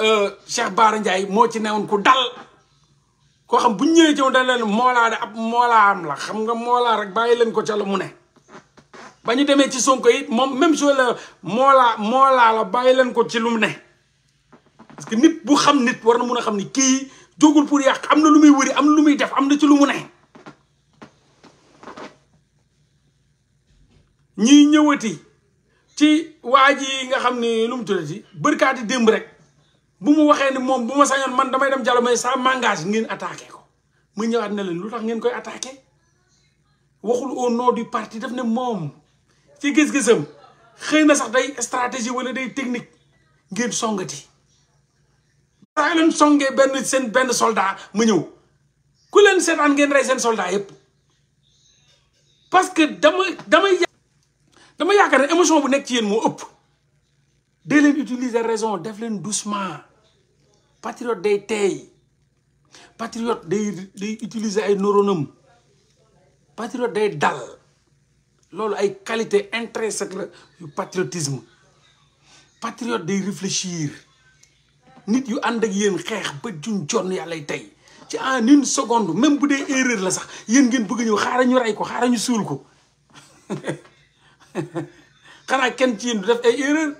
euh, Cheikh Baara Ndiaye moo ci newoon ku dal koo xam bu ñëwee ci dañ leen moolaa de ab moolaam la xam nga moolaa rek bàyyi leen ko ca la mu ne ba ñu demee ci Sonko it moom même chose la moo laa moo laa la bàyyi leen ko ci lu mu ne parce que nit bu xam nit war na mun a xam ni kii jógul pour yàq am na lu muy wëri am na lu muy def am na ci lu mu ne ñiy ñëwati ci waa ji nga xam ni lu mu tuddati bërkaati démb rek bu mu waxee ni moom bu ma sañoon man damay dem jalo may sa mangage ngeen attaqué ko mu ñëwaat ne leen lu tax ngeen koy attaque waxul au nom du parti def ne moom ci gis-gisam xeyna sax day stratégie wala day technique songati soldat ku ngeen soldat parce que dama dama yaakaar émotion bu ci utiliser raison def doucement patriote day patriote day day utiliser ay patriote day dal loolu ay qualité intrinsèque la patriotisme patriote day réfléchir nit yu ànd ak yéen xeex ba juñ jonn yalla tay. ci en une seconde même boudé erreur la sax yeen ngeen bëgg ñu xara ñu ray ko xara ñu sul ko xanaa kenn ci yeen du def erreur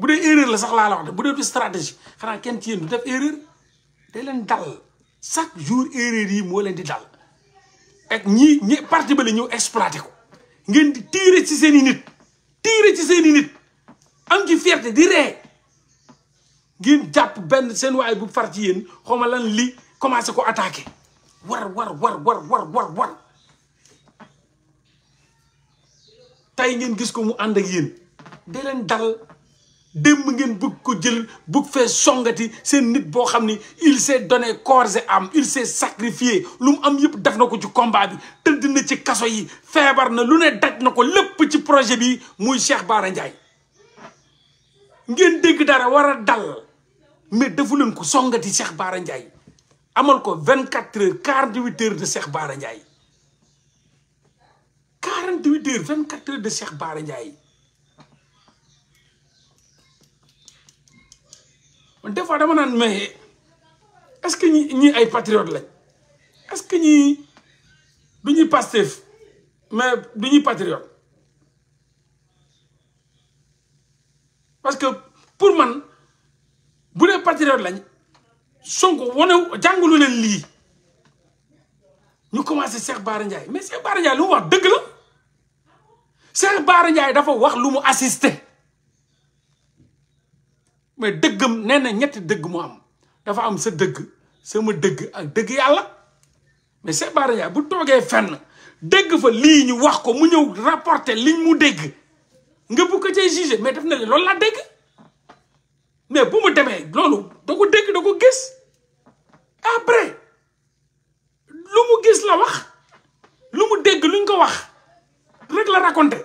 Boudé erreur la sax la la wax de bu dee du stratégie xanaa kenn ci yeen du def erreur day leen dal chaque jour erreur yi mo leen di dal ak ñi ñi parti ba li ñëw exploité ko ngeen di tiire ci seeni nit tiire ci seeni i nit am ci feerte di ree ngeen jàpp benn seen waay bu far ci yéen xawma lan li commencé ko attaqué war war war war war war ngeen gis ko mu ànd ak yéen de leen dal démb ngeen bugg ko jël bëgg fee songati seen nit boo xam ni il s'est donné corps am âme il s'est sacrifié lu mu am yëpp def na ko ci combat bi tëdd na ci kaso yi feebar na lu ne daj na ko lépp ci projet bi muy Cheikh Bara Ndiaye ngeen dégg dara war a dal mais defu leen ko songati Cheikh Bara Ndiaye amal ko vingt quatre heures quarante huit heures de Cheikh Bara Ndiaye quarante huit heures vingt quatre heures de Cheikh Bara Ndiaye Des fois, je me demande, est-ce que nous sommes des patriotes Est-ce que nous sommes pas stèves, mais nous sommes des patriotes Parce que pour moi, si nous sommes des patriotes, nous sommes pas le droit de faire ceci. Nous commençons à faire des choses. Mais ces choses, elles ne sont pas d'accord. Ces choses, elles ont une raison pour les assister. mais dëggam nee na ñetti dëgg mu am dafa am sa dëgg sama dëgg ak dëgg yàlla mais Cheikh Bara bu toogee fenn dégg fa lii ñu wax ko mu ñëw rapporter liñ mu dégg nga bu ko cay jugé mais def na leen loolu laa dégg mais bu mu demee loolu da ko dégg da ko gis après lu mu gis la wax lu mu dégg luñ ko wax rek la raconté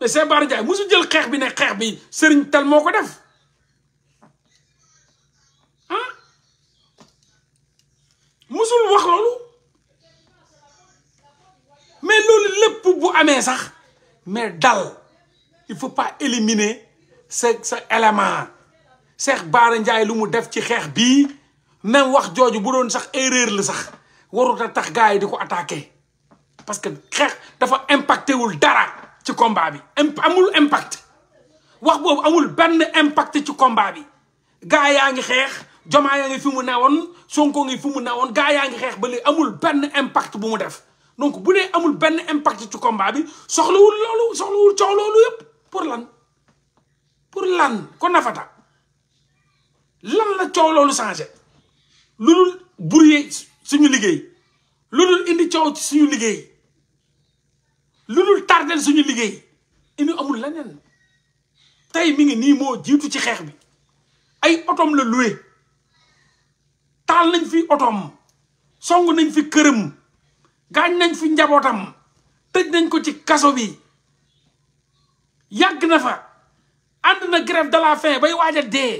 mais Cheikh Bara Ndiaye musu jël xeex bi ne xeex bi sëriñ tal moo ko def musul wax loolu mais loolu lepp bu amé sax mais dal il faut pas éliminer ce ce élément Cheikh Bara Ndiaye lu mu def ci xex bi même wax jooju bu doon sax erreur le sax waruta tax gaay yi di ko attaqué parce que xex dafa impacté wul dara ci combat bi amul impact wax bobu amul ben impact ci combat bi gaay yaangi xex jomaa yaa ngi fimu mu Sonko ngi fimu mu ga ya ngi xex amul ben impact bu mu def donc bu amul ben impact ci combat bi lolu soxlu wul ciow lolu yep pour lan pour lan ko nafata lan la ciow lolu changer lulul dul suñu liggey lulul indi ciow ci suñu liggey lulul tardel suñu liggey indi amul leneen tay mi ngi ni mo jitu ci xex bi ay otom la louer taal nañ fi otoom song nañ fi këram gaañ nañ fi njabootam tëj nañ ko ci kaso bi yàgg na fa ànd na grève de la faim bay waaj a dee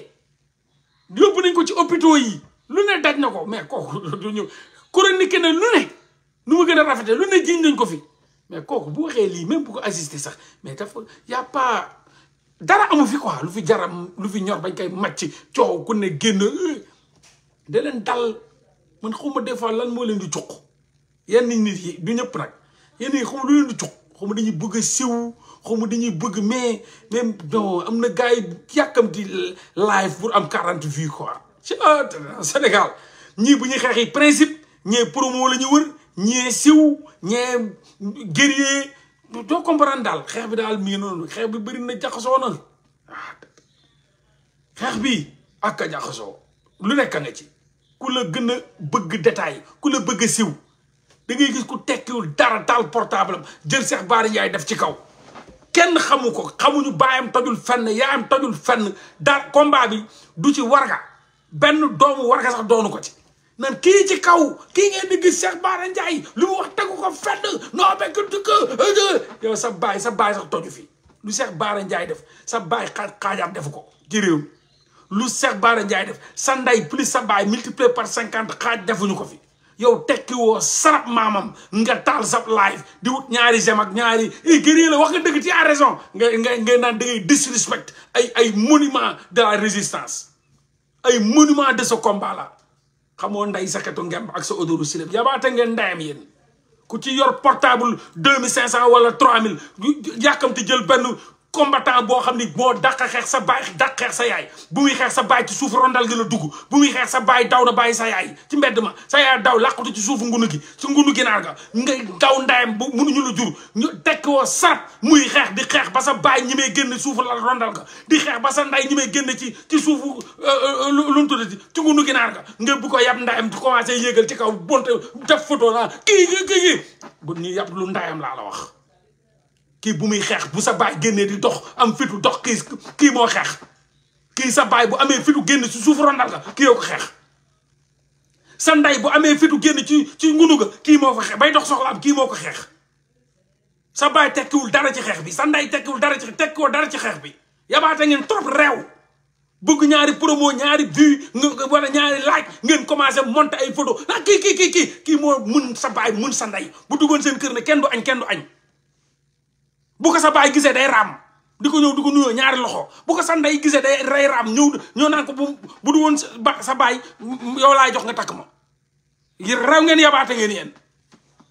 yóbbu nañ ko ci hôpitaux yi lu ne daj na ko mais kooku du ñëw chronique ne lu ne gën a rafete lu nañ ko fi mais kooku bu waxee lii même bu ko assister sax mais dafa y a dara amu fi quoi lu fi jaram lu fi ñor bañ koy màcc coow ku génn euh, da dal man xawma des fois lan moo leen di cuq yenn nit yi du ñëpp nag yenn yi xawma lu leen di cuq xawma dañuy bëgg a siw xawma dañuy bëgg mais mais non am na gars yi yàkkamti live pour am quarante vues quoi ci ah, Sénégal ñii bu ñuy xeexi principe ñee promo la ñu wër ñee siw ñee guerrier doo comprendre daal xeex bi daal mi noonu xeex bi bëri na jaxasoo na ah, xeex bi ak jaxasoo lu nekk nga ci ku la gën a bëgg détail ku la bëgg a siw da ngay gis ku tekkiwul dara taal portable am jël Cheikh Bara Ndiaye def ci kaw kenn xamu ko xamuñu baayam tojul fenn yaayam tojul fenn da combat bi du ci warga benn doomu warga sax doonu ko ci nan kii ci kaw kii di gis Cheikh Bara Ndiaye lu mu wax tegu ko fenn noo bekk dëkk yow sa baay sa baay sax toju fi lu Cheikh Bara Ndiaye def sa baay xaaj xaajaam defu ko ci réew lu Cheikh Bara Ndiaye def sa ndey plus sa baay multiplié par cinquante xaaj defuñu ko fi yow tekki woo sarab maamam nga taal sa live di wut ñaari gem ak ñaari gërie la wax nga dëgg ci à raison nga nga ngay naan da ngay disrespect ay ay monument de la résistance ay monument de ce combat la xamoo nday sa ketu ngemb ak sa odoru silib yabaate ngeen ndayam yéen ku ci yor portable deux mille cinq cent wala trois mille yàkkamti jël benn combattant boo xam ni moo dàq xeex sa baay dàq xeex sa yaay bu muy xeex sa baay ci suuf rondal gi la dugg bu muy xeex sa baay daw na bàyyi sa yaay ci mbedd ma sa yaay daw làqatu ci suufu ngunu gi ci ngunu ginaar ga ngay daw ndayam bu mënuñu la jur ñu tekk woo sat muy xeex di xeex ba sa baay ñi may génn suufu la rondal di xeex ba sa nday ñi may génn ci ci suufu euh, euh, lu mu tuddati ci ngunu ginaar ga nga bu ko yab ndayam di commencé yéegal ci kaw bonte def photo naa kii kii kii ñu yab lu ndaayam laa la wax kii bu muy xeex bu sa baay génnee di dox am fitu dox kii kii moo xeex kii sa baay bu amee fitu génn ci suuf rondal ga xeex sa nday bu amee fitu génn ci ci ngunu ga kii moo ko xeex bay dox soxla am kii moo ko xeex sa baay tekkiwul dara ci xeex bi sa nday tekkiwul dara ci tekkiwoo dara ci xeex bi yabaate ngeen trop réew bëgg ñaari promo ñaari vue wala ñaari laaj ngeen commencé monter ay photo ah kii kii kii kii kii moo mun sa baay mun sa nday bu duggoon seen kër na kenn du añ kenn du añ bu ko sa bay gisé day ram di ñew diko di ñaari loxo bu ko sa nday gisé day ray ram ñew ñoo nan ko bu du won sa bay yow laay jox nga takk ma raw ngeen yabaté ngeen yeen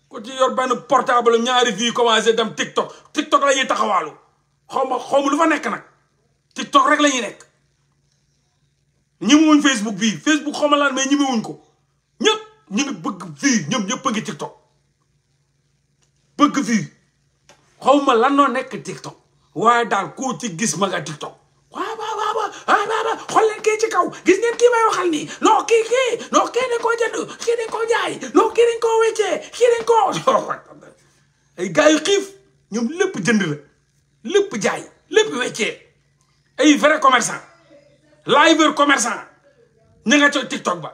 ko ci yor ben portable ñaari vie commencé dem tiktok tiktok la ñuy taxawaalu xom ma lu fa nek nak tiktok rek la nek facebook bi facebook xaw ma lan mais wuñ ko ñepp ñi ngi bëgg vie ñepp tiktok bëgg vie xaw ma lan noo nekk TikTok waaye daal koo ci gis ma nga TikTok waaw waaw waaw waaw waaw xool leen kii ci kaw gis ngeen kii may waxal nii non kii kii non kii dañ koo jënd kii dañ koo jaay non kii dañ koo weccee kii dañ koo ay gars yu xiif ñoom lépp jënd la lépp jaay lépp weccee ay vrai commerçant liveur commerçant ña nga cooy TikTok ba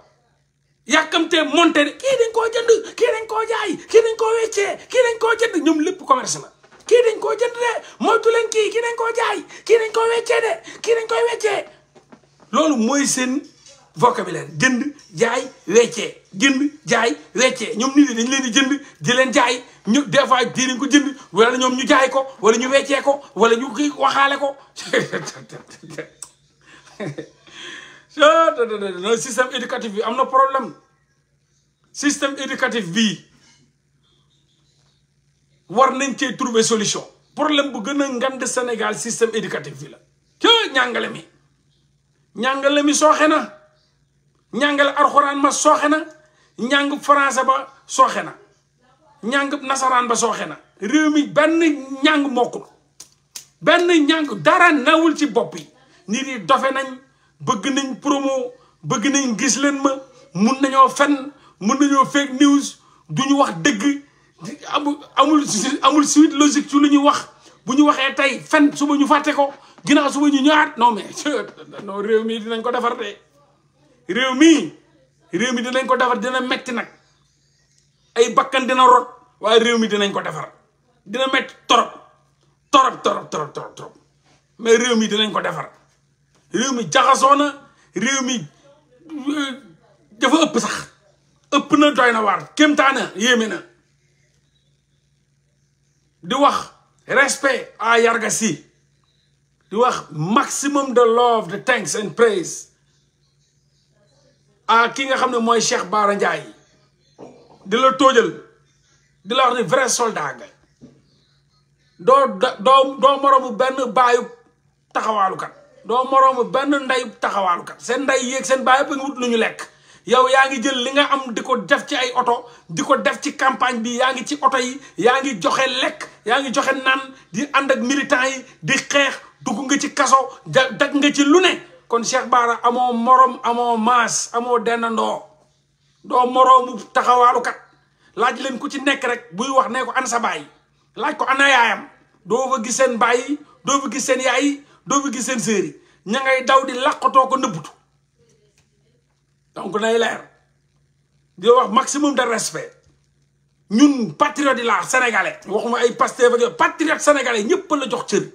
yàkkamtee monté kii dañ koo jënd kii dañ koo jaay kii dañ koo weccee kii dañ koo jënd ñoom lépp commerce la kii dañ koo jënd de moytu leen kii kii dañ koo jaay kii dañ koo weccee de kii dañ koy weccee loolu mooy seen vocabulaire jënd jaay weccee jënd jaay weccee ñoom nit ñi dañ leen di jënd di leen jaay ñu des fois di leen ko jënd wala ñoom ñu jaay ko wala ñu weccee ko wala ñu kii waxaale ko non système éducatif bi am na problème système éducatif bii war nañ cee trouver solution pour problème bu gën a ngand Sénégal système éducatif bi la ca ñàngale mi ñàngale mi sooxe na ñàngale arxuraan ma sooxe na ñàng français ba sooxe na ñàng nasaraan ba sooxe na réew mi benn ñàng mokkul benn ñàng dara nawul ci bopp yi nit yi dofe nañ bëgg nañ promo bëgg nañ gis leen ma mun nañoo fen mun nañoo fake news duñu wax dëgg amul amul amul suite ci lu ñuy wax bu ñu waxee tey fen suba ñu fàtte ko ginaa suba ñu ñëwaat non mais réew mii dinañ ko defar réew mi réew mi dinañ ko defar dina metti nag ay bakkan dina waaye réew mi dinañ ko defar dina metti torop torop torop torop mais réew mi dinañ ko defar réew mi jaxasoo na réew mi euh, dafa ëpp sax ëpp na doy na waar kéemtaana yéeme na di wax respect à Yarga di wax maximum de love de thanks and praise à ki nga xamne moy Cheikh Bara ndjay di la tojeul di la wax ni vrai soldat nga do do do moroomu ben bayu taxawaalukat doo moroomu benn ndeyu taxawaalukat seen ndey yéeg seen baay yëpp nga wut yow yaa ngi jël li nga am di ko def ci ay oto di ko def ci campagne bi yaa ngi ci oto yi yaa ngi joxe lekk yaa ngi joxe naan di ànd ak militant yi di xeex dugg nga ci kaso ja nga ci lu ne kon Cheikh Bara amoo morom amoo maas amoo dennandoo doo moroomu taxawaalukat laaj leen ku ci nekk rek buy wax ne ko an sa baay laaj ko ana yaayam doo ko gis seen baay yi doo ko gis seen yaay doo ko gis seen séer yi daw di làqatoo ko nëbbutu donc nay leer di wax maximum de respect ñun patriote yi laa sénégalais waxuma ay Pastef ak patriote sénégalais ñëpp la jox cër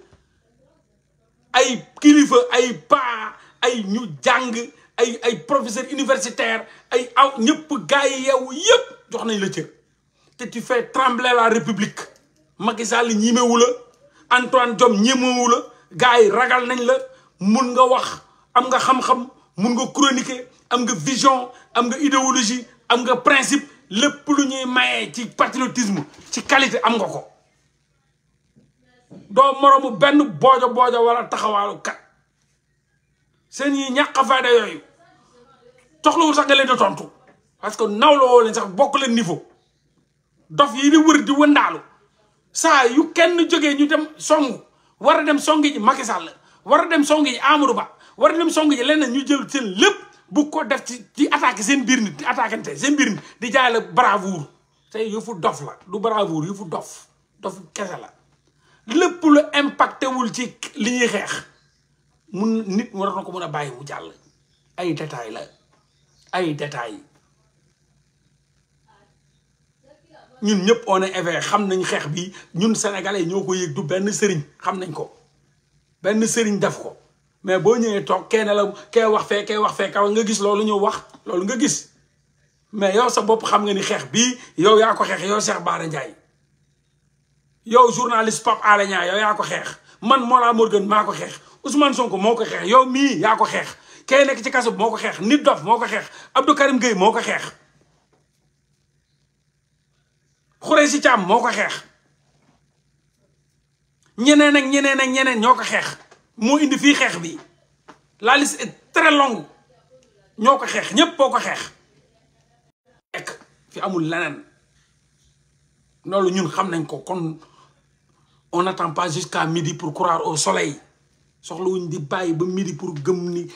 ay kilifa ay pa ay ñu jàng ay ay professeur universitaire ay aw ñëpp gars yi yow yëpp jox nañ la cër te tu fais trembler la république Macky Sall ñimewu la Antoine Diome ñimewu la gars yi ragal nañ la mun nga wax am nga xam-xam mun nga chroniquer am nga vision am nga idéologie am nga principe lepp lu ñuy mayé ci patriotisme ci qualité am nga ko doo moroomu benn bojo bojo wala taxawaalu kat seen yi ñàkk a fayda yooyu soxlawul sax nga leen tontu parce que nawlo woo sax bokk leen niveau dof yi di wër di wëndaalu sa yu kenn joggé ñu dem songu wara dem songi ci Macky Sall wara dem songi ci Amadou Ba wara a dem songi ji leneen ñu jël seen lepp bu ko def ci ci attaqué seen biir nit di attaquante seen biir nit di jaay la bravoure te yëfu dof la du yu fu dof dof kese la lépp lu impacté wul ci li ñuy xeex mun nit war na ko mën a bàyyi mu jàll ay détail la ay détail ñun ñëpp on est xam nañ xeex bi ñun sénégalais ñoo ko yëg du benn sëriñ xam nañ ko benn sëriñ def ko mais boo ñëwee toog kenn la kee wax fee kee wax fee kaw nga gis loolu ñu wax loolu nga gis mais yow sa bopp xam nga ni xeex bii yow yaa ko xeex yow Cheikh Bara Ndiaye yow journaliste Pape Alé Niang yow yaa ko xeex man moo Mollah Morgun maa ko xeex Ousmane Sonko moo ko xeex yow mii yaa ko xeex kee nekk ci kaso moo ko xeex nit dof moo ko xeex Abdou Karim Gueye moo ko xeex si Thiam moo ko xeex ñeneen ak ñeneen ak ñeneen ñoo ko xeex la liste est très longue fi amul nous ñun xam nañ on n'attend pas jusqu'à midi pour croire au soleil le di bàyyi ba midi pour gëm ni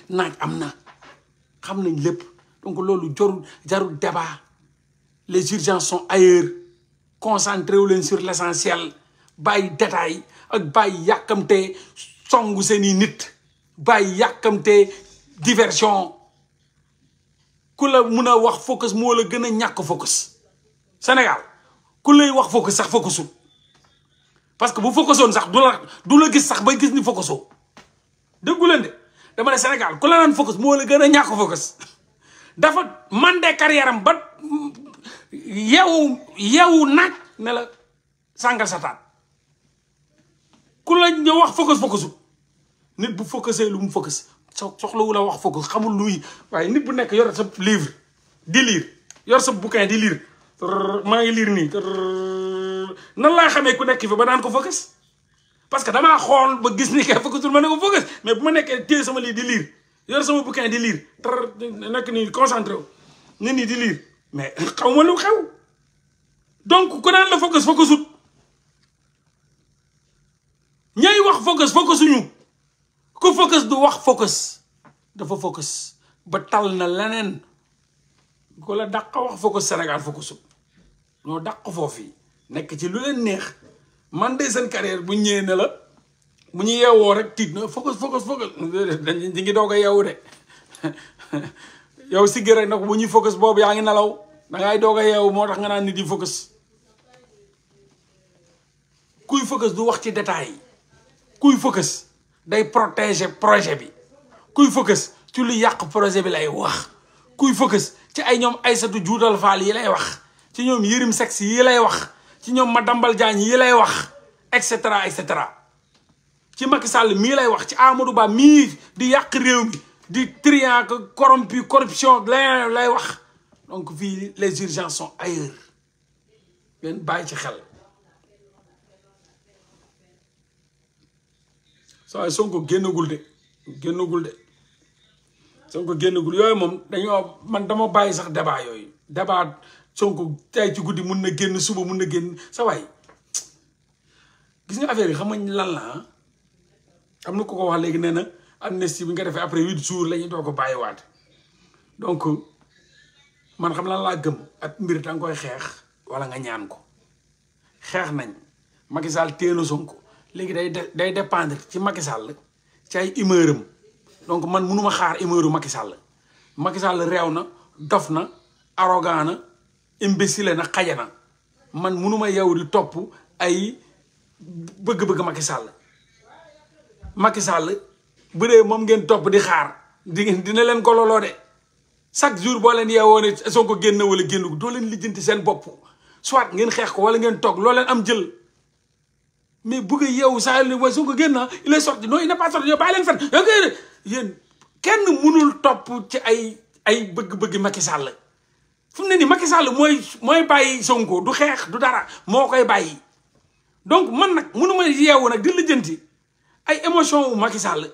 donc jour, débat les urgences sont ailleurs Concentrés vous sur l'essentiel les détail ak les songu seeni nit bay yakamte diversion kula muna wax focus mo la gëna ñak focus senegal kula wax focus sax focusul parce que bu focusoon sax dula dula gis sax bay gis ni focuso déggu leen de dama ne senegal kula nan focus mo la gëna ñak focus dafa mandé carrière ba yew yew nak ne la sangal satan kula ñu wax focus focusul nit bu focusé lu mu focus soxlawu la wax focus xamul luy waaye nit bu nekk yor sa livre di lire yor sa bouquin di lire maa ngi lire nii nan laa xamee ku nekk fa ba naan ko focus parce que damaa xool ba gis ni kay focusul ma ne ko mais bu ma nekkee téye sama lii di lire yor sama bouquin di lire nekk ni concentré wu nit ñi di lire mais xaw ma lu donc ku naan la focus focusut ñay wax focus focusuñu ku focus du wax focus dafa focus ba tal na lenen ko la dàq wax focus senegal focusul lo dàq fofi nek ci lu len neex man de sen carrière bu ñëwee na la bu ñu yewo rek tit na focus focus focus dañ ngi doga yewu de yow si rek nak bu ñu focus boobu ya ngi nalaw da ngay doga yewu motax nga nan ni di focus kuy focus du wax ci détail kuy focus. day protéger projet bi kuy focus ci lu yak projet bi lay wax kuy focus ci ay ñom Aïssatou de fall yi lay wax ci ñom Yérim yi lay wax ci ñom Madambal yi lay wax et cetera ci Macky Sall mi lay wax ci Amadou Ba di mi di corrompu corruption lay wax donc les urgences sont ailleurs ci xel waaye Sonko génnagul de génnagul de Sonko génnagul yooyu moom dañoo man dama bàyyi sax débat yooyu débat Sonko tey ci guddi mun na génn suba mun na génn sa waay gis nga affaire yi xam nga lan la ah? am na ko ko wax léegi nee na amnistie bi nga defee après huit jours la ñu doo ko waat donc man xam lan laa gëm ak mbir danga koy xeex wala nga ñaan ko xeex nañ Macky Sall téye na Sonko léegi day day dépendre ci Macky Sall ci ay humeur am donc man mënuma xaar humeuru Macky Sall Macky Sall réew na dof na arrogant na imbécile na xaja na man mënuma yow di topp ay bëgg-bëgg Macky Sall Macky Sall bu dee moom ngeen topp di xaar di ngeen dina leen ko loloo de chaque jour boo leen yeewoo ne Sonko génn wala génn doo leen lijjanti seen bopp soit ngeen xeex ko wala ngeen toog loo leen am jël mais bugg yeewu saa yàlla waaye Sonko génn il est sorti non il n'est pas sorti yow bàyyi leen fen yéen kenn mënul topp ci ay ay bëgg-bëgg Macky Sall fu ne nii Macky Sall mooy mooy bàyyi Sonko du xeex du dara moo koy bàyyi. donc man nag mënu ma yeewu nag di lijjanti ay émotion wu Macky Sall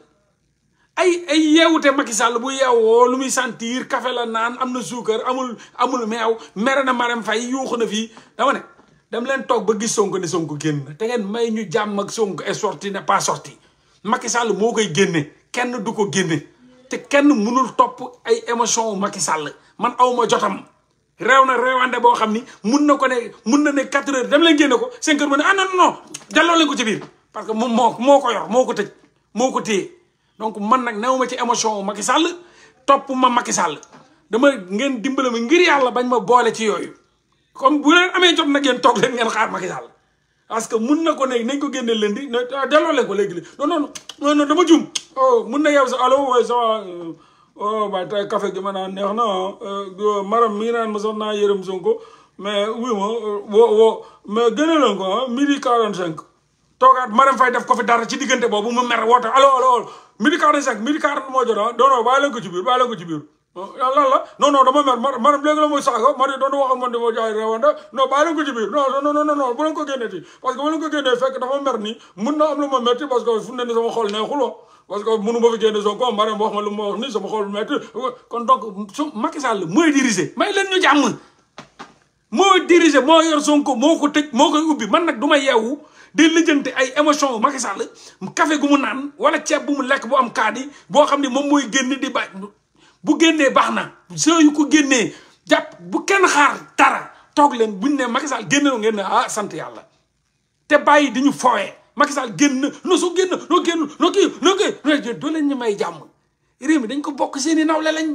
ay ay yeewute Macky Sall bu yeewoo lu muy sentir kafe la naan am na suukar amul amul meew mere na Marème fay yuuxu na fii dama ne. dem leen toog ba gis sonk ne Sonko génn te ngeen may ñu jàmm sonk Sonko sorti n'est pas sorti Macky sàll moo koy génne kenn du ko génne te kenn munul topp ay émotion wu Macky sàll man awma jotam réew na réewande boo xam ni mun na ko ne mun na ne quatre heures dem leen génne ko cinq heures ne ah non non ko ci biir parce que moom moo moo ko yor moo ko tëj moo ko téye donc man nag newuma ci émotion wu Macky Sall topp ma Macky sàll dama ngeen dimbale ma ngir yàlla bañ ma boole ci yooyu comme bu leen amee jot na yéen toog leen ngeen xaar Macky Sall parce que mun na ko ne nañ ko génne lundi ne ah, delloo leen ko léegi non non non non dama jum oh, na yow sa allo sa euh, oh ba tey café neex na euh, maram mii naan ma sax naa yërëm Sonko mais oui ma euh, wo wo mais gëna leen ko ah, midi 45 toogaat maram fay def ko fi dara ci diggante boobu mu mer woote allo allo midi 45 midi 40 moo jot ah non non bàyyi leen ko ci biir bàyyi leen ko ci biir. lan non non dama mer ma maanaam léegi la mooy saaga ma ne doon wax ak man de ma jaay rewande non bàyyi leen ko ci biir bu leen ko génneeti parce na am ma metti parce que fu mu ne ni ma fi génne soo ko ma lu moo diriger moo yor Sonko moo koy ubbi man nag du ma yeewu di lijjanti ay émotion Macky Sall café gu mu naan wala ceeb bu mu lekk bu am kaadi boo xam ne moom mooy génn di bàyyi bu génnee baax na soo yu ko génnee jàpp bu kenn xaar tara toog leen buñ ne Macky Sall génn ngeen ne ah sant yàlla te bàyyi di ñu fowee Macky Sall génn no soo génn noo génn noo kii noo kii doo leen ñu may jàmm réew mi dañ ko bokk seeni nawle lañ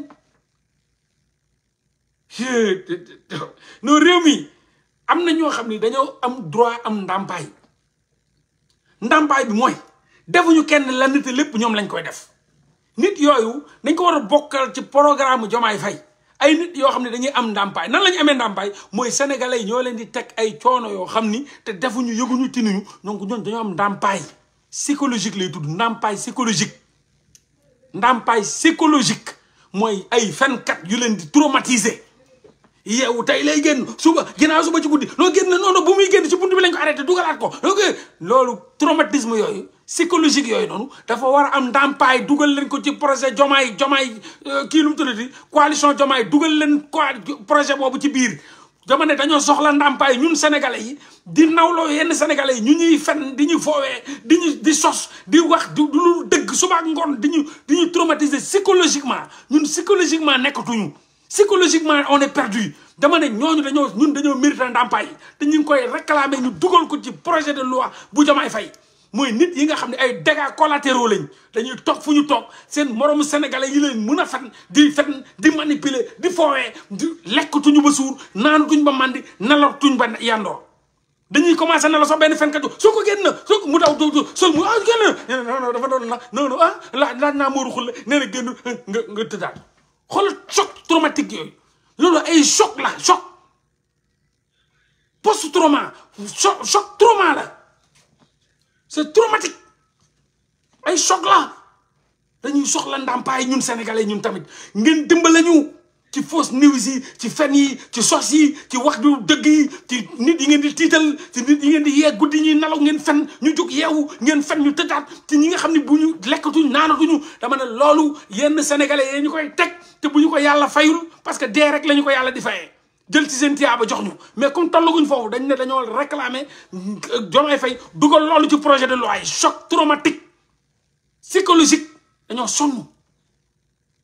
réew mi am na ñoo xam ne dañoo am droit am ndàmpaay ndàmpaay bi mooy defuñu kenn lenn te lépp ñoom lañ koy def nit yooyu dañ ko war a bokkal ci programme Diomaye fay ay nit yoo xam ne dañuy am ndàmpaay nan lañu amee ndàmpaay mooy sénégalais yi ñoo leen di teg ay coono yoo xam ni te defuñu yëguñu tinuñu donc ñoom dañoo am ndàmpaay psychologique lay tudd ndàmpaay psychologique ndàmpaay psychologique mooy ay fenkat yu leen di traumatiser yeewu tey lay génn suba ginnaaw suba ci guddi loo génn non non bu muy génn ci buntu bi lañ ko arrêté dugalaat ko loolu traumatisme yooyu psychologique yooyu noonu dafa war a am ndàmpaay dugal leen ko ci projet jomaay jomaay euh, kii lu mu tuddati coalition jomaay dugal leen projet boobu ci biir dama dañoo soxla ndàmpaay ñun sénégalais yi di nawloo yenn sénégalais yi ñu ñuy fen di ñu foowee di ñu di sos di wax du lu dëgg suba ngoon di ñu di ñu traumatiser psychologiquement ñun psychologiquement nekkatuñu psychologiquement on est perdu dama ne ñooñu dañoo ñun dañoo mérité nous té ñing koy réclamer ñu Nous ko ci projet de loi bu avons fay moy nit yi nga xamné ay dégâts collatéraux lañ dañuy tok fuñu tok sen Nous sénégalais yi leen mëna Nous di fat di manipuler di avons di lekkatuñu ba suur Nous ba mandi nelatuñ ba yando dañuy commencé na la so ben Nous avons ko soko mu daw sol mu ah non non dafa doon la non non ah laaj na mooru xul Nous genn nga nga xool choc traumatique yooyu loolu ay choc la choc post trauma soq choc trauma la c'est traumatique ay choc la dañuy soxla ndàmpaay ñun sénégalais ñun tamit ngeen dimbale ñu ci foos news yi ci fen yi ci sos yi ci wax ju dëgg yi ci nit yi ngeen di tiital ci nit yi ngeen di yee guddi ñuy nalaw ngeen fen ñu jóg yeewu ngeen fen ñu tëddaat ci ñi nga xam ne bu ñu lekkatuñ naanatuñu dama ne loolu yenn sénégalais yee ñu koy teg. te bu ko yalla fayul parce que dé rek la ko yalla di fayé jël ci sen tiaba jox ñu mais comme tollaguñ fofu dañ né dañoo réclamer jomay euh, fay dugal lolu ci projet de loi choc traumatique psychologique dañoo sonn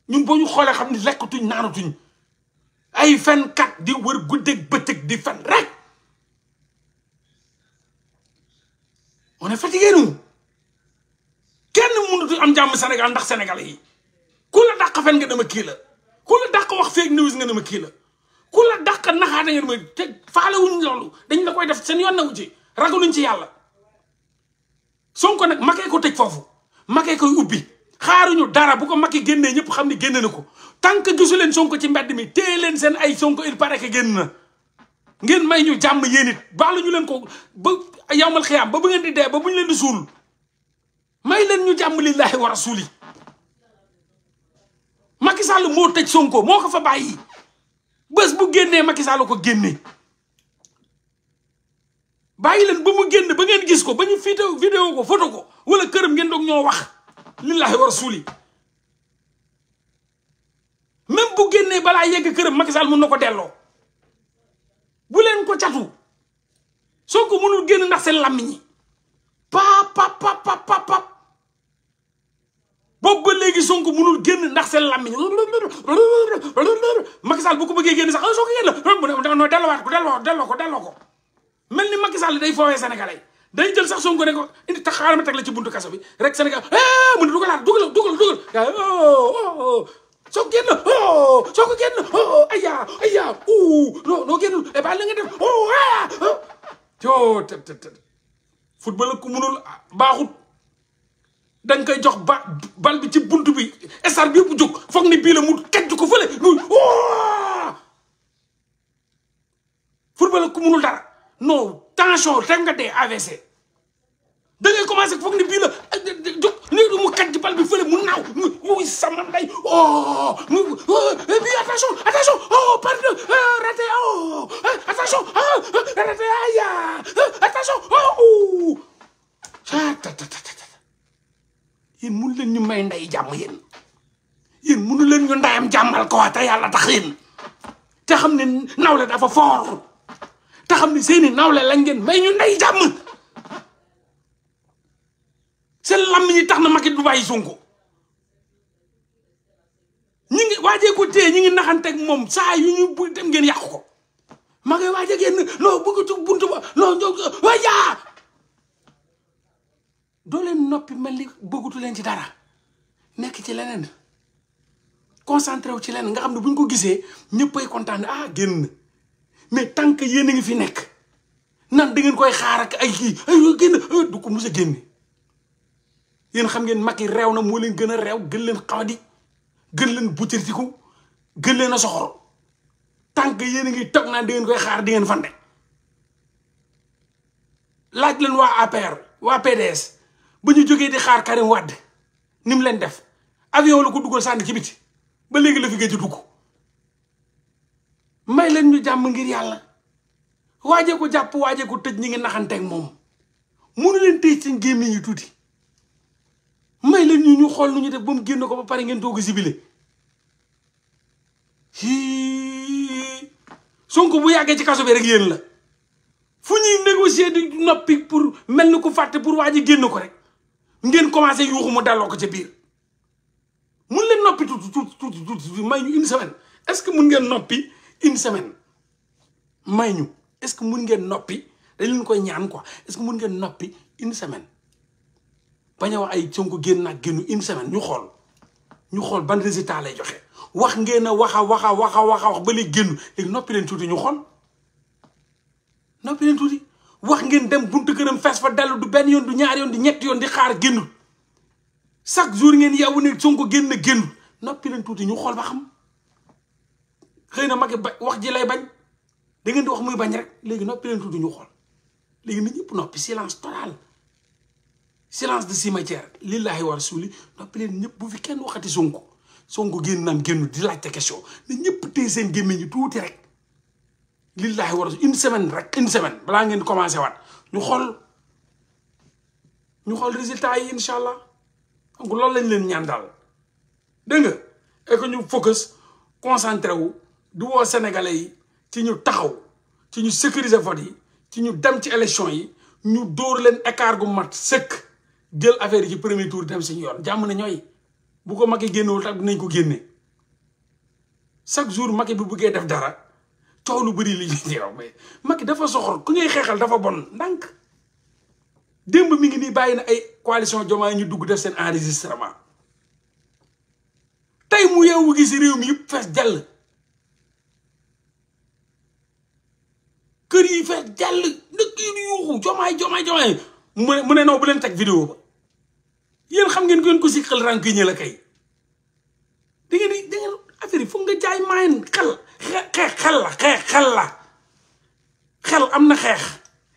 ñun boo ñu xoolee xam ni lekkatuñ naanatuñ ay fenkat di wër guddeeg bëccëg di fen rek on est fatigué nous kenn mënatu am jamm Sénégal ndax sénégalais yi ku la dàq fen nga dama ki la. ku la dàq wax fake news nga ne ma kii la ku la na naxaate ngeen ma te faalewuñ loolu dañ la koy def seen yoon newu ci ragaluñ ci yàlla Sonko nag makee ko teg foofu makee koy ubbi xaaruñu dara bu ko makki génnee ñëpp xam ne génne na ko tant que gisu leen Sonko ci mbedd mi téye leen seen ay Sonko il paraît que génn na ngeen may ñu jàmm yéen it baalu ñu leen ko ba yawmal xiyaam ba bu ngeen di dee ba bu ñu leen di suul may leen ñu jàmm lillaahi a rasuuli Macky Sall moo tëj Sonko moo ko fa bàyyi bés bu génnee Macky ko génne bàyyi leen ba mu génn ba ngeen gis ko ba ñu fiite vidéo ko photo ko wala këram ngeen doog ñoo wax lillahi wa rasuli même bu génnee balaa yegg këram Macky Sall mun na ko delloo bu leen ko catu Sonko mënul génn ndax seen làmmiñ yi pap boobu ba léegi Sonko mënul génn ndax seen làmmiñ Macky Sall bu ko bëggee génn sax ah Sonko génn la non delluwaat ko delloo delloo ko delloo ko mel ni Macky Sall day foowee sénégalais day jël sax Sonko ne ko indi tax xaaral ma teg la ci buntu kaso bi rek Sénégal mu ne dugalaat dugal dugal dugal oh Sonko génn oh Sonko génn oh aya aya ouh non non génnul eh ba la nga def oh ah. joo tët tët football ku mënul baaxut. da koy jox ba bal bi ci bunt bi estar bi yëpp jóg foog ni bii la mu kajj ko fële muy football ku munul dara non tension rek dee AVC da ngay commencé foog ni bii la jóg léegi mu kajj bal bi fële mu naaw wuy sama ndey oh muy oh, eh, bi attention attention oh pardon eh, raté oh attention raté yéen mënu leen ñu may ndey jàmm yéen yéen mënu leen ñu ndeyam jàmmal ko te yàlla tax yéen te xam ne nawle dafa foor te xam ne seeni nawle lañ ngeen may ñu ndey jàmm seen lam yi tax na Macky du bàyyi Sonko ñi ngi waajee ko téye ñi ngi teg moom saa yu ñu bu dem ngeen yàqu ko maa ngi waajee génn non bëgg tub buntu ba non waaye yaa doo leen noppi mel ni bëggatu leen ci dara nekk ci leneen concentré wu ci leneen nga xam ne bu ñu ko gisee ñëppay kontaan ah génn mais tant que yéen a ngi fi nekk nan da ngeen koy xaar ay kii ay génn ko mus a génn yéen xam ngeen mag yi réew na moo leen gën a réew gën leen xawadi gën leen gën leen a soxor tant yéen ngi toog naan da ngeen xaar di ngeen fande laaj leen waa APR waa PDS. ba ñu jógee di xaar Karim Wade ni mu leen def avion la ko duggal sànni ci biti ba léegi la fi gëj a dugg may leen ñu jàmm ngir yàlla waajee ko jàpp waajee ko tëj ñi ngi naxanteeg moom mënu leen tëj seen gémmiñ yi tuuti may leen ñu ñu xool nu ñu def ba mu génn ko ba pare ngeen doog a sibile Sonko bu yàggee ci kaso bi rek yéen la fu ñuy négocier di noppi pour mel ni ku fàtte pour waa ji génn ko rek ngeen commencé yuuxu mu delloo ko ca biir mun leen noppi tuuti tuuti tuuti tuuti may ñu une semaine est-ce que mun ngeen noppi une semaine may ñu est-ce que mun ngeen noppi dañ leen koy ñaan quoi est mun ngeen noppi une semaine bañ a wax ay Sonko génn nag génn une semaine ñu xool ñu xool ban résultat lay joxe wax ngeen a wax a wax a wax a wax ba léegi génn léegi noppi leen tuuti ñu xool noppi leen tuuti wax ngeen dem buntu këram fees fa dellu du benn yoon du ñaar yoon du ñett yoon di xaar génnul chaque jour ngeen yeewu ne Sonko génn génnul noppi leen tuuti ñu xool ba xam xëy na Macky ba wax ji lay da ngeen di wax muy bañ rek léegi noppi leen tuuti xool léegi nit ñëpp noppi silence total silence de cimetière lillahi wa rasuli noppi leen ñëpp bu fi kenn waxati Sonko Sonko génn naan génnul di laajte question ne ñëpp téye seen gémmiñ ñu tuuti rek. lillaahi war une semaine rek une semaine balaa ngeen commencé waat ñu xool ñu xool résultat yi incha allah donc loolu lañ leen ñaan daal dégg nga et que ñu focus concentré wu du woo sénégalais yi ci ñu taxaw ci ñu sécuriser vote yi ci ñu dem ci élection yi ñu dóor leen écart gu mat sëkk jël affaire yi ci premier tour dem suñu yoon jàmm na ñooy bu ko Macky génnewul tax nañ ko génne chaque jour Macky bu buggee def dara coow lu bari li yow mais Macky dafa soxor ku ñuy xeexal dafa bon ndànk démb mi ngi nii bàyyi na ay coalition Diomaye ñu dugg def seen enregistrement tey mu yeewu gis réew mi yëpp fees jàll kër yi fees jàll dëkk yi di yuuxu jomaay Diomaye Diomaye mu ne mu bu leen teg vidéo ba yéen xam ngeen ngeen ko si xel rank yi ñë la kay da ngeen di da ngeen affaire yi foog nga jaay maayen xal xeex xel la xeex xel la xel am na xeex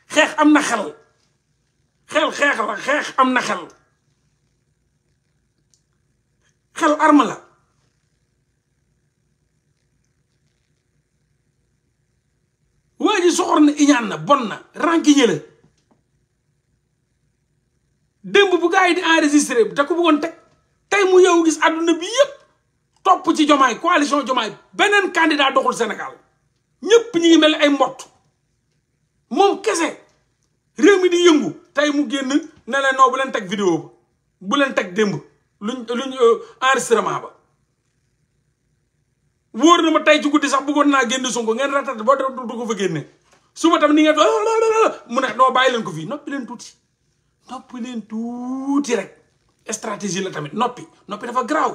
xeex am na xel xel xeex la xeex am na xel xel arme la waa ji soxor na iñaan na bon na rànkiñe la démb bu gaa yi di enregistré bi te ko bëggoon teg tey mu yow gis àdduna bi yépp topp ci jomaay coalition jomaay beneen candidat doxul Sénégal ñëpp ñi ngi mel ay mbott moom kese réew mi di yëngu tey mu génn ne leen non bu leen teg vidéo bu leen teg démb luñ luñ euh, enregistrement ba wóor na ma tey ci guddi sax bëggoon naa génn Sonko ngeen ratat boo def du ko fa génne suba tam ni ngeen mu ne non bàyyi leen ko fii noppi leen tuuti noppi leen tuuti rek stratégie la tamit noppi noppi dafa garaaw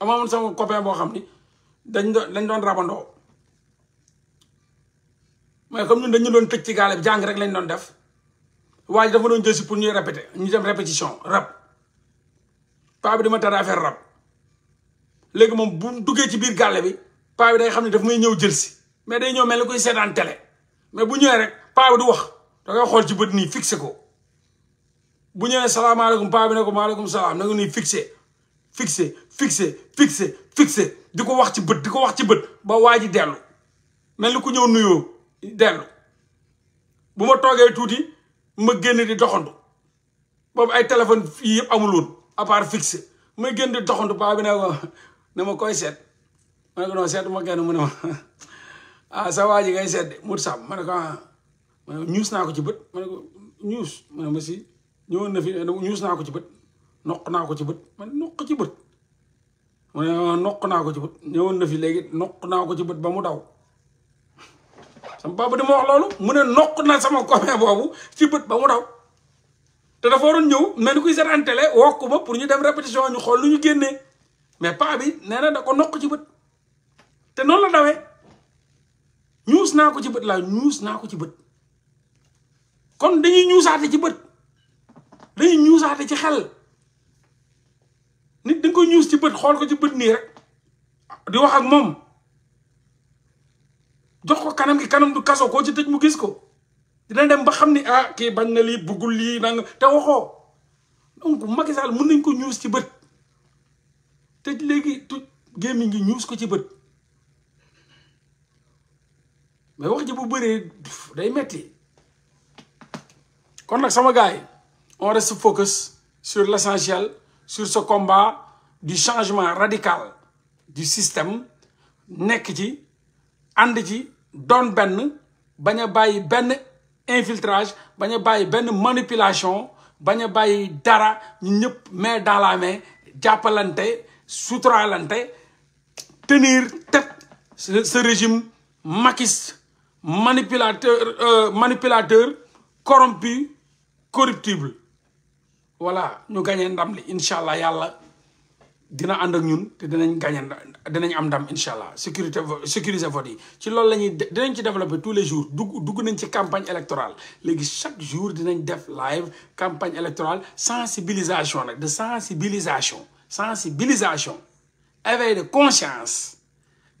dama amoon sama copain boo xam ni dañ doon dañ doon rabandoo mais comme ñun dañu doon tëj ci gaale bi jàng rek lañ doon def waa ji dafa doon jël si pour ñuy répéter ñu dem répétition rab paa bi dama tere affaire rab léegi moom bu duggee ci biir gaale bi paa bi day xam ne daf may ñëw jël si mais day ñëw mel ni koy seetaan télé mais bu ñëwee rek paa du wax da ngay xool ci bët nii fixé ko bu ñëwee salaamaaleykum paa bi ne ko maaleykum salaam na nga nii fixé fixé fixé fixé fixé di ko wax ci bët di ko wax ci bët ba waa ji dellu mel ni ku ñëw nuyoo dellu bu ma toogee tuuti ma génn di doxantu boobu ay téléphone fii yëpp amul woon à génn di doxantu baa bi ma ne ma koy seet ma ne ko non mu ne ma ah, sa waa ji ngay seet de mut sàmm ma ne ko ah ma ne ñuus naa ko ci bët ma ne ko ñuus ma ne ma si ñuus naa ko ci bët noq naa ko ci bët ma ne noq ci bët mu ne noq naa ko ci bët ñëwoon na fi léegi noq naa ko ci bët ba mu daw sama ba di ma wax loolu mu ne noq na sama copain boobu ci bët ba mu daw te dafa waroon ñëw mel nu kuy seetaan télé wokk ma pour ñu dem répétition ñu xool lu ñu génnee mais paa bi nee na da ko noq ci bët te noonu la dawee ñuus naa ko ci bët la ñuus naa ko ci bët kon dañuy ñuusaate ci bët dañuy ñuusaate ci xel nit dañ ko ñuus ci bët xol ko ci bët ni rek di wax ak mom jox ko kanam gi kanam du kasso ko ci tej mu gis ko dina dem ba xamni ah ki bañ na li bugul li nang te waxo donc Macky Sall mën nañ ko ñuus ci bët te léegi tu gemi ngi ñuus ko ci bët mais wax ji bu bëree day metti kon nak sama gars on reste focus sur l'essentiel sur ce combat du changement radical du système Nekji, andji, donben, ci ben Ben infiltrage bañ manipulation bañ dara nyup, main dans la main jàppalante lente, tenir tête ce régime maquis euh, manipulateur corrompu corruptible voilà ñu gañee ndam li incha allah yàlla dina ànd ak ñun te dinañ gañe dinañ am ndam incha allah sécurité sécuriser vote yi ci lool la ñuy dinañ ci développer tous les jours dugg dugg nañ ci campagne électorale léegi chaque jour dinañ def live campagne électorale sensibilisation nag de sensibilisation sensibilisation éveil de conscience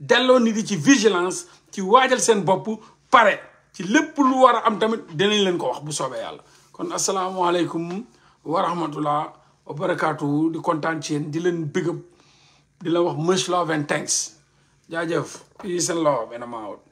delloo nit yi ci vigilance ci waajal seen bopp pare ci lépp lu war a am tamit dinañ leen ko wax bu soobee yàlla kon asalaamaaleykum wa a wa barakaatu di kontaan ci di leen big di la wax much love and thanks jaajëf peace and love and I'm out